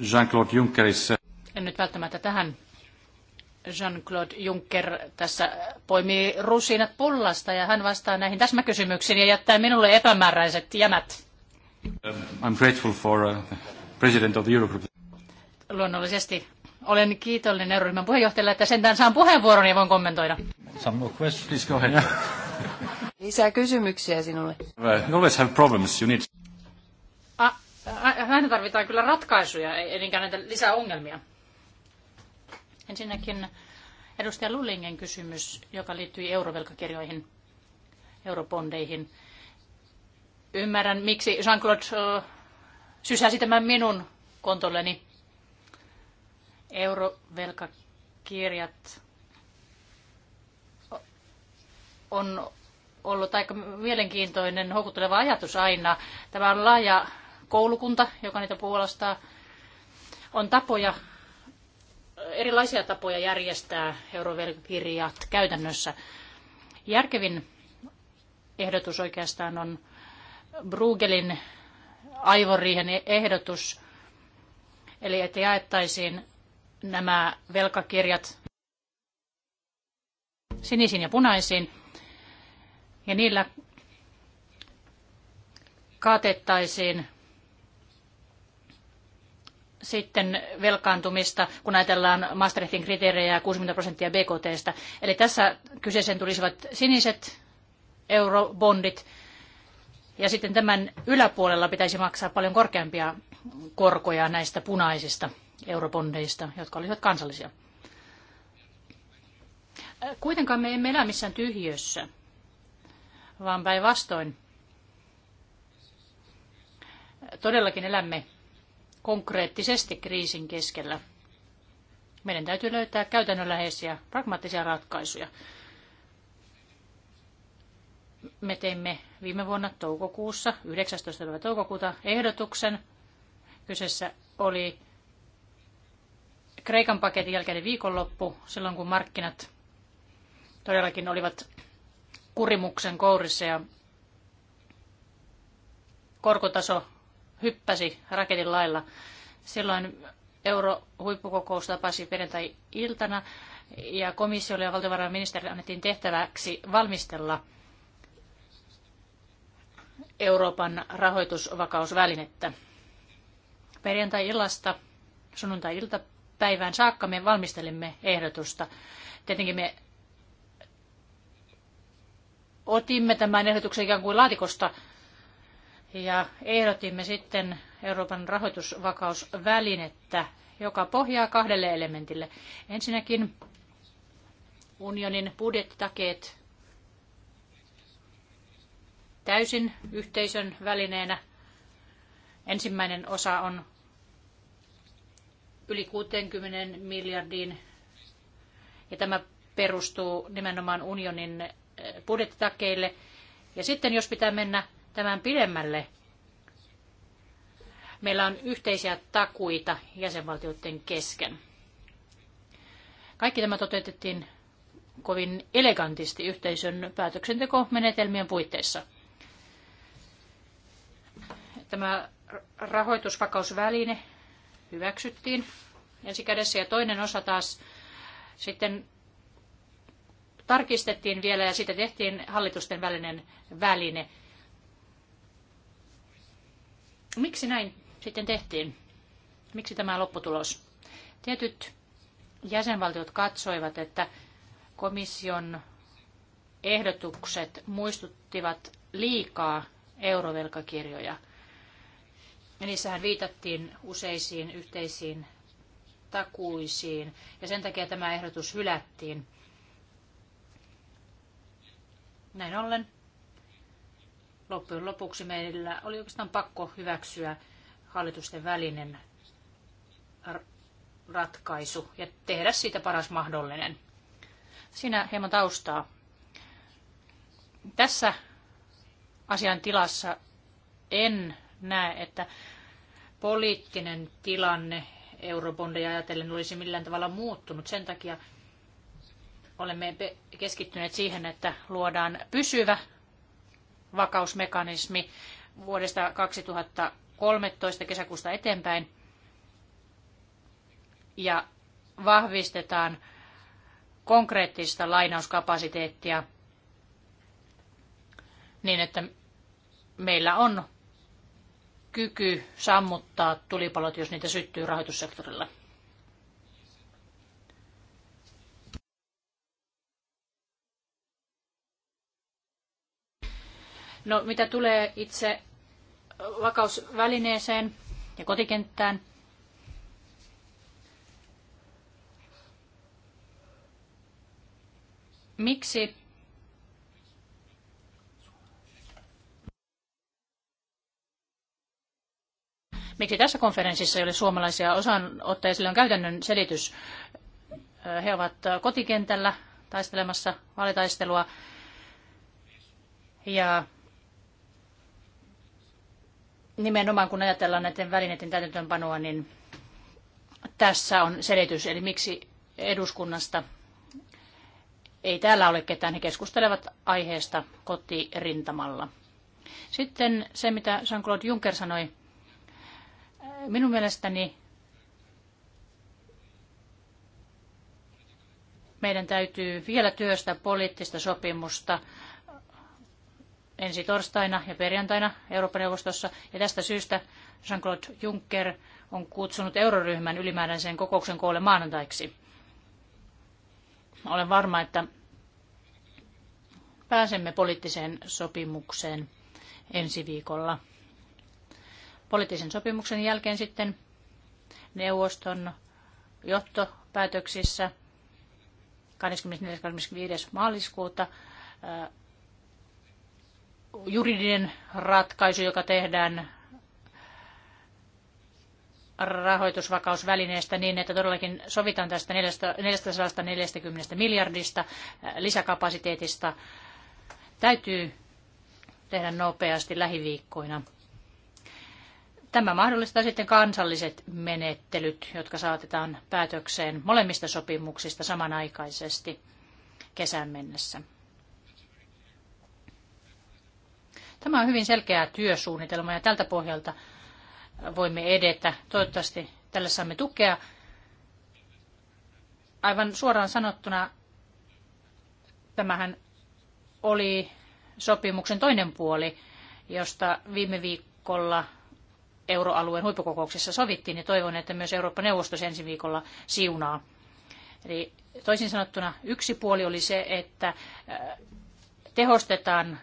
Jean-Claude Juncker is... Uh, en nyt välttämättä tähän. Jean-Claude Juncker tässä poimii rusinat pullasta ja hän vastaa näihin täsmäkysymyksiin ja jättää minulle epämääräiset jämät. Um, I'm grateful for President of the Eurogroup. Luonnollisesti olen kiitollinen euroryhmän puheenjohtajalle, että sentään saan puheenvuoron ja voin kommentoida. Some more questions, please go ahead. Lisää kysymyksiä sinulle. Uh, always have problems, you need... aina tarvitaan kyllä ratkaisuja, ei niinkään näitä lisää ongelmia. Ensinnäkin edustaja Lullingen kysymys, joka liittyy eurovelkakirjoihin, eurobondeihin. Ymmärrän, miksi Jean-Claude uh, sysäsi tämän minun kontolleni. Eurovelkakirjat on ollut aika mielenkiintoinen, houkutteleva ajatus aina. Tämä on laaja koulukunta, joka niitä puolustaa. On tapoja, erilaisia tapoja järjestää eurovelkakirjat käytännössä. Järkevin ehdotus oikeastaan on Bruegelin aivoriihen ehdotus, eli että jaettaisiin nämä velkakirjat sinisiin ja punaisiin, ja niillä katettaisiin sitten velkaantumista, kun ajatellaan Maastrichtin kriteerejä 60 prosenttia BKTstä. Eli tässä kyseeseen tulisivat siniset eurobondit, ja sitten tämän yläpuolella pitäisi maksaa paljon korkeampia korkoja näistä punaisista eurobondeista, jotka olisivat kansallisia. Kuitenkaan me emme elä missään tyhjössä, vaan päinvastoin todellakin elämme konkreettisesti kriisin keskellä. Meidän täytyy löytää käytännönläheisiä pragmaattisia ratkaisuja me teimme viime vuonna toukokuussa, 19. toukokuuta, ehdotuksen. Kyseessä oli Kreikan paketin jälkeinen viikonloppu, silloin kun markkinat todellakin olivat kurimuksen kourissa ja korkotaso hyppäsi raketin lailla. Silloin eurohuippukokous tapasi perjantai-iltana ja komissiolle ja valtiovarainministerille annettiin tehtäväksi valmistella – Euroopan rahoitusvakausvälinettä. Perjantai-illasta sunnuntai-iltapäivään saakka me valmistelimme ehdotusta. Tietenkin me otimme tämän ehdotuksen ikään kuin laatikosta ja ehdotimme sitten Euroopan rahoitusvakausvälinettä, joka pohjaa kahdelle elementille. Ensinnäkin unionin budjettitakeet täysin yhteisön välineenä. Ensimmäinen osa on yli 60 miljardiin ja tämä perustuu nimenomaan unionin eh, budjettitakeille. Ja sitten jos pitää mennä tämän pidemmälle, meillä on yhteisiä takuita jäsenvaltioiden kesken. Kaikki tämä toteutettiin kovin elegantisti yhteisön päätöksentekomenetelmien puitteissa. Tämä rahoitusvakausväline hyväksyttiin kädessä ja toinen osa taas sitten tarkistettiin vielä ja siitä tehtiin hallitusten välinen väline. Miksi näin sitten tehtiin? Miksi tämä lopputulos? Tietyt jäsenvaltiot katsoivat, että komission ehdotukset muistuttivat liikaa eurovelkakirjoja – ja niissähän viitattiin useisiin yhteisiin takuisiin ja sen takia tämä ehdotus hylättiin. Näin ollen loppujen lopuksi meillä oli oikeastaan pakko hyväksyä hallitusten välinen ratkaisu ja tehdä siitä paras mahdollinen. Siinä hieman taustaa. Tässä asian tilassa en näe, että poliittinen tilanne eurobondeja ajatellen olisi millään tavalla muuttunut. Sen takia olemme keskittyneet siihen, että luodaan pysyvä vakausmekanismi vuodesta 2013 kesäkuusta eteenpäin ja vahvistetaan konkreettista lainauskapasiteettia niin, että meillä on kyky sammuttaa tulipalot, jos niitä syttyy rahoitussektorilla? No, mitä tulee itse vakausvälineeseen ja kotikenttään, miksi Miksi tässä konferenssissa ei ole suomalaisia osanottajia? Sillä on käytännön selitys. He ovat kotikentällä taistelemassa valitaistelua. Ja nimenomaan kun ajatellaan näiden välineiden täytäntöönpanoa, niin tässä on selitys, eli miksi eduskunnasta ei täällä ole ketään. He keskustelevat aiheesta kotirintamalla. Sitten se, mitä Jean-Claude Juncker sanoi Minun mielestäni meidän täytyy vielä työstää poliittista sopimusta ensi torstaina ja perjantaina Euroopan neuvostossa. Ja tästä syystä Jean-Claude Juncker on kutsunut euroryhmän ylimääräiseen kokouksen koolle maanantaiksi. Olen varma, että pääsemme poliittiseen sopimukseen ensi viikolla. Poliittisen sopimuksen jälkeen sitten neuvoston johtopäätöksissä 24.–25. maaliskuuta juridinen ratkaisu, joka tehdään rahoitusvakausvälineestä niin, että todellakin sovitaan tästä 440 miljardista lisäkapasiteetista, täytyy tehdä nopeasti lähiviikkoina. Tämä mahdollistaa sitten kansalliset menettelyt, jotka saatetaan päätökseen molemmista sopimuksista samanaikaisesti kesän mennessä. Tämä on hyvin selkeä työsuunnitelma ja tältä pohjalta voimme edetä. Toivottavasti tällä saamme tukea. Aivan suoraan sanottuna tämähän oli sopimuksen toinen puoli, josta viime viikolla euroalueen huippukokouksessa sovittiin, ja niin toivon, että myös Eurooppa-neuvosto sen ensi viikolla siunaa. Eli toisin sanottuna yksi puoli oli se, että äh, tehostetaan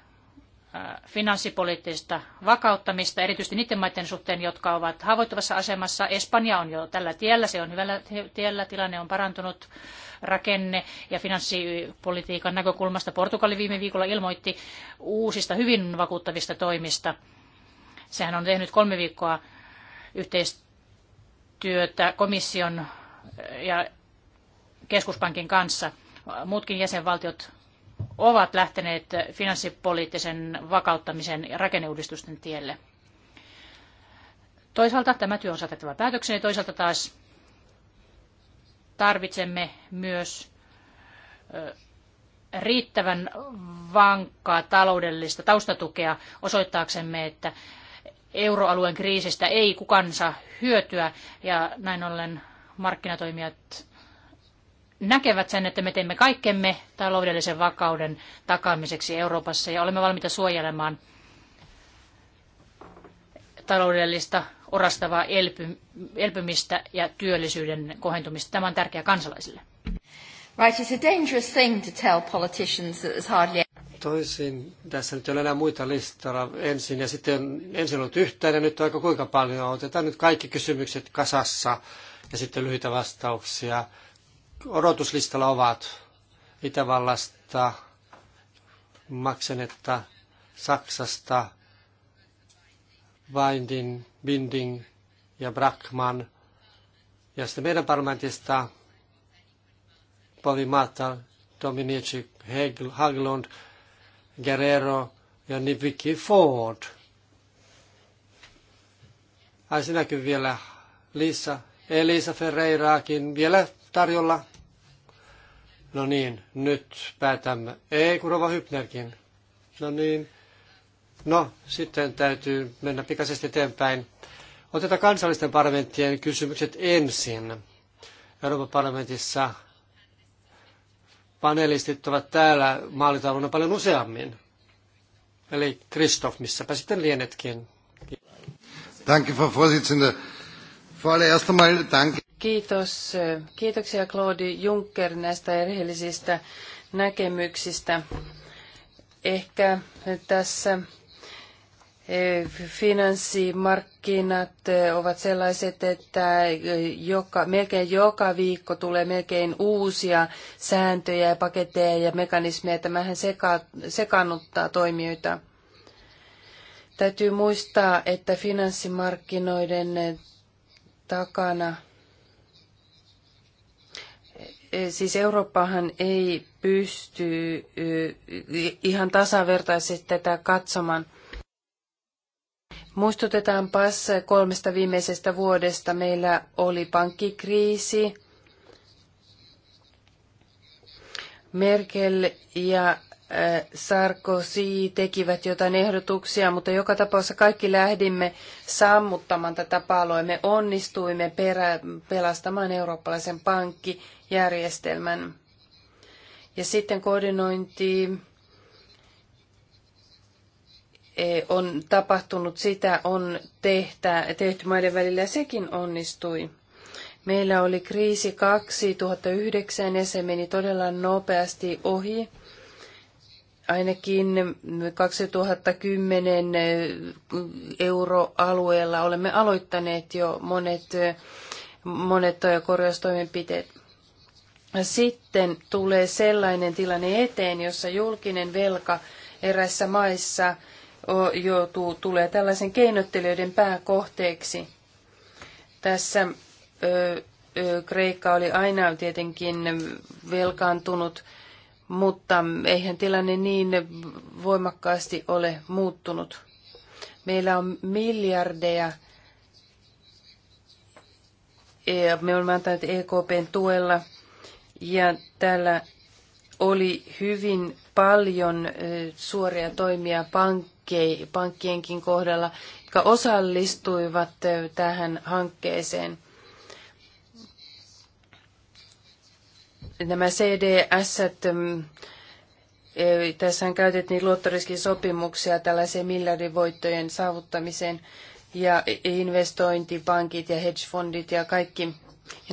äh, finanssipoliittista vakauttamista, erityisesti niiden maiden suhteen, jotka ovat haavoittuvassa asemassa. Espanja on jo tällä tiellä, se on hyvällä tiellä, tilanne on parantunut rakenne- ja finanssipolitiikan näkökulmasta. Portugali viime viikolla ilmoitti uusista hyvin vakuuttavista toimista – Sehän on tehnyt kolme viikkoa yhteistyötä komission ja keskuspankin kanssa. Muutkin jäsenvaltiot ovat lähteneet finanssipoliittisen vakauttamisen ja rakenneuudistusten tielle. Toisaalta tämä työ on saatettava päätökseen ja toisaalta taas tarvitsemme myös riittävän vankkaa taloudellista taustatukea osoittaaksemme, että euroalueen kriisistä ei kukaan saa hyötyä ja näin ollen markkinatoimijat näkevät sen, että me teemme kaikkemme taloudellisen vakauden takaamiseksi Euroopassa ja olemme valmiita suojelemaan taloudellista orastavaa elpy, elpymistä ja työllisyyden kohentumista. Tämä on tärkeää kansalaisille. Right, it's a dangerous thing to tell politicians that there's hardly toisin. Tässä nyt ei ole enää muita listalla ensin ja sitten ensin ollut yhtään ja nyt aika kuinka paljon. Otetaan nyt kaikki kysymykset kasassa ja sitten lyhyitä vastauksia. Odotuslistalla ovat Itävallasta, Maksenetta, Saksasta, Binding, Binding ja Brackman. Ja sitten meidän parlamentista Polimata, Dominici Haglund, Guerrero ja Nivikki Ford. Ai sinäkin vielä Lisa, Elisa Ferreiraakin vielä tarjolla. No niin, nyt päätämme. Ei, kun Rova Hypnerkin. No niin. No, sitten täytyy mennä pikaisesti eteenpäin. Otetaan kansallisten parlamenttien kysymykset ensin. Euroopan parlamentissa panelistit ovat täällä maalitauluna paljon useammin. Eli Kristoff, missäpä sitten lienetkin. Danke, Frau Vorsitzende. einmal danke. Kiitos. Kiitoksia Claude Juncker näistä erheellisistä näkemyksistä. Ehkä tässä finanssimarkkinat eh, ovat sellaiset, että eh, joka, melkein joka viikko tulee melkein uusia sääntöjä ja paketteja ja mekanismeja. Tämähän seka, sekannuttaa toimijoita. Täytyy muistaa, että finanssimarkkinoiden eh, takana, siis Eurooppahan ei pysty ihan tasavertaisesti tätä katsomaan – Muistutetaanpas kolmesta viimeisestä vuodesta. Meillä oli pankkikriisi. Merkel ja äh, Sarkozy tekivät jotain ehdotuksia, mutta joka tapauksessa kaikki lähdimme sammuttamaan tätä paloa. Me onnistuimme perä, pelastamaan eurooppalaisen pankkijärjestelmän. Ja sitten koordinointi E, on tapahtunut, sitä on tehtä, tehty maiden välillä ja sekin onnistui. Meillä oli kriisi 2009 ja se meni todella nopeasti ohi. Ainakin 2010 euroalueella olemme aloittaneet jo monet, monet korjaustoimenpiteet. Sitten tulee sellainen tilanne eteen, jossa julkinen velka erässä maissa – joutuu, tulee tällaisen keinottelijoiden pääkohteeksi. Tässä ö, ö, Kreikka oli aina tietenkin velkaantunut, mutta eihän tilanne niin voimakkaasti ole muuttunut. Meillä on miljardeja ja e, me olemme antaneet EKPn tuella ja täällä oli hyvin paljon e, suoria toimia pankkeja pankkienkin kohdalla, jotka osallistuivat tähän hankkeeseen. Nämä CDS, mm, e, tässä käytettiin sopimuksia tällaiseen miljardin voittojen saavuttamiseen ja investointipankit ja hedgefondit ja kaikki.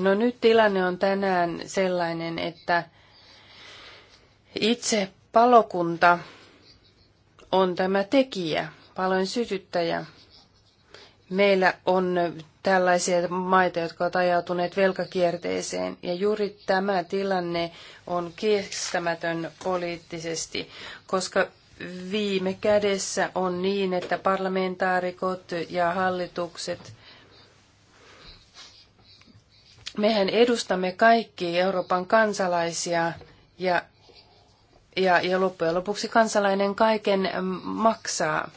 No nyt tilanne on tänään sellainen, että itse palokunta on tämä tekijä, paloin sytyttäjä. Meillä on tällaisia maita, jotka ovat ajautuneet velkakierteeseen. Ja juuri tämä tilanne on kestämätön poliittisesti, koska viime kädessä on niin, että parlamentaarikot ja hallitukset, mehän edustamme kaikki Euroopan kansalaisia ja ja, ja loppujen lopuksi kansalainen kaiken maksaa.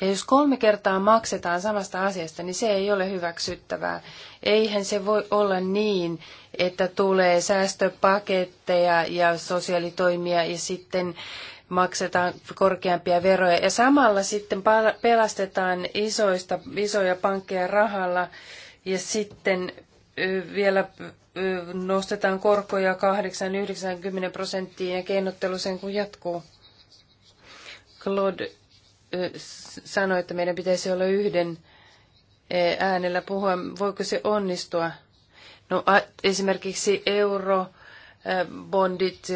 Ja jos kolme kertaa maksetaan samasta asiasta, niin se ei ole hyväksyttävää. Eihän se voi olla niin, että tulee säästöpaketteja ja sosiaalitoimia ja sitten maksetaan korkeampia veroja. Ja samalla sitten pelastetaan isoista, isoja pankkeja rahalla ja sitten vielä nostetaan korkoja 8-90 prosenttiin ja keinottelu sen kun jatkuu. Claude sanoi, että meidän pitäisi olla yhden äänellä puhua. Voiko se onnistua? No, esimerkiksi eurobondit,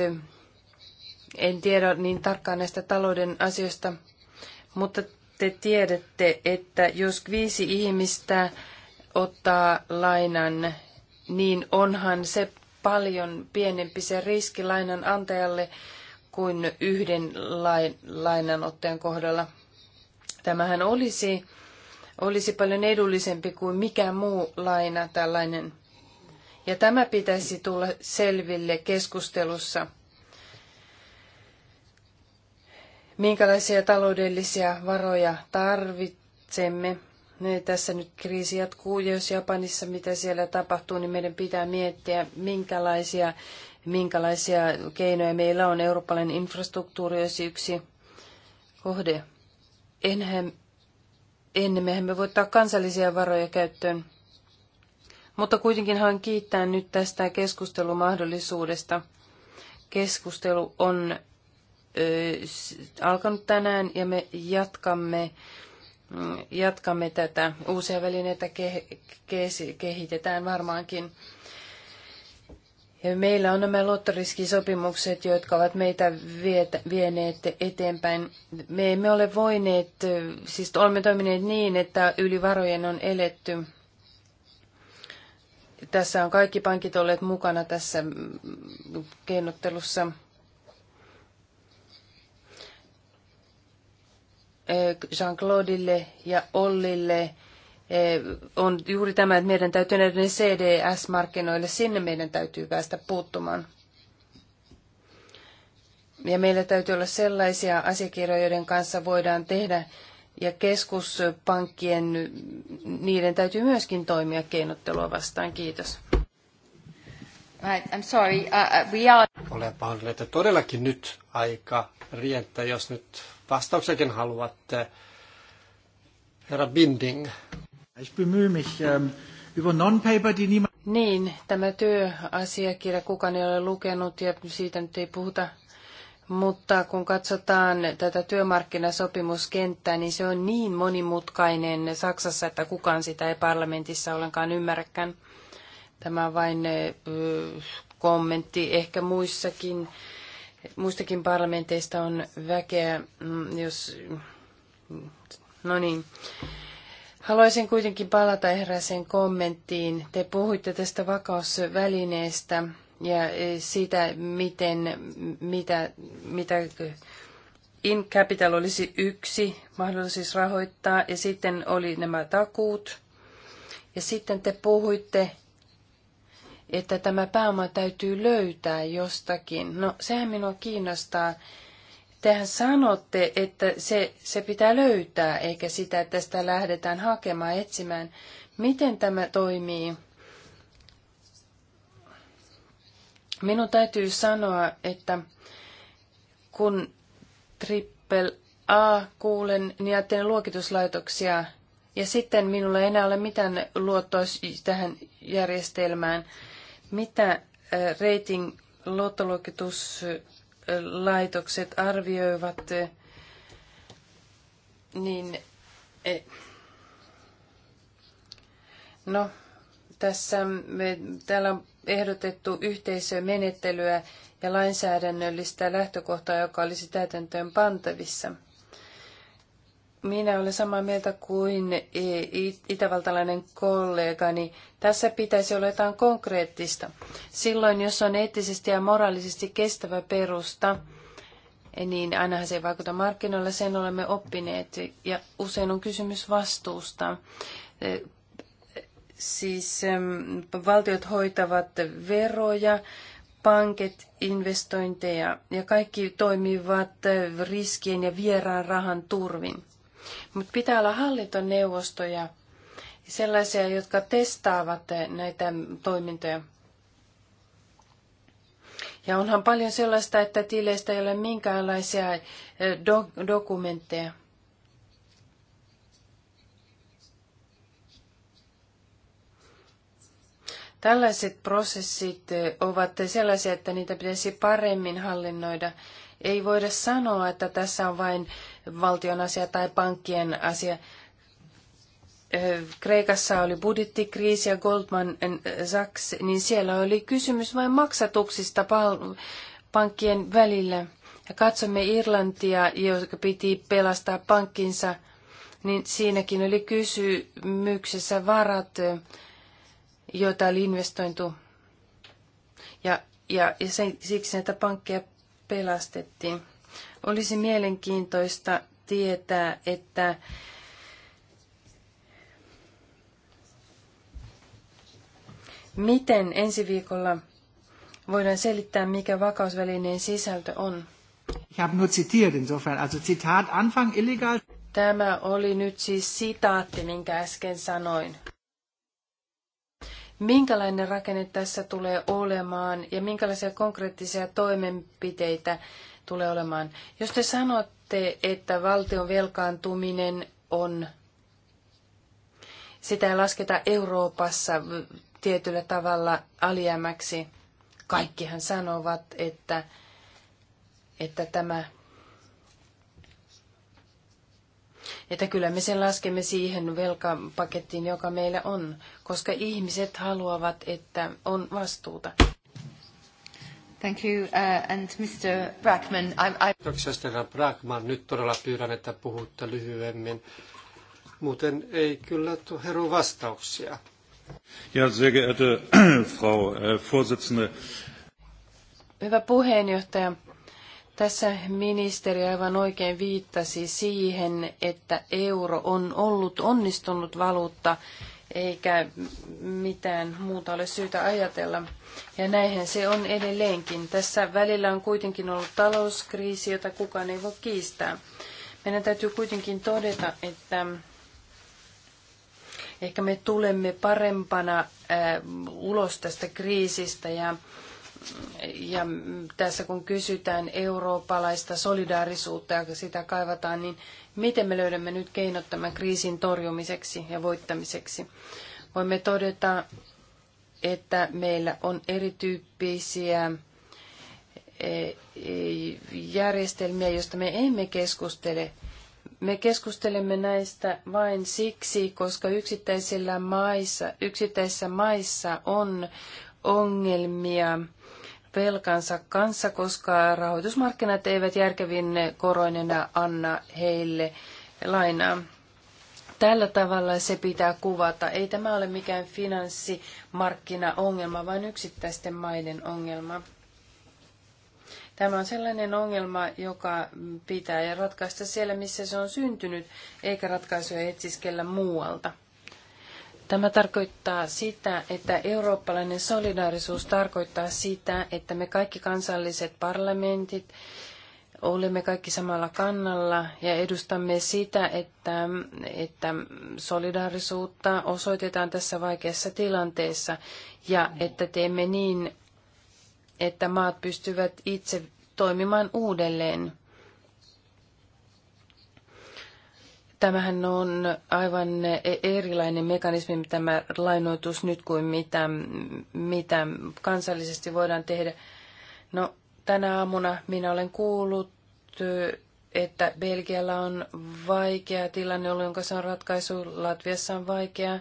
en tiedä niin tarkkaan näistä talouden asioista, mutta te tiedätte, että jos viisi ihmistä ottaa lainan niin onhan se paljon pienempi se riski lainan antajalle kuin yhden lain, lainanottajan kohdalla. Tämähän olisi, olisi paljon edullisempi kuin mikä muu laina tällainen. Ja tämä pitäisi tulla selville keskustelussa. Minkälaisia taloudellisia varoja tarvitsemme? Niin, tässä nyt kriisi jatkuu ja jos Japanissa mitä siellä tapahtuu, niin meidän pitää miettiä, minkälaisia, minkälaisia keinoja meillä on. Eurooppalainen infrastruktuuri olisi yksi kohde. Enhän, mehän me voi ottaa kansallisia varoja käyttöön. Mutta kuitenkin haluan kiittää nyt tästä keskustelumahdollisuudesta. Keskustelu on ö, alkanut tänään ja me jatkamme jatkamme tätä. Uusia välineitä kehitetään varmaankin. Ja meillä on nämä lottoriskisopimukset, jotka ovat meitä vieneet eteenpäin. Me emme ole voineet, siis olemme toimineet niin, että yli varojen on eletty. Tässä on kaikki pankit olleet mukana tässä keinottelussa. Jean-Claudille ja Ollille on juuri tämä, että meidän täytyy näiden CDS-markkinoille, sinne meidän täytyy päästä puuttumaan. Ja meillä täytyy olla sellaisia asiakirjoja, joiden kanssa voidaan tehdä, ja keskuspankkien, niiden täytyy myöskin toimia keinottelua vastaan. Kiitos. Right, I'm sorry, uh, uh we are... Olen pahoillani, että todellakin nyt aika rientää, jos nyt vastauksenkin haluatte. Eh, herra Binding. Ich bemühe mich ähm, über non-paper, die niemand... Niin, tämä työasiakirja kukaan ei ole lukenut ja siitä nyt ei puhuta. Mutta kun katsotaan tätä työmarkkinasopimuskenttää, niin se on niin monimutkainen Saksassa, että kukaan sitä ei parlamentissa ollenkaan ymmärräkään. Tämä on vain kommentti. Ehkä muissakin Muistakin parlamenteista on väkeä, mm, jos... Mm, no niin. Haluaisin kuitenkin palata erääseen kommenttiin. Te puhuitte tästä vakausvälineestä ja e, siitä, miten, mitä, mitä in capital olisi yksi mahdollisuus rahoittaa ja sitten oli nämä takuut. Ja sitten te puhuitte että tämä pääoma täytyy löytää jostakin. No, sehän minua kiinnostaa. Tehän sanotte, että se, se pitää löytää, eikä sitä, että sitä lähdetään hakemaan, etsimään. Miten tämä toimii? Minun täytyy sanoa, että kun triple A kuulen niin ajattelen luokituslaitoksia ja sitten minulla ei enää ole mitään luottoa tähän järjestelmään, mitä rating luottoluokituslaitokset arvioivat, niin e, no, tässä me, täällä on ehdotettu yhteisömenettelyä ja lainsäädännöllistä lähtökohtaa, joka olisi täytäntöön pantavissa – minä olen samaa mieltä kuin itävaltalainen kollegani. Tässä pitäisi olla jotain konkreettista. Silloin, jos on eettisesti ja moraalisesti kestävä perusta, niin ainahan se ei vaikuta markkinoilla, sen olemme oppineet. Ja usein on kysymys vastuusta. E, siis valtiot hoitavat veroja, pankit, investointeja ja kaikki toimivat riskien ja vieraan rahan turvin. Mutta pitää olla hallintoneuvostoja, sellaisia, jotka testaavat näitä toimintoja. Ja onhan paljon sellaista, että tileistä ei ole minkäänlaisia eh, do- dokumentteja. Tällaiset prosessit eh, ovat sellaisia, että niitä pitäisi paremmin hallinnoida ei voida sanoa, että tässä on vain valtion asia tai pankkien asia. Kreikassa oli budjettikriisi ja Goldman Sachs, niin siellä oli kysymys vain maksatuksista pankkien välillä. Ja katsomme Irlantia, joka piti pelastaa pankkinsa, niin siinäkin oli kysymyksessä varat, joita oli investointu. Ja, ja, ja sen, siksi näitä pankkeja pelastettiin. Olisi mielenkiintoista tietää, että miten ensi viikolla voidaan selittää, mikä vakausvälineen sisältö on. Ich habe nur zitiert insofern, also Zitat Anfang illegal. Tämä oli nyt siis sitaatti, minkä äsken sanoin minkälainen rakenne tässä tulee olemaan ja minkälaisia konkreettisia toimenpiteitä tulee olemaan. Jos te sanotte, että valtion velkaantuminen on, sitä ei lasketa Euroopassa tietyllä tavalla alijäämäksi, kaikkihan sanovat, että, että tämä että kyllä me sen laskemme siihen velkapakettiin, joka meillä on, koska ihmiset haluavat, että on vastuuta. Thank you. Uh, and Mr. Brackman, I, I... Kiitoksia, herra Brackman. Nyt todella pyydän, että puhutte lyhyemmin. Muuten ei kyllä heru vastauksia. Ja, sehr geehrte Frau äh, Vorsitzende. Hyvä puheenjohtaja. Tässä ministeri aivan oikein viittasi siihen, että euro on ollut onnistunut valuutta, eikä mitään muuta ole syytä ajatella. Ja näinhän se on edelleenkin. Tässä välillä on kuitenkin ollut talouskriisi, jota kukaan ei voi kiistää. Meidän täytyy kuitenkin todeta, että ehkä me tulemme parempana ulos tästä kriisistä ja ja tässä kun kysytään eurooppalaista solidaarisuutta ja sitä kaivataan, niin miten me löydämme nyt keinot tämän kriisin torjumiseksi ja voittamiseksi? Voimme todeta, että meillä on erityyppisiä e, järjestelmiä, joista me emme keskustele. Me keskustelemme näistä vain siksi, koska yksittäisillä maissa, yksittäisissä maissa on ongelmia velkansa kanssa, koska rahoitusmarkkinat eivät järkevin koroinena anna heille lainaa. Tällä tavalla se pitää kuvata. Ei tämä ole mikään finanssimarkkinaongelma, vaan yksittäisten maiden ongelma. Tämä on sellainen ongelma, joka pitää ratkaista siellä, missä se on syntynyt, eikä ratkaisuja etsiskellä muualta. Tämä tarkoittaa sitä, että eurooppalainen solidaarisuus tarkoittaa sitä, että me kaikki kansalliset parlamentit olemme kaikki samalla kannalla ja edustamme sitä, että, että solidaarisuutta osoitetaan tässä vaikeassa tilanteessa ja että teemme niin, että maat pystyvät itse toimimaan uudelleen. Tämähän on aivan erilainen mekanismi, tämä lainoitus nyt kuin mitä, mitä kansallisesti voidaan tehdä. No, tänä aamuna minä olen kuullut, että Belgialla on vaikea tilanne ollut, jonka se on ratkaisu. Latviassa on vaikea,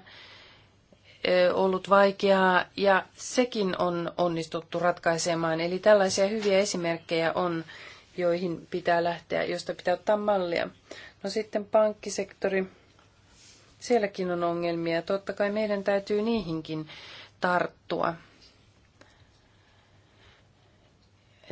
e, ollut vaikeaa ja sekin on onnistuttu ratkaisemaan. Eli tällaisia hyviä esimerkkejä on, joihin pitää lähteä, josta pitää ottaa mallia. No sitten pankkisektori. Sielläkin on ongelmia. Totta kai meidän täytyy niihinkin tarttua.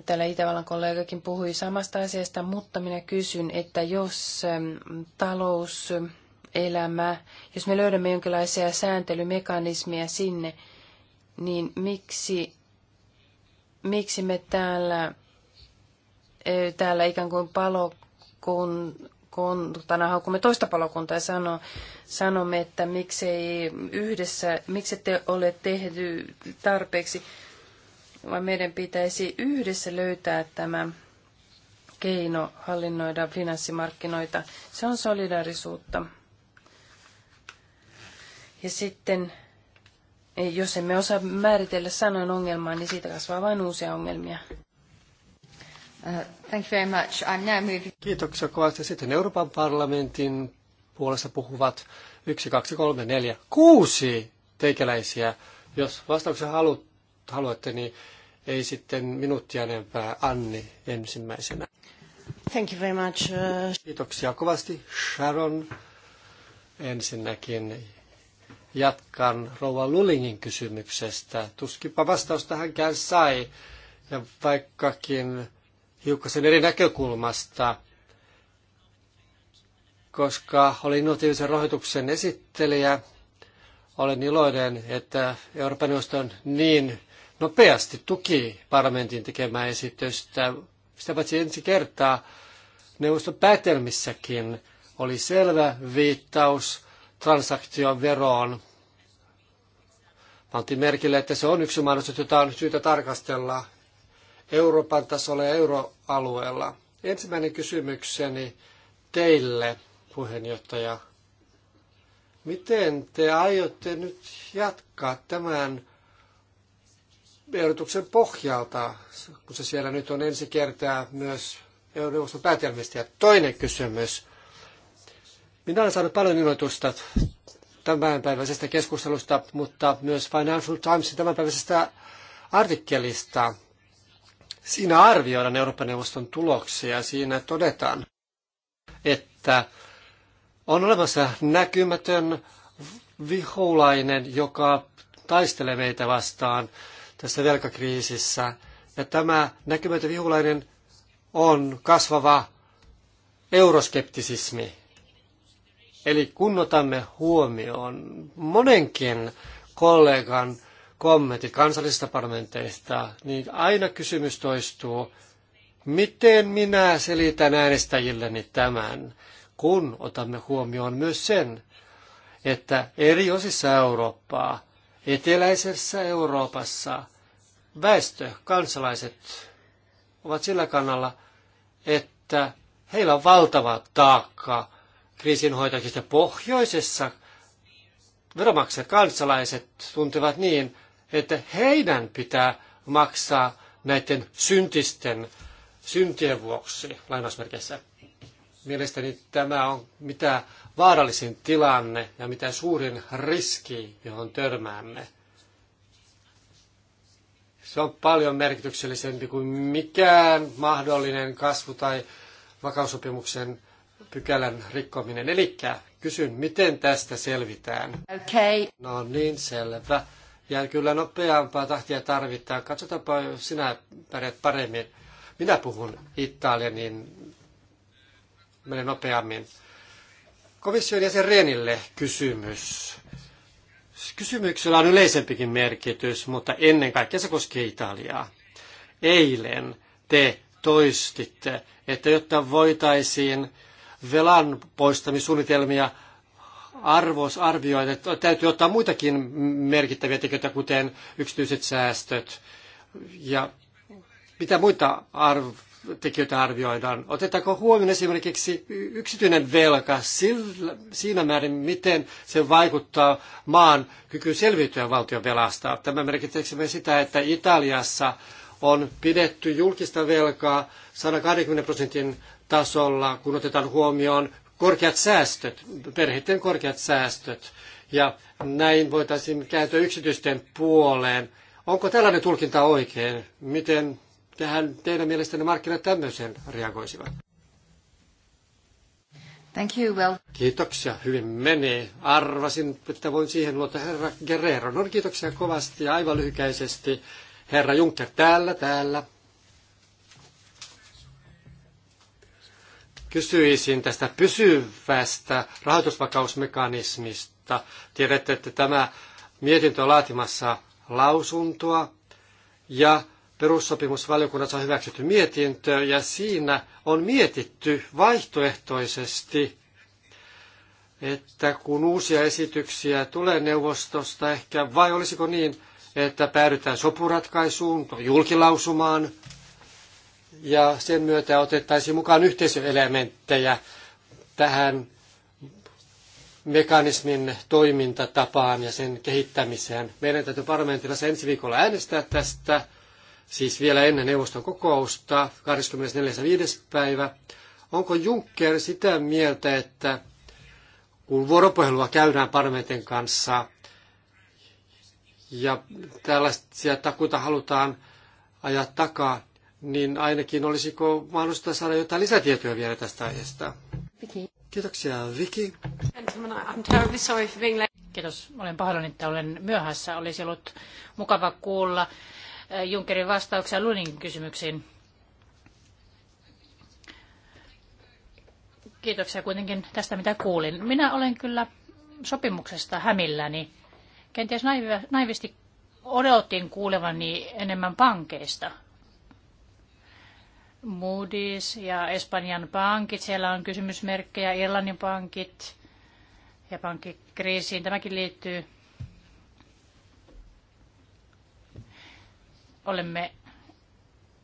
Täällä Itävallan kollegakin puhui samasta asiasta, mutta minä kysyn, että jos ähm, talouselämä, jos me löydämme jonkinlaisia sääntelymekanismeja sinne, niin miksi, miksi me täällä, äh, täällä ikään kuin palokun palokuntana haukumme toista palokuntaa ja sano, sanomme, että miksei yhdessä, miksi te ole tehty tarpeeksi, vaan meidän pitäisi yhdessä löytää tämä keino hallinnoida finanssimarkkinoita. Se on solidaarisuutta. Ja sitten, jos emme osaa määritellä sanan ongelmaa, niin siitä kasvaa vain uusia ongelmia. Uh, thank you very much. I'm now moving... Kiitoksia kovasti. Sitten Euroopan parlamentin puolesta puhuvat yksi, kaksi, kolme, neljä, kuusi teikäläisiä. Jos vastauksen halu, haluatte, niin ei sitten minuuttia enempää. Anni ensimmäisenä. Thank you very much. Uh, Kiitoksia kovasti Sharon. Ensinnäkin jatkan rouva Lulingin kysymyksestä. Tuskipa vastausta hänkään sai. Ja vaikkakin hiukkasen eri näkökulmasta, koska olin innovatiivisen rahoituksen esittelijä. Olen iloinen, että Euroopan neuvoston niin nopeasti tuki parlamentin tekemää esitystä. Sitä paitsi ensi kertaa neuvoston päätelmissäkin oli selvä viittaus transaktion veroon. Pantiin merkille, että se on yksi mahdollisuus, jota on syytä tarkastella Euroopan tasolla ja euroalueella. Ensimmäinen kysymykseni teille, puheenjohtaja. Miten te aiotte nyt jatkaa tämän ehdotuksen pohjalta, kun se siellä nyt on ensi kertaa myös neuvoston päätelmistä? Ja toinen kysymys. Minä olen saanut paljon ilmoitusta tämänpäiväisestä keskustelusta, mutta myös Financial Timesin tämänpäiväisestä artikkelista, Siinä arvioidaan Euroopan neuvoston tuloksia ja siinä todetaan, että on olemassa näkymätön viholainen, joka taistelee meitä vastaan tässä velkakriisissä. Ja tämä näkymätön vihulainen on kasvava euroskeptisismi. Eli kun otamme huomioon monenkin kollegan kommentit kansallisista parlamenteista, niin aina kysymys toistuu, miten minä selitän äänestäjilleni tämän, kun otamme huomioon myös sen, että eri osissa Eurooppaa, eteläisessä Euroopassa, väestö, kansalaiset ovat sillä kannalla, että heillä on valtava taakka kriisinhoitajista pohjoisessa. Veromaksajat kansalaiset tuntevat niin, että heidän pitää maksaa näiden syntisten, syntien vuoksi, lainausmerkeissä. Mielestäni tämä on mitä vaarallisin tilanne ja mitä suurin riski, johon törmäämme. Se on paljon merkityksellisempi kuin mikään mahdollinen kasvu- tai vakaussopimuksen pykälän rikkominen. Eli kysyn, miten tästä selvitään? Okei. Okay. No niin, selvä. Ja kyllä nopeampaa tahtia tarvitaan. Katsotaanpa, jos sinä pärjät paremmin. Minä puhun Italia, niin menen nopeammin. Komission jäsen Renille kysymys. Kysymyksellä on yleisempikin merkitys, mutta ennen kaikkea se koskee Italiaa. Eilen te toistitte, että jotta voitaisiin velan poistamisuunnitelmia arvosarvioita. Että täytyy ottaa muitakin merkittäviä tekijöitä, kuten yksityiset säästöt ja mitä muita arv- tekijöitä arvioidaan. Otetaanko huomioon esimerkiksi yksityinen velka sillä, siinä määrin, miten se vaikuttaa maan kykyyn selviytyä valtion velasta. Tämä merkitsee sitä, että Italiassa on pidetty julkista velkaa 120 prosentin tasolla, kun otetaan huomioon korkeat säästöt, perheiden korkeat säästöt, ja näin voitaisiin kääntyä yksityisten puoleen. Onko tällainen tulkinta oikein? Miten tähän teidän mielestänne markkinat tämmöiseen reagoisivat? Thank you, well. Kiitoksia, hyvin meni. Arvasin, että voin siihen luota herra Guerrero. No niin, kiitoksia kovasti ja aivan lyhykäisesti. Herra Juncker täällä, täällä. kysyisin tästä pysyvästä rahoitusvakausmekanismista. Tiedätte, että tämä mietintö on laatimassa lausuntoa ja perussopimusvaliokunnassa on hyväksytty mietintö ja siinä on mietitty vaihtoehtoisesti, että kun uusia esityksiä tulee neuvostosta ehkä, vai olisiko niin, että päädytään sopuratkaisuun, julkilausumaan – ja sen myötä otettaisiin mukaan yhteisöelementtejä tähän mekanismin toimintatapaan ja sen kehittämiseen. Meidän täytyy parlamentilla ensi viikolla äänestää tästä, siis vielä ennen neuvoston kokousta, 24.5. päivä. Onko Juncker sitä mieltä, että kun vuoropuhelua käydään parlamentin kanssa ja tällaisia takuita halutaan ajaa takaa, niin ainakin olisiko mahdollista saada jotain lisätietoja vielä tästä aiheesta. Kiitoksia, Viki. Kiitos. Olen pahoillani, että olen myöhässä. Olisi ollut mukava kuulla eh, Junkerin vastauksia Lunin kysymyksiin. Kiitoksia kuitenkin tästä, mitä kuulin. Minä olen kyllä sopimuksesta hämilläni. Kenties naivisti odotin kuulevani enemmän pankeista. Moody's ja Espanjan pankit, siellä on kysymysmerkkejä, Irlannin pankit ja pankkikriisiin. Tämäkin liittyy. Olemme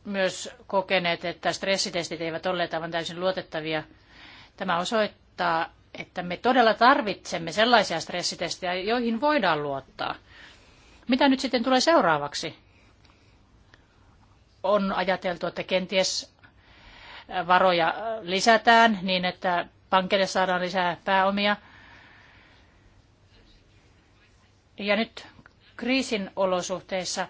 myös kokeneet, että stressitestit eivät olleet aivan täysin luotettavia. Tämä osoittaa, että me todella tarvitsemme sellaisia stressitestejä, joihin voidaan luottaa. Mitä nyt sitten tulee seuraavaksi? on ajateltu, että kenties varoja lisätään niin, että pankille saadaan lisää pääomia. Ja nyt kriisin olosuhteissa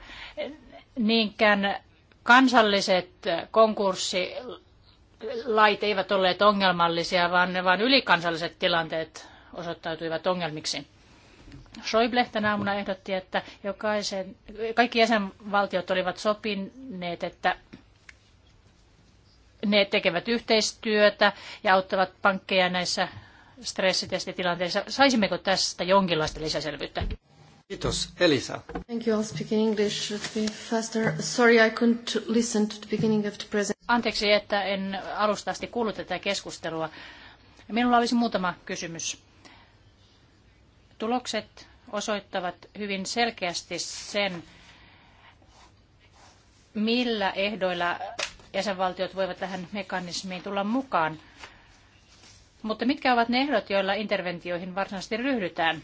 niinkään kansalliset konkurssilait eivät olleet ongelmallisia, vaan, vaan ylikansalliset tilanteet osoittautuivat ongelmiksi. Schäuble tänä aamuna ehdotti, että jokaisen, kaikki jäsenvaltiot olivat sopineet, että ne tekevät yhteistyötä ja auttavat pankkeja näissä stressitestitilanteissa. Saisimmeko tästä jonkinlaista lisäselvyyttä? Kiitos, Elisa. Thank you English. faster. Sorry, I couldn't listen to the beginning of the present. Anteeksi, että en alusta asti kuullut tätä keskustelua. Minulla olisi muutama kysymys. Tulokset osoittavat hyvin selkeästi sen, millä ehdoilla jäsenvaltiot voivat tähän mekanismiin tulla mukaan. Mutta mitkä ovat ne ehdot, joilla interventioihin varsinaisesti ryhdytään?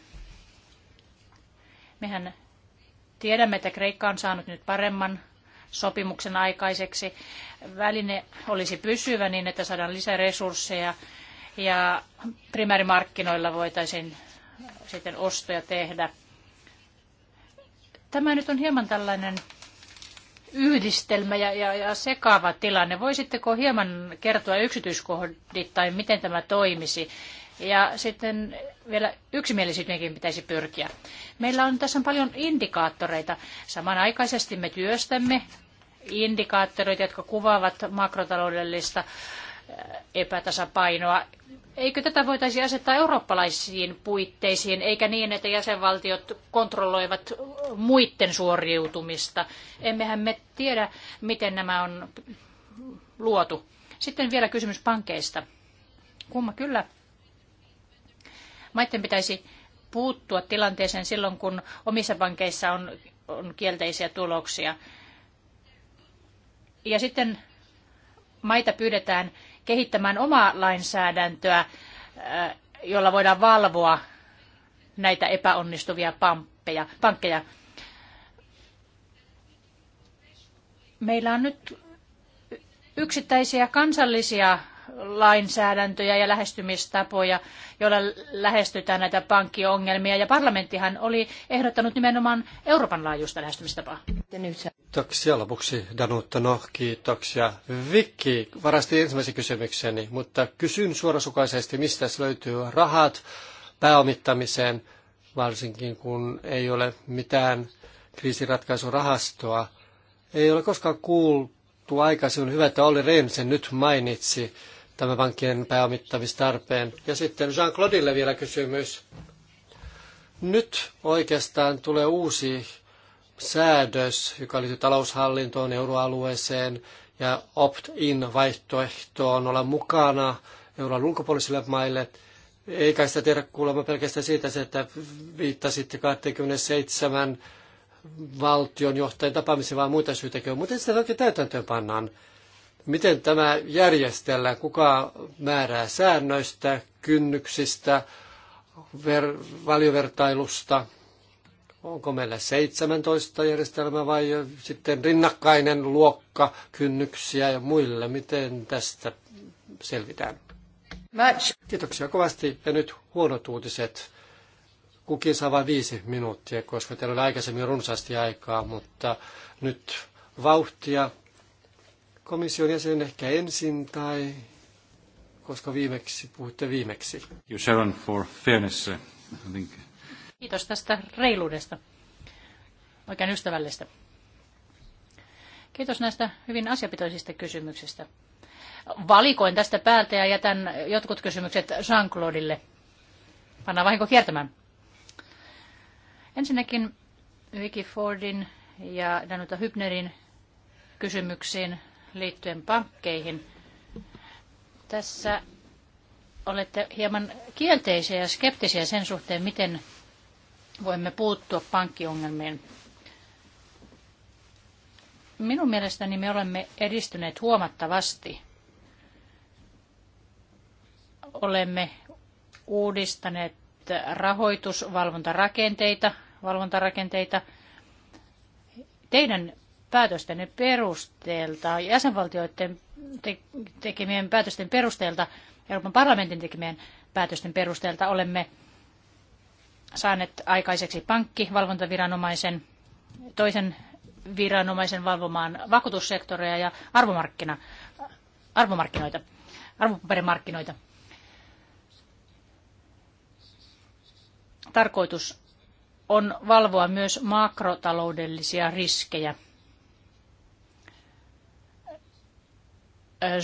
Mehän tiedämme, että Kreikka on saanut nyt paremman sopimuksen aikaiseksi. Väline olisi pysyvä niin, että saadaan lisäresursseja ja primäärimarkkinoilla voitaisiin sitten ostoja tehdä. Tämä nyt on hieman tällainen yhdistelmä ja, ja, ja sekaava tilanne. Voisitteko hieman kertoa yksityiskohdittain, miten tämä toimisi? Ja sitten vielä yksimielisyyteenkin pitäisi pyrkiä. Meillä on tässä paljon indikaattoreita. Samanaikaisesti me työstämme indikaattoreita, jotka kuvaavat makrotaloudellista epätasapainoa. Eikö tätä voitaisi asettaa eurooppalaisiin puitteisiin, eikä niin, että jäsenvaltiot kontrolloivat muiden suoriutumista? Emmehän me tiedä, miten nämä on luotu. Sitten vielä kysymys pankeista. Kumma kyllä. Maiden pitäisi puuttua tilanteeseen silloin, kun omissa pankeissa on, on kielteisiä tuloksia. Ja sitten maita pyydetään kehittämään omaa lainsäädäntöä, äh, jolla voidaan valvoa näitä epäonnistuvia pamppeja, pankkeja. Meillä on nyt yksittäisiä kansallisia lainsäädäntöjä ja lähestymistapoja, joilla lähestytään näitä pankkiongelmia. Ja parlamenttihan oli ehdottanut nimenomaan Euroopan laajuista lähestymistapaa. Kiitoksia lopuksi Danutta. No kiitoksia. Vicky. varasti ensimmäisen kysymykseni, mutta kysyn suorasukaisesti, mistä löytyy rahat pääomittamiseen, varsinkin kun ei ole mitään kriisiratkaisurahastoa. Ei ole koskaan kuultu aikaisemmin. Hyvä, että Olli Rehn sen nyt mainitsi tämän pankkien pääomittamistarpeen. Ja sitten Jean-Claudille vielä kysymys. Nyt oikeastaan tulee uusi säädös, joka liittyy taloushallintoon, euroalueeseen ja opt-in vaihtoehtoon olla mukana euron ulkopuolisille maille. Eikä sitä tiedä kuulemma pelkästään siitä, että viittasitte 27 valtion johtajan tapaamisiin, vaan muita syytäkin on. Mutta sitä oikein täytäntöön pannaan? Miten tämä järjestellään? Kuka määrää säännöistä, kynnyksistä, ver- valiovertailusta? Onko meillä 17 järjestelmä vai sitten rinnakkainen luokka kynnyksiä ja muille? Miten tästä selvitään? Match. Kiitoksia kovasti. Ja nyt huonot uutiset. Kukin saa vain viisi minuuttia, koska teillä oli aikaisemmin runsaasti aikaa, mutta nyt vauhtia. Komission jäsen ehkä ensin tai koska viimeksi puhutte viimeksi. You Sharon for fairness. I think Kiitos tästä reiluudesta. Oikein ystävällistä. Kiitos näistä hyvin asiapitoisista kysymyksistä. Valikoin tästä päältä ja jätän jotkut kysymykset Jean-Claudille. Pannaan vahinko kiertämään. Ensinnäkin Vicky Fordin ja Danuta Hybnerin kysymyksiin liittyen pankkeihin. Tässä olette hieman kielteisiä ja skeptisiä sen suhteen, miten voimme puuttua pankkiongelmiin. Minun mielestäni me olemme edistyneet huomattavasti. Olemme uudistaneet rahoitusvalvontarakenteita, valvontarakenteita. Teidän päätöstenne perusteelta, jäsenvaltioiden tekemien päätösten perusteelta, Euroopan parlamentin tekemien päätösten perusteelta olemme saaneet aikaiseksi pankkivalvontaviranomaisen, toisen viranomaisen valvomaan vakuutussektoria ja arvomarkkina, arvomarkkinoita, arvopaperimarkkinoita. Tarkoitus on valvoa myös makrotaloudellisia riskejä.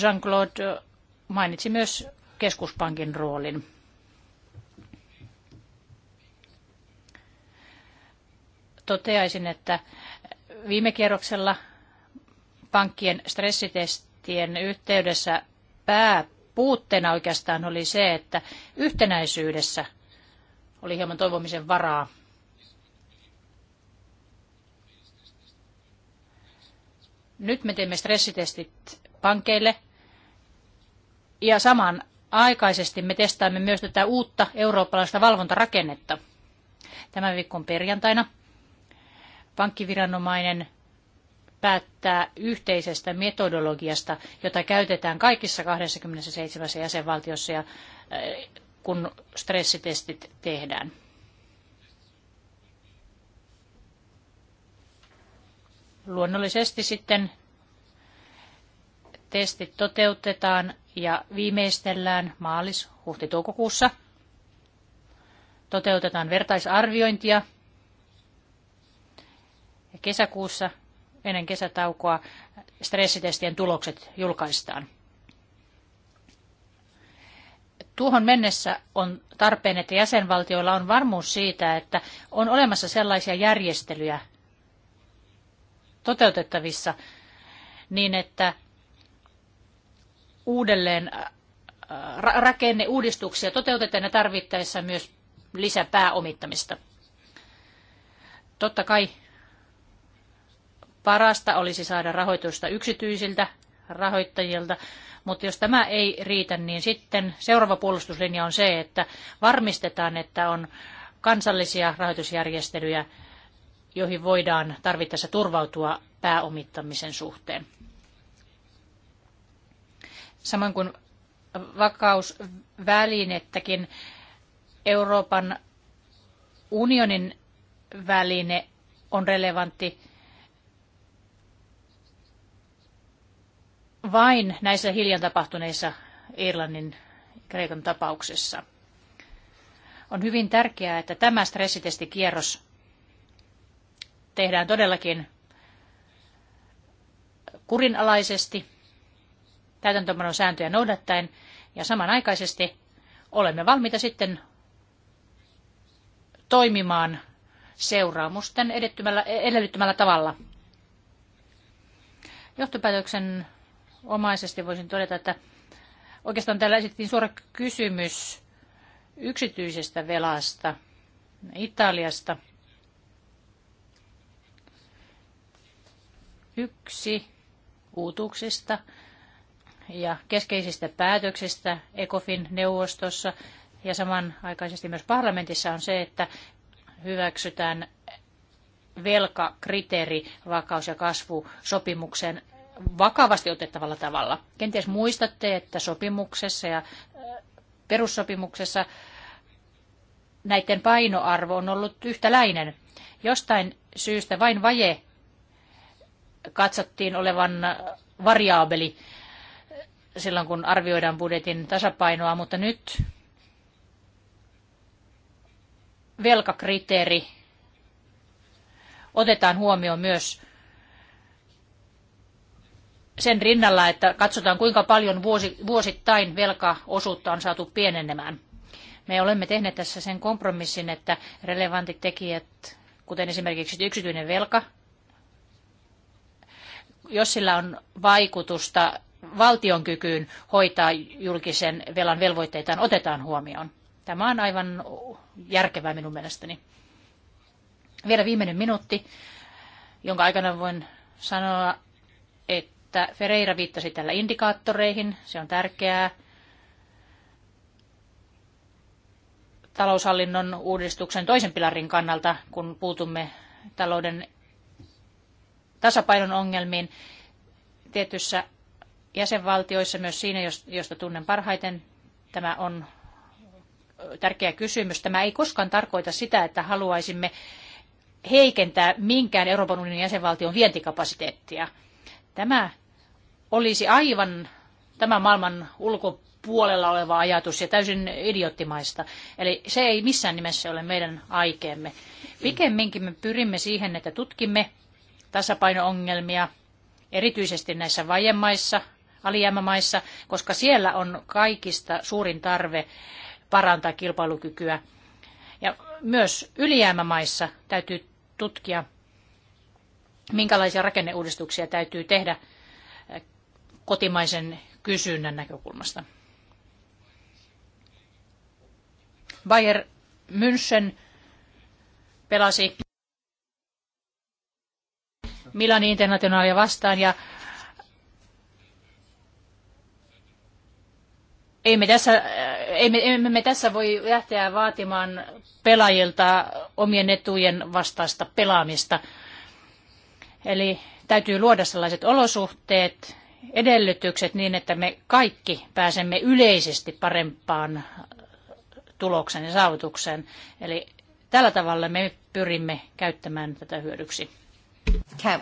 Jean-Claude mainitsi myös keskuspankin roolin. toteaisin, että viime kierroksella pankkien stressitestien yhteydessä pääpuutteena oikeastaan oli se, että yhtenäisyydessä oli hieman toivomisen varaa. Nyt me teemme stressitestit pankeille ja saman aikaisesti me testaamme myös tätä uutta eurooppalaista valvontarakennetta. Tämän viikon perjantaina pankkiviranomainen päättää yhteisestä metodologiasta, jota käytetään kaikissa 27 jäsenvaltiossa, ja, eh, kun stressitestit tehdään. Luonnollisesti sitten testit toteutetaan ja viimeistellään maalis-huhti-toukokuussa. Toteutetaan vertaisarviointia kesäkuussa ennen kesätaukoa stressitestien tulokset julkaistaan. Tuohon mennessä on tarpeen, että jäsenvaltioilla on varmuus siitä, että on olemassa sellaisia järjestelyjä toteutettavissa niin, että uudelleen äh, rakenneuudistuksia toteutetaan ja tarvittaessa myös lisäpääomittamista. Totta kai Parasta olisi saada rahoitusta yksityisiltä rahoittajilta, mutta jos tämä ei riitä, niin sitten seuraava puolustuslinja on se, että varmistetaan, että on kansallisia rahoitusjärjestelyjä, joihin voidaan tarvittaessa turvautua pääomittamisen suhteen. Samoin kuin vakausvälinettäkin Euroopan unionin väline on relevantti vain näissä hiljan tapahtuneissa Irlannin Kreikan tapauksessa. On hyvin tärkeää, että tämä stressitestikierros tehdään todellakin kurinalaisesti, täytäntöönpanon sääntöjä noudattaen ja samanaikaisesti olemme valmiita sitten toimimaan seuraamusten edellyttämällä tavalla. Johtopäätöksen omaisesti voisin todeta, että oikeastaan täällä esitettiin suora kysymys yksityisestä velasta Italiasta. Yksi uutuuksista ja keskeisistä päätöksistä ECOFIN neuvostossa ja samanaikaisesti myös parlamentissa on se, että hyväksytään velkakriteeri vakaus- ja kasvusopimuksen vakavasti otettavalla tavalla. Kenties muistatte, että sopimuksessa ja perussopimuksessa näiden painoarvo on ollut yhtäläinen. Jostain syystä vain vaje katsottiin olevan variaabeli silloin, kun arvioidaan budjetin tasapainoa, mutta nyt velkakriteeri otetaan huomioon myös sen rinnalla, että katsotaan kuinka paljon vuosi, vuosittain velkaosuutta on saatu pienenemään. Me olemme tehneet tässä sen kompromissin, että relevantit tekijät, kuten esimerkiksi yksityinen velka, jos sillä on vaikutusta valtion kykyyn hoitaa julkisen velan velvoitteitaan, otetaan huomioon. Tämä on aivan järkevää minun mielestäni. Vielä viimeinen minuutti, jonka aikana voin sanoa, että että Ferreira viittasi tällä indikaattoreihin, se on tärkeää. Taloushallinnon uudistuksen toisen pilarin kannalta, kun puutumme talouden tasapainon ongelmiin tietyissä jäsenvaltioissa, myös siinä, josta tunnen parhaiten, tämä on tärkeä kysymys. Tämä ei koskaan tarkoita sitä, että haluaisimme heikentää minkään Euroopan unionin jäsenvaltion vientikapasiteettia. Tämä olisi aivan tämän maailman ulkopuolella oleva ajatus ja täysin idioottimaista. Eli se ei missään nimessä ole meidän aikeemme. Pikemminkin me pyrimme siihen, että tutkimme tasapaino-ongelmia, erityisesti näissä vajemaissa, alijäämämaissa, koska siellä on kaikista suurin tarve parantaa kilpailukykyä. Ja myös ylijäämämaissa täytyy tutkia minkälaisia rakenneuudistuksia täytyy tehdä äh, kotimaisen kysynnän näkökulmasta. Bayer München pelasi Milanin Internationalia vastaan ja ei me tässä, äh, ei me, emme me tässä voi lähteä vaatimaan pelaajilta omien etujen vastaista pelaamista. Eli täytyy luoda sellaiset olosuhteet, edellytykset niin, että me kaikki pääsemme yleisesti parempaan tulokseen ja saavutukseen. Eli tällä tavalla me pyrimme käyttämään tätä hyödyksi.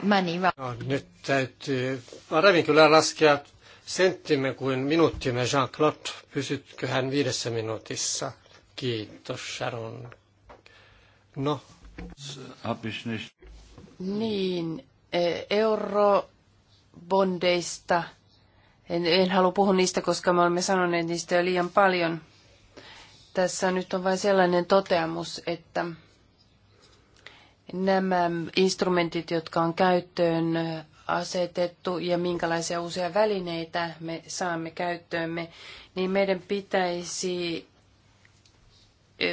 No, nyt täytyy paremmin kyllä laskea senttimme kuin minuuttimme, Jean-Claude. Pysytkö hän viidessä minuutissa? Kiitos, Sharon. No. Niin, eurobondeista. En, en halua puhua niistä, koska me olemme sanoneet niistä jo liian paljon. Tässä nyt on vain sellainen toteamus, että nämä instrumentit, jotka on käyttöön asetettu ja minkälaisia uusia välineitä me saamme käyttöömme, niin meidän pitäisi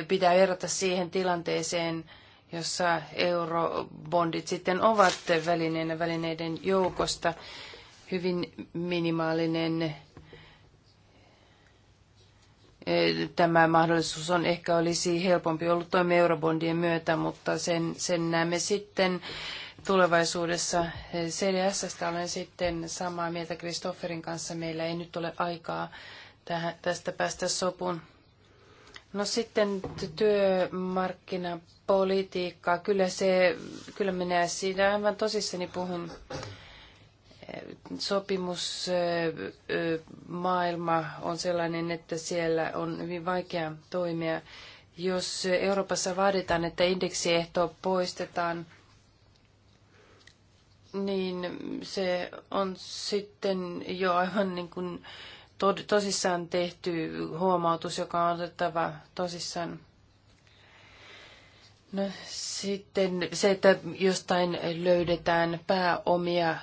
pitää verrata siihen tilanteeseen, jossa eurobondit sitten ovat välineenä välineiden joukosta. Hyvin minimaalinen eh, tämä mahdollisuus on. Ehkä olisi helpompi ollut toimia eurobondien myötä, mutta sen, sen näemme sitten tulevaisuudessa. CDSstä olen sitten samaa mieltä Kristofferin kanssa. Meillä ei nyt ole aikaa tähän, tästä päästä sopuun. No sitten työmarkkinapolitiikkaa. Kyllä se, kyllä minä siitä aivan tosissani puhun. Eh, Sopimusmaailma eh, eh, on sellainen, että siellä on hyvin vaikea toimia. Jos Euroopassa vaaditaan, että indeksiehto poistetaan, niin se on sitten jo aivan niin kuin tosissaan tehty huomautus, joka on otettava tosissaan. No, sitten se, että jostain löydetään pääomia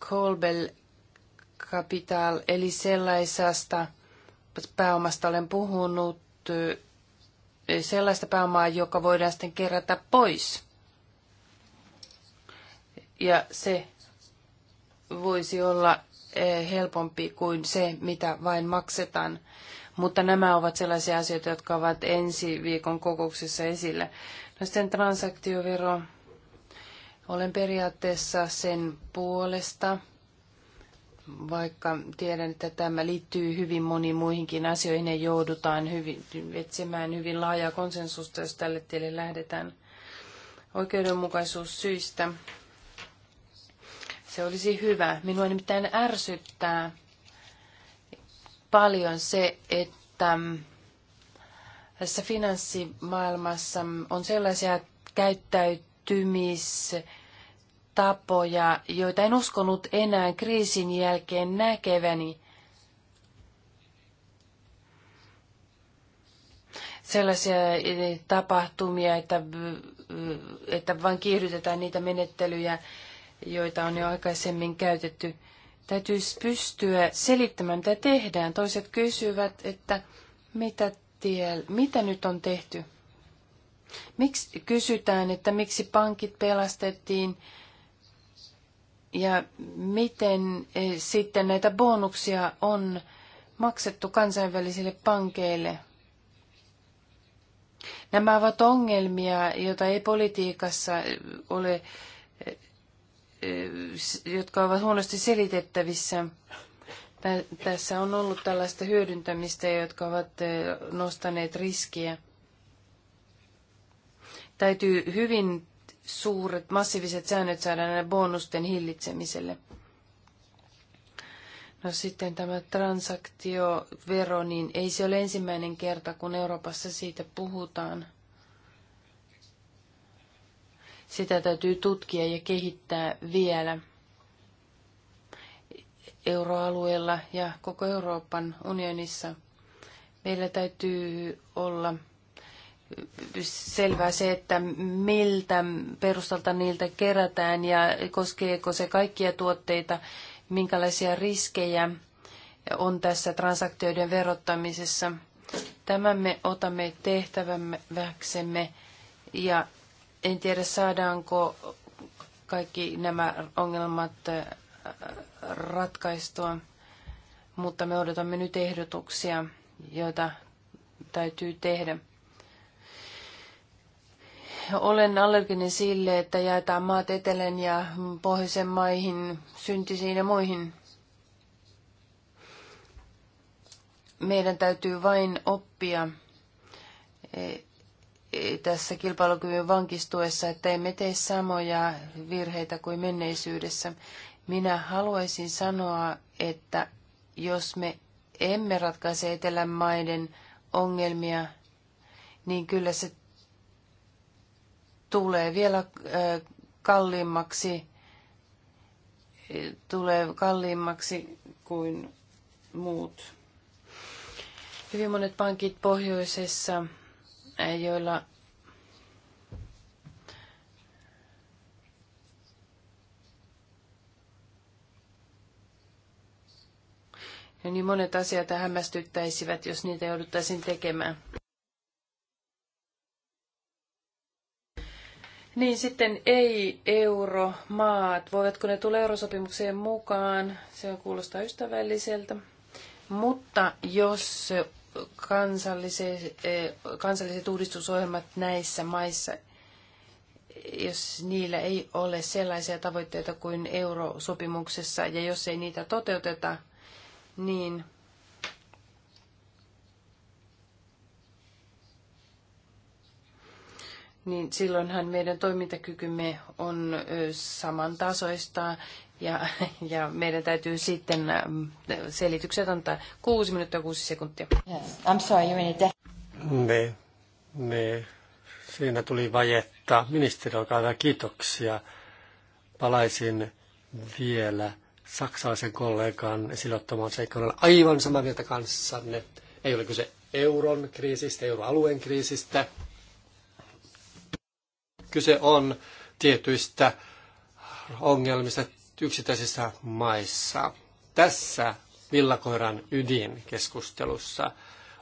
Colbell Capital, eli sellaisesta pääomasta olen puhunut, sellaista pääomaa, joka voidaan sitten kerätä pois. Ja se voisi olla Eh, helpompi kuin se, mitä vain maksetaan. Mutta nämä ovat sellaisia asioita, jotka ovat ensi viikon kokouksessa esillä. No sitten transaktiovero. Olen periaatteessa sen puolesta, vaikka tiedän, että tämä liittyy hyvin moniin muihinkin asioihin ja joudutaan hyvin, etsimään hyvin laajaa konsensusta, jos tälle tielle lähdetään oikeudenmukaisuussyistä. syistä se olisi hyvä. Minua nimittäin ärsyttää paljon se, että mm, tässä finanssimaailmassa mm, on sellaisia käyttäytymistapoja, joita en uskonut enää kriisin jälkeen näkeväni. Sellaisia eh, tapahtumia, että, mm, että vain kiihdytetään niitä menettelyjä, joita on jo aikaisemmin käytetty, täytyisi pystyä selittämään, mitä tehdään. Toiset kysyvät, että mitä, tie, mitä nyt on tehty. Miksi kysytään, että miksi pankit pelastettiin ja miten e, sitten näitä bonuksia on maksettu kansainvälisille pankeille? Nämä ovat ongelmia, joita ei politiikassa e, ole jotka ovat huonosti selitettävissä. Tässä on ollut tällaista hyödyntämistä, jotka ovat nostaneet riskiä. Täytyy hyvin suuret, massiiviset säännöt saada näiden bonusten hillitsemiselle. No sitten tämä transaktiovero, niin ei se ole ensimmäinen kerta, kun Euroopassa siitä puhutaan. Sitä täytyy tutkia ja kehittää vielä euroalueella ja koko Euroopan unionissa. Meillä täytyy olla selvää se, että miltä perustalta niiltä kerätään ja koskeeko se kaikkia tuotteita, minkälaisia riskejä on tässä transaktioiden verottamisessa. Tämän me otamme tehtäväksemme ja en tiedä, saadaanko kaikki nämä ongelmat äh, ratkaistua, mutta me odotamme nyt ehdotuksia, joita täytyy tehdä. Olen allerginen sille, että jaetaan maat etelän ja pohjoisen maihin, syntisiin ja muihin. Meidän täytyy vain oppia tässä kilpailukyvyn vankistuessa, että emme tee samoja virheitä kuin menneisyydessä. Minä haluaisin sanoa, että jos me emme ratkaise etelän maiden ongelmia, niin kyllä se tulee vielä kalliimmaksi, tulee kalliimmaksi kuin muut. Hyvin monet pankit pohjoisessa joilla ja niin monet asiat hämmästyttäisivät, jos niitä jouduttaisiin tekemään. Niin sitten ei-euromaat, voivatko ne tulla eurosopimukseen mukaan? Se kuulostaa ystävälliseltä. Mutta jos kansalliset, e, kansalliset uudistusohjelmat näissä maissa, jos niillä ei ole sellaisia tavoitteita kuin eurosopimuksessa ja jos ei niitä toteuteta, niin niin silloinhan meidän toimintakykymme on samantasoista ja, ja meidän täytyy sitten ähm, selitykset antaa kuusi minuuttia kuusi sekuntia. Yes. I'm sorry, you mean Ne, ne. Siinä tuli vajetta. Ministeri, olkaa hyvä, kiitoksia. Palaisin vielä saksalaisen kollegan esille ottamaan seikkaan. Olen aivan samaa mieltä kanssanne. Ei ole kyse euron kriisistä, euroalueen kriisistä. Kyse on tietyistä ongelmista yksittäisissä maissa. Tässä villakoiran ydin keskustelussa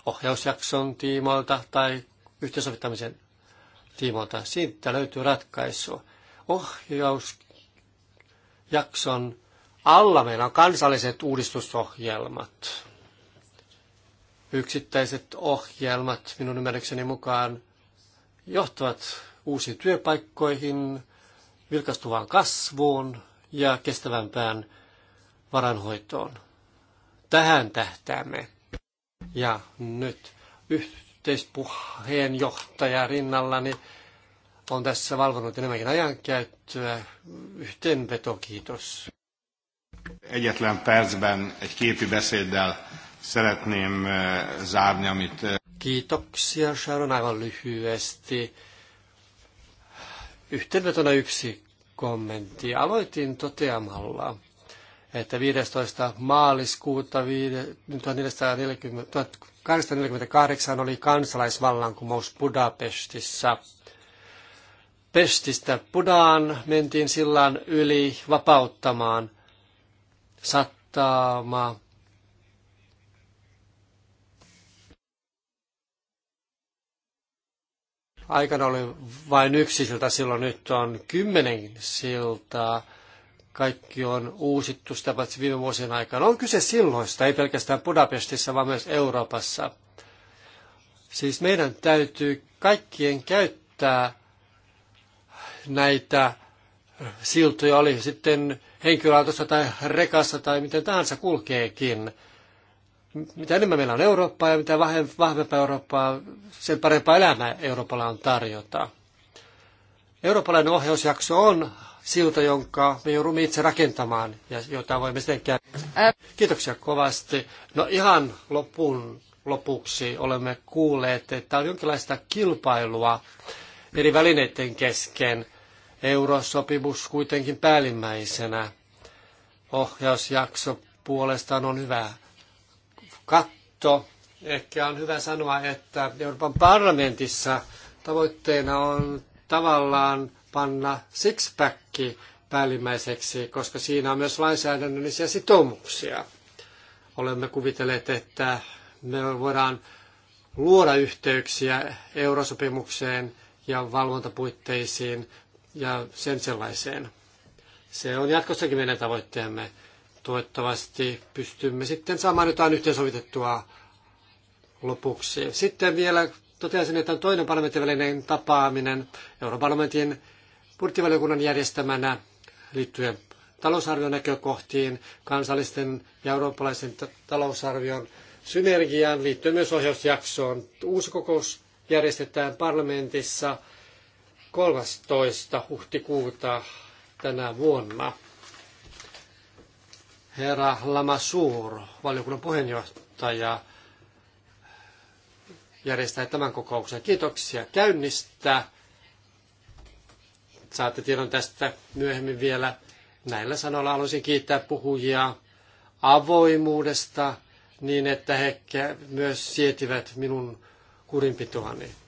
ohjausjakson tiimoilta tai yhteensovittamisen tiimoilta. Siitä löytyy ratkaisu. Ohjausjakson alla meillä on kansalliset uudistusohjelmat. Yksittäiset ohjelmat minun ymmärrykseni mukaan johtavat uusiin työpaikkoihin, vilkastuvaan kasvuun, ja kestävämpään varanhoitoon. Tähän tähtäämme. Ja nyt johtaja rinnallani on tässä valvonut enemmänkin ajankäyttöä. Yhteenveto, kiitos. Egyetlen percben egy képi beszéddel szeretném zárni, amit... Kiitoksia Sharon aivan lyhyesti. Yhteenvetona yksi kommentti. Aloitin toteamalla, että 15. maaliskuuta 1848 oli kansalaisvallankumous Budapestissa. Pestistä Budaan mentiin sillan yli vapauttamaan sattamaa aikana oli vain yksi silta, silloin nyt on kymmenen siltaa. Kaikki on uusittu sitä paitsi viime vuosien aikana. On kyse silloista, ei pelkästään Budapestissa, vaan myös Euroopassa. Siis meidän täytyy kaikkien käyttää näitä siltoja, oli sitten henkilöautossa tai rekassa tai miten tahansa kulkeekin mitä enemmän meillä on Eurooppaa ja mitä vahvempaa Eurooppaa, sen parempaa elämää Euroopalla on tarjota. Eurooppalainen ohjausjakso on silta, jonka me joudumme itse rakentamaan ja jota voimme sitten käydä. Kiitoksia kovasti. No ihan lopun, lopuksi olemme kuulleet, että on jonkinlaista kilpailua eri välineiden kesken. Eurosopimus kuitenkin päällimmäisenä. Ohjausjakso puolestaan on hyvä katto. Ehkä on hyvä sanoa, että Euroopan parlamentissa tavoitteena on tavallaan panna sixpacki päällimmäiseksi, koska siinä on myös lainsäädännöllisiä sitoumuksia. Olemme kuvitelleet, että me voidaan luoda yhteyksiä eurosopimukseen ja valvontapuitteisiin ja sen sellaiseen. Se on jatkossakin meidän tavoitteemme. Toivottavasti pystymme sitten saamaan jotain yhteensovitettua lopuksi. Sitten vielä toteaisin, että on toinen parlamentin tapaaminen parlamentin budjettivaliokunnan järjestämänä liittyen talousarvion näkökohtiin, kansallisten ja eurooppalaisen talousarvion synergiaan liittyen myös ohjausjaksoon. Uusi kokous järjestetään parlamentissa 13. huhtikuuta tänä vuonna herra Lamassuur, valiokunnan puheenjohtaja, järjestää tämän kokouksen. Kiitoksia käynnistä. Saatte tiedon tästä myöhemmin vielä. Näillä sanoilla haluaisin kiittää puhujia avoimuudesta niin, että he myös sietivät minun kurinpitoani.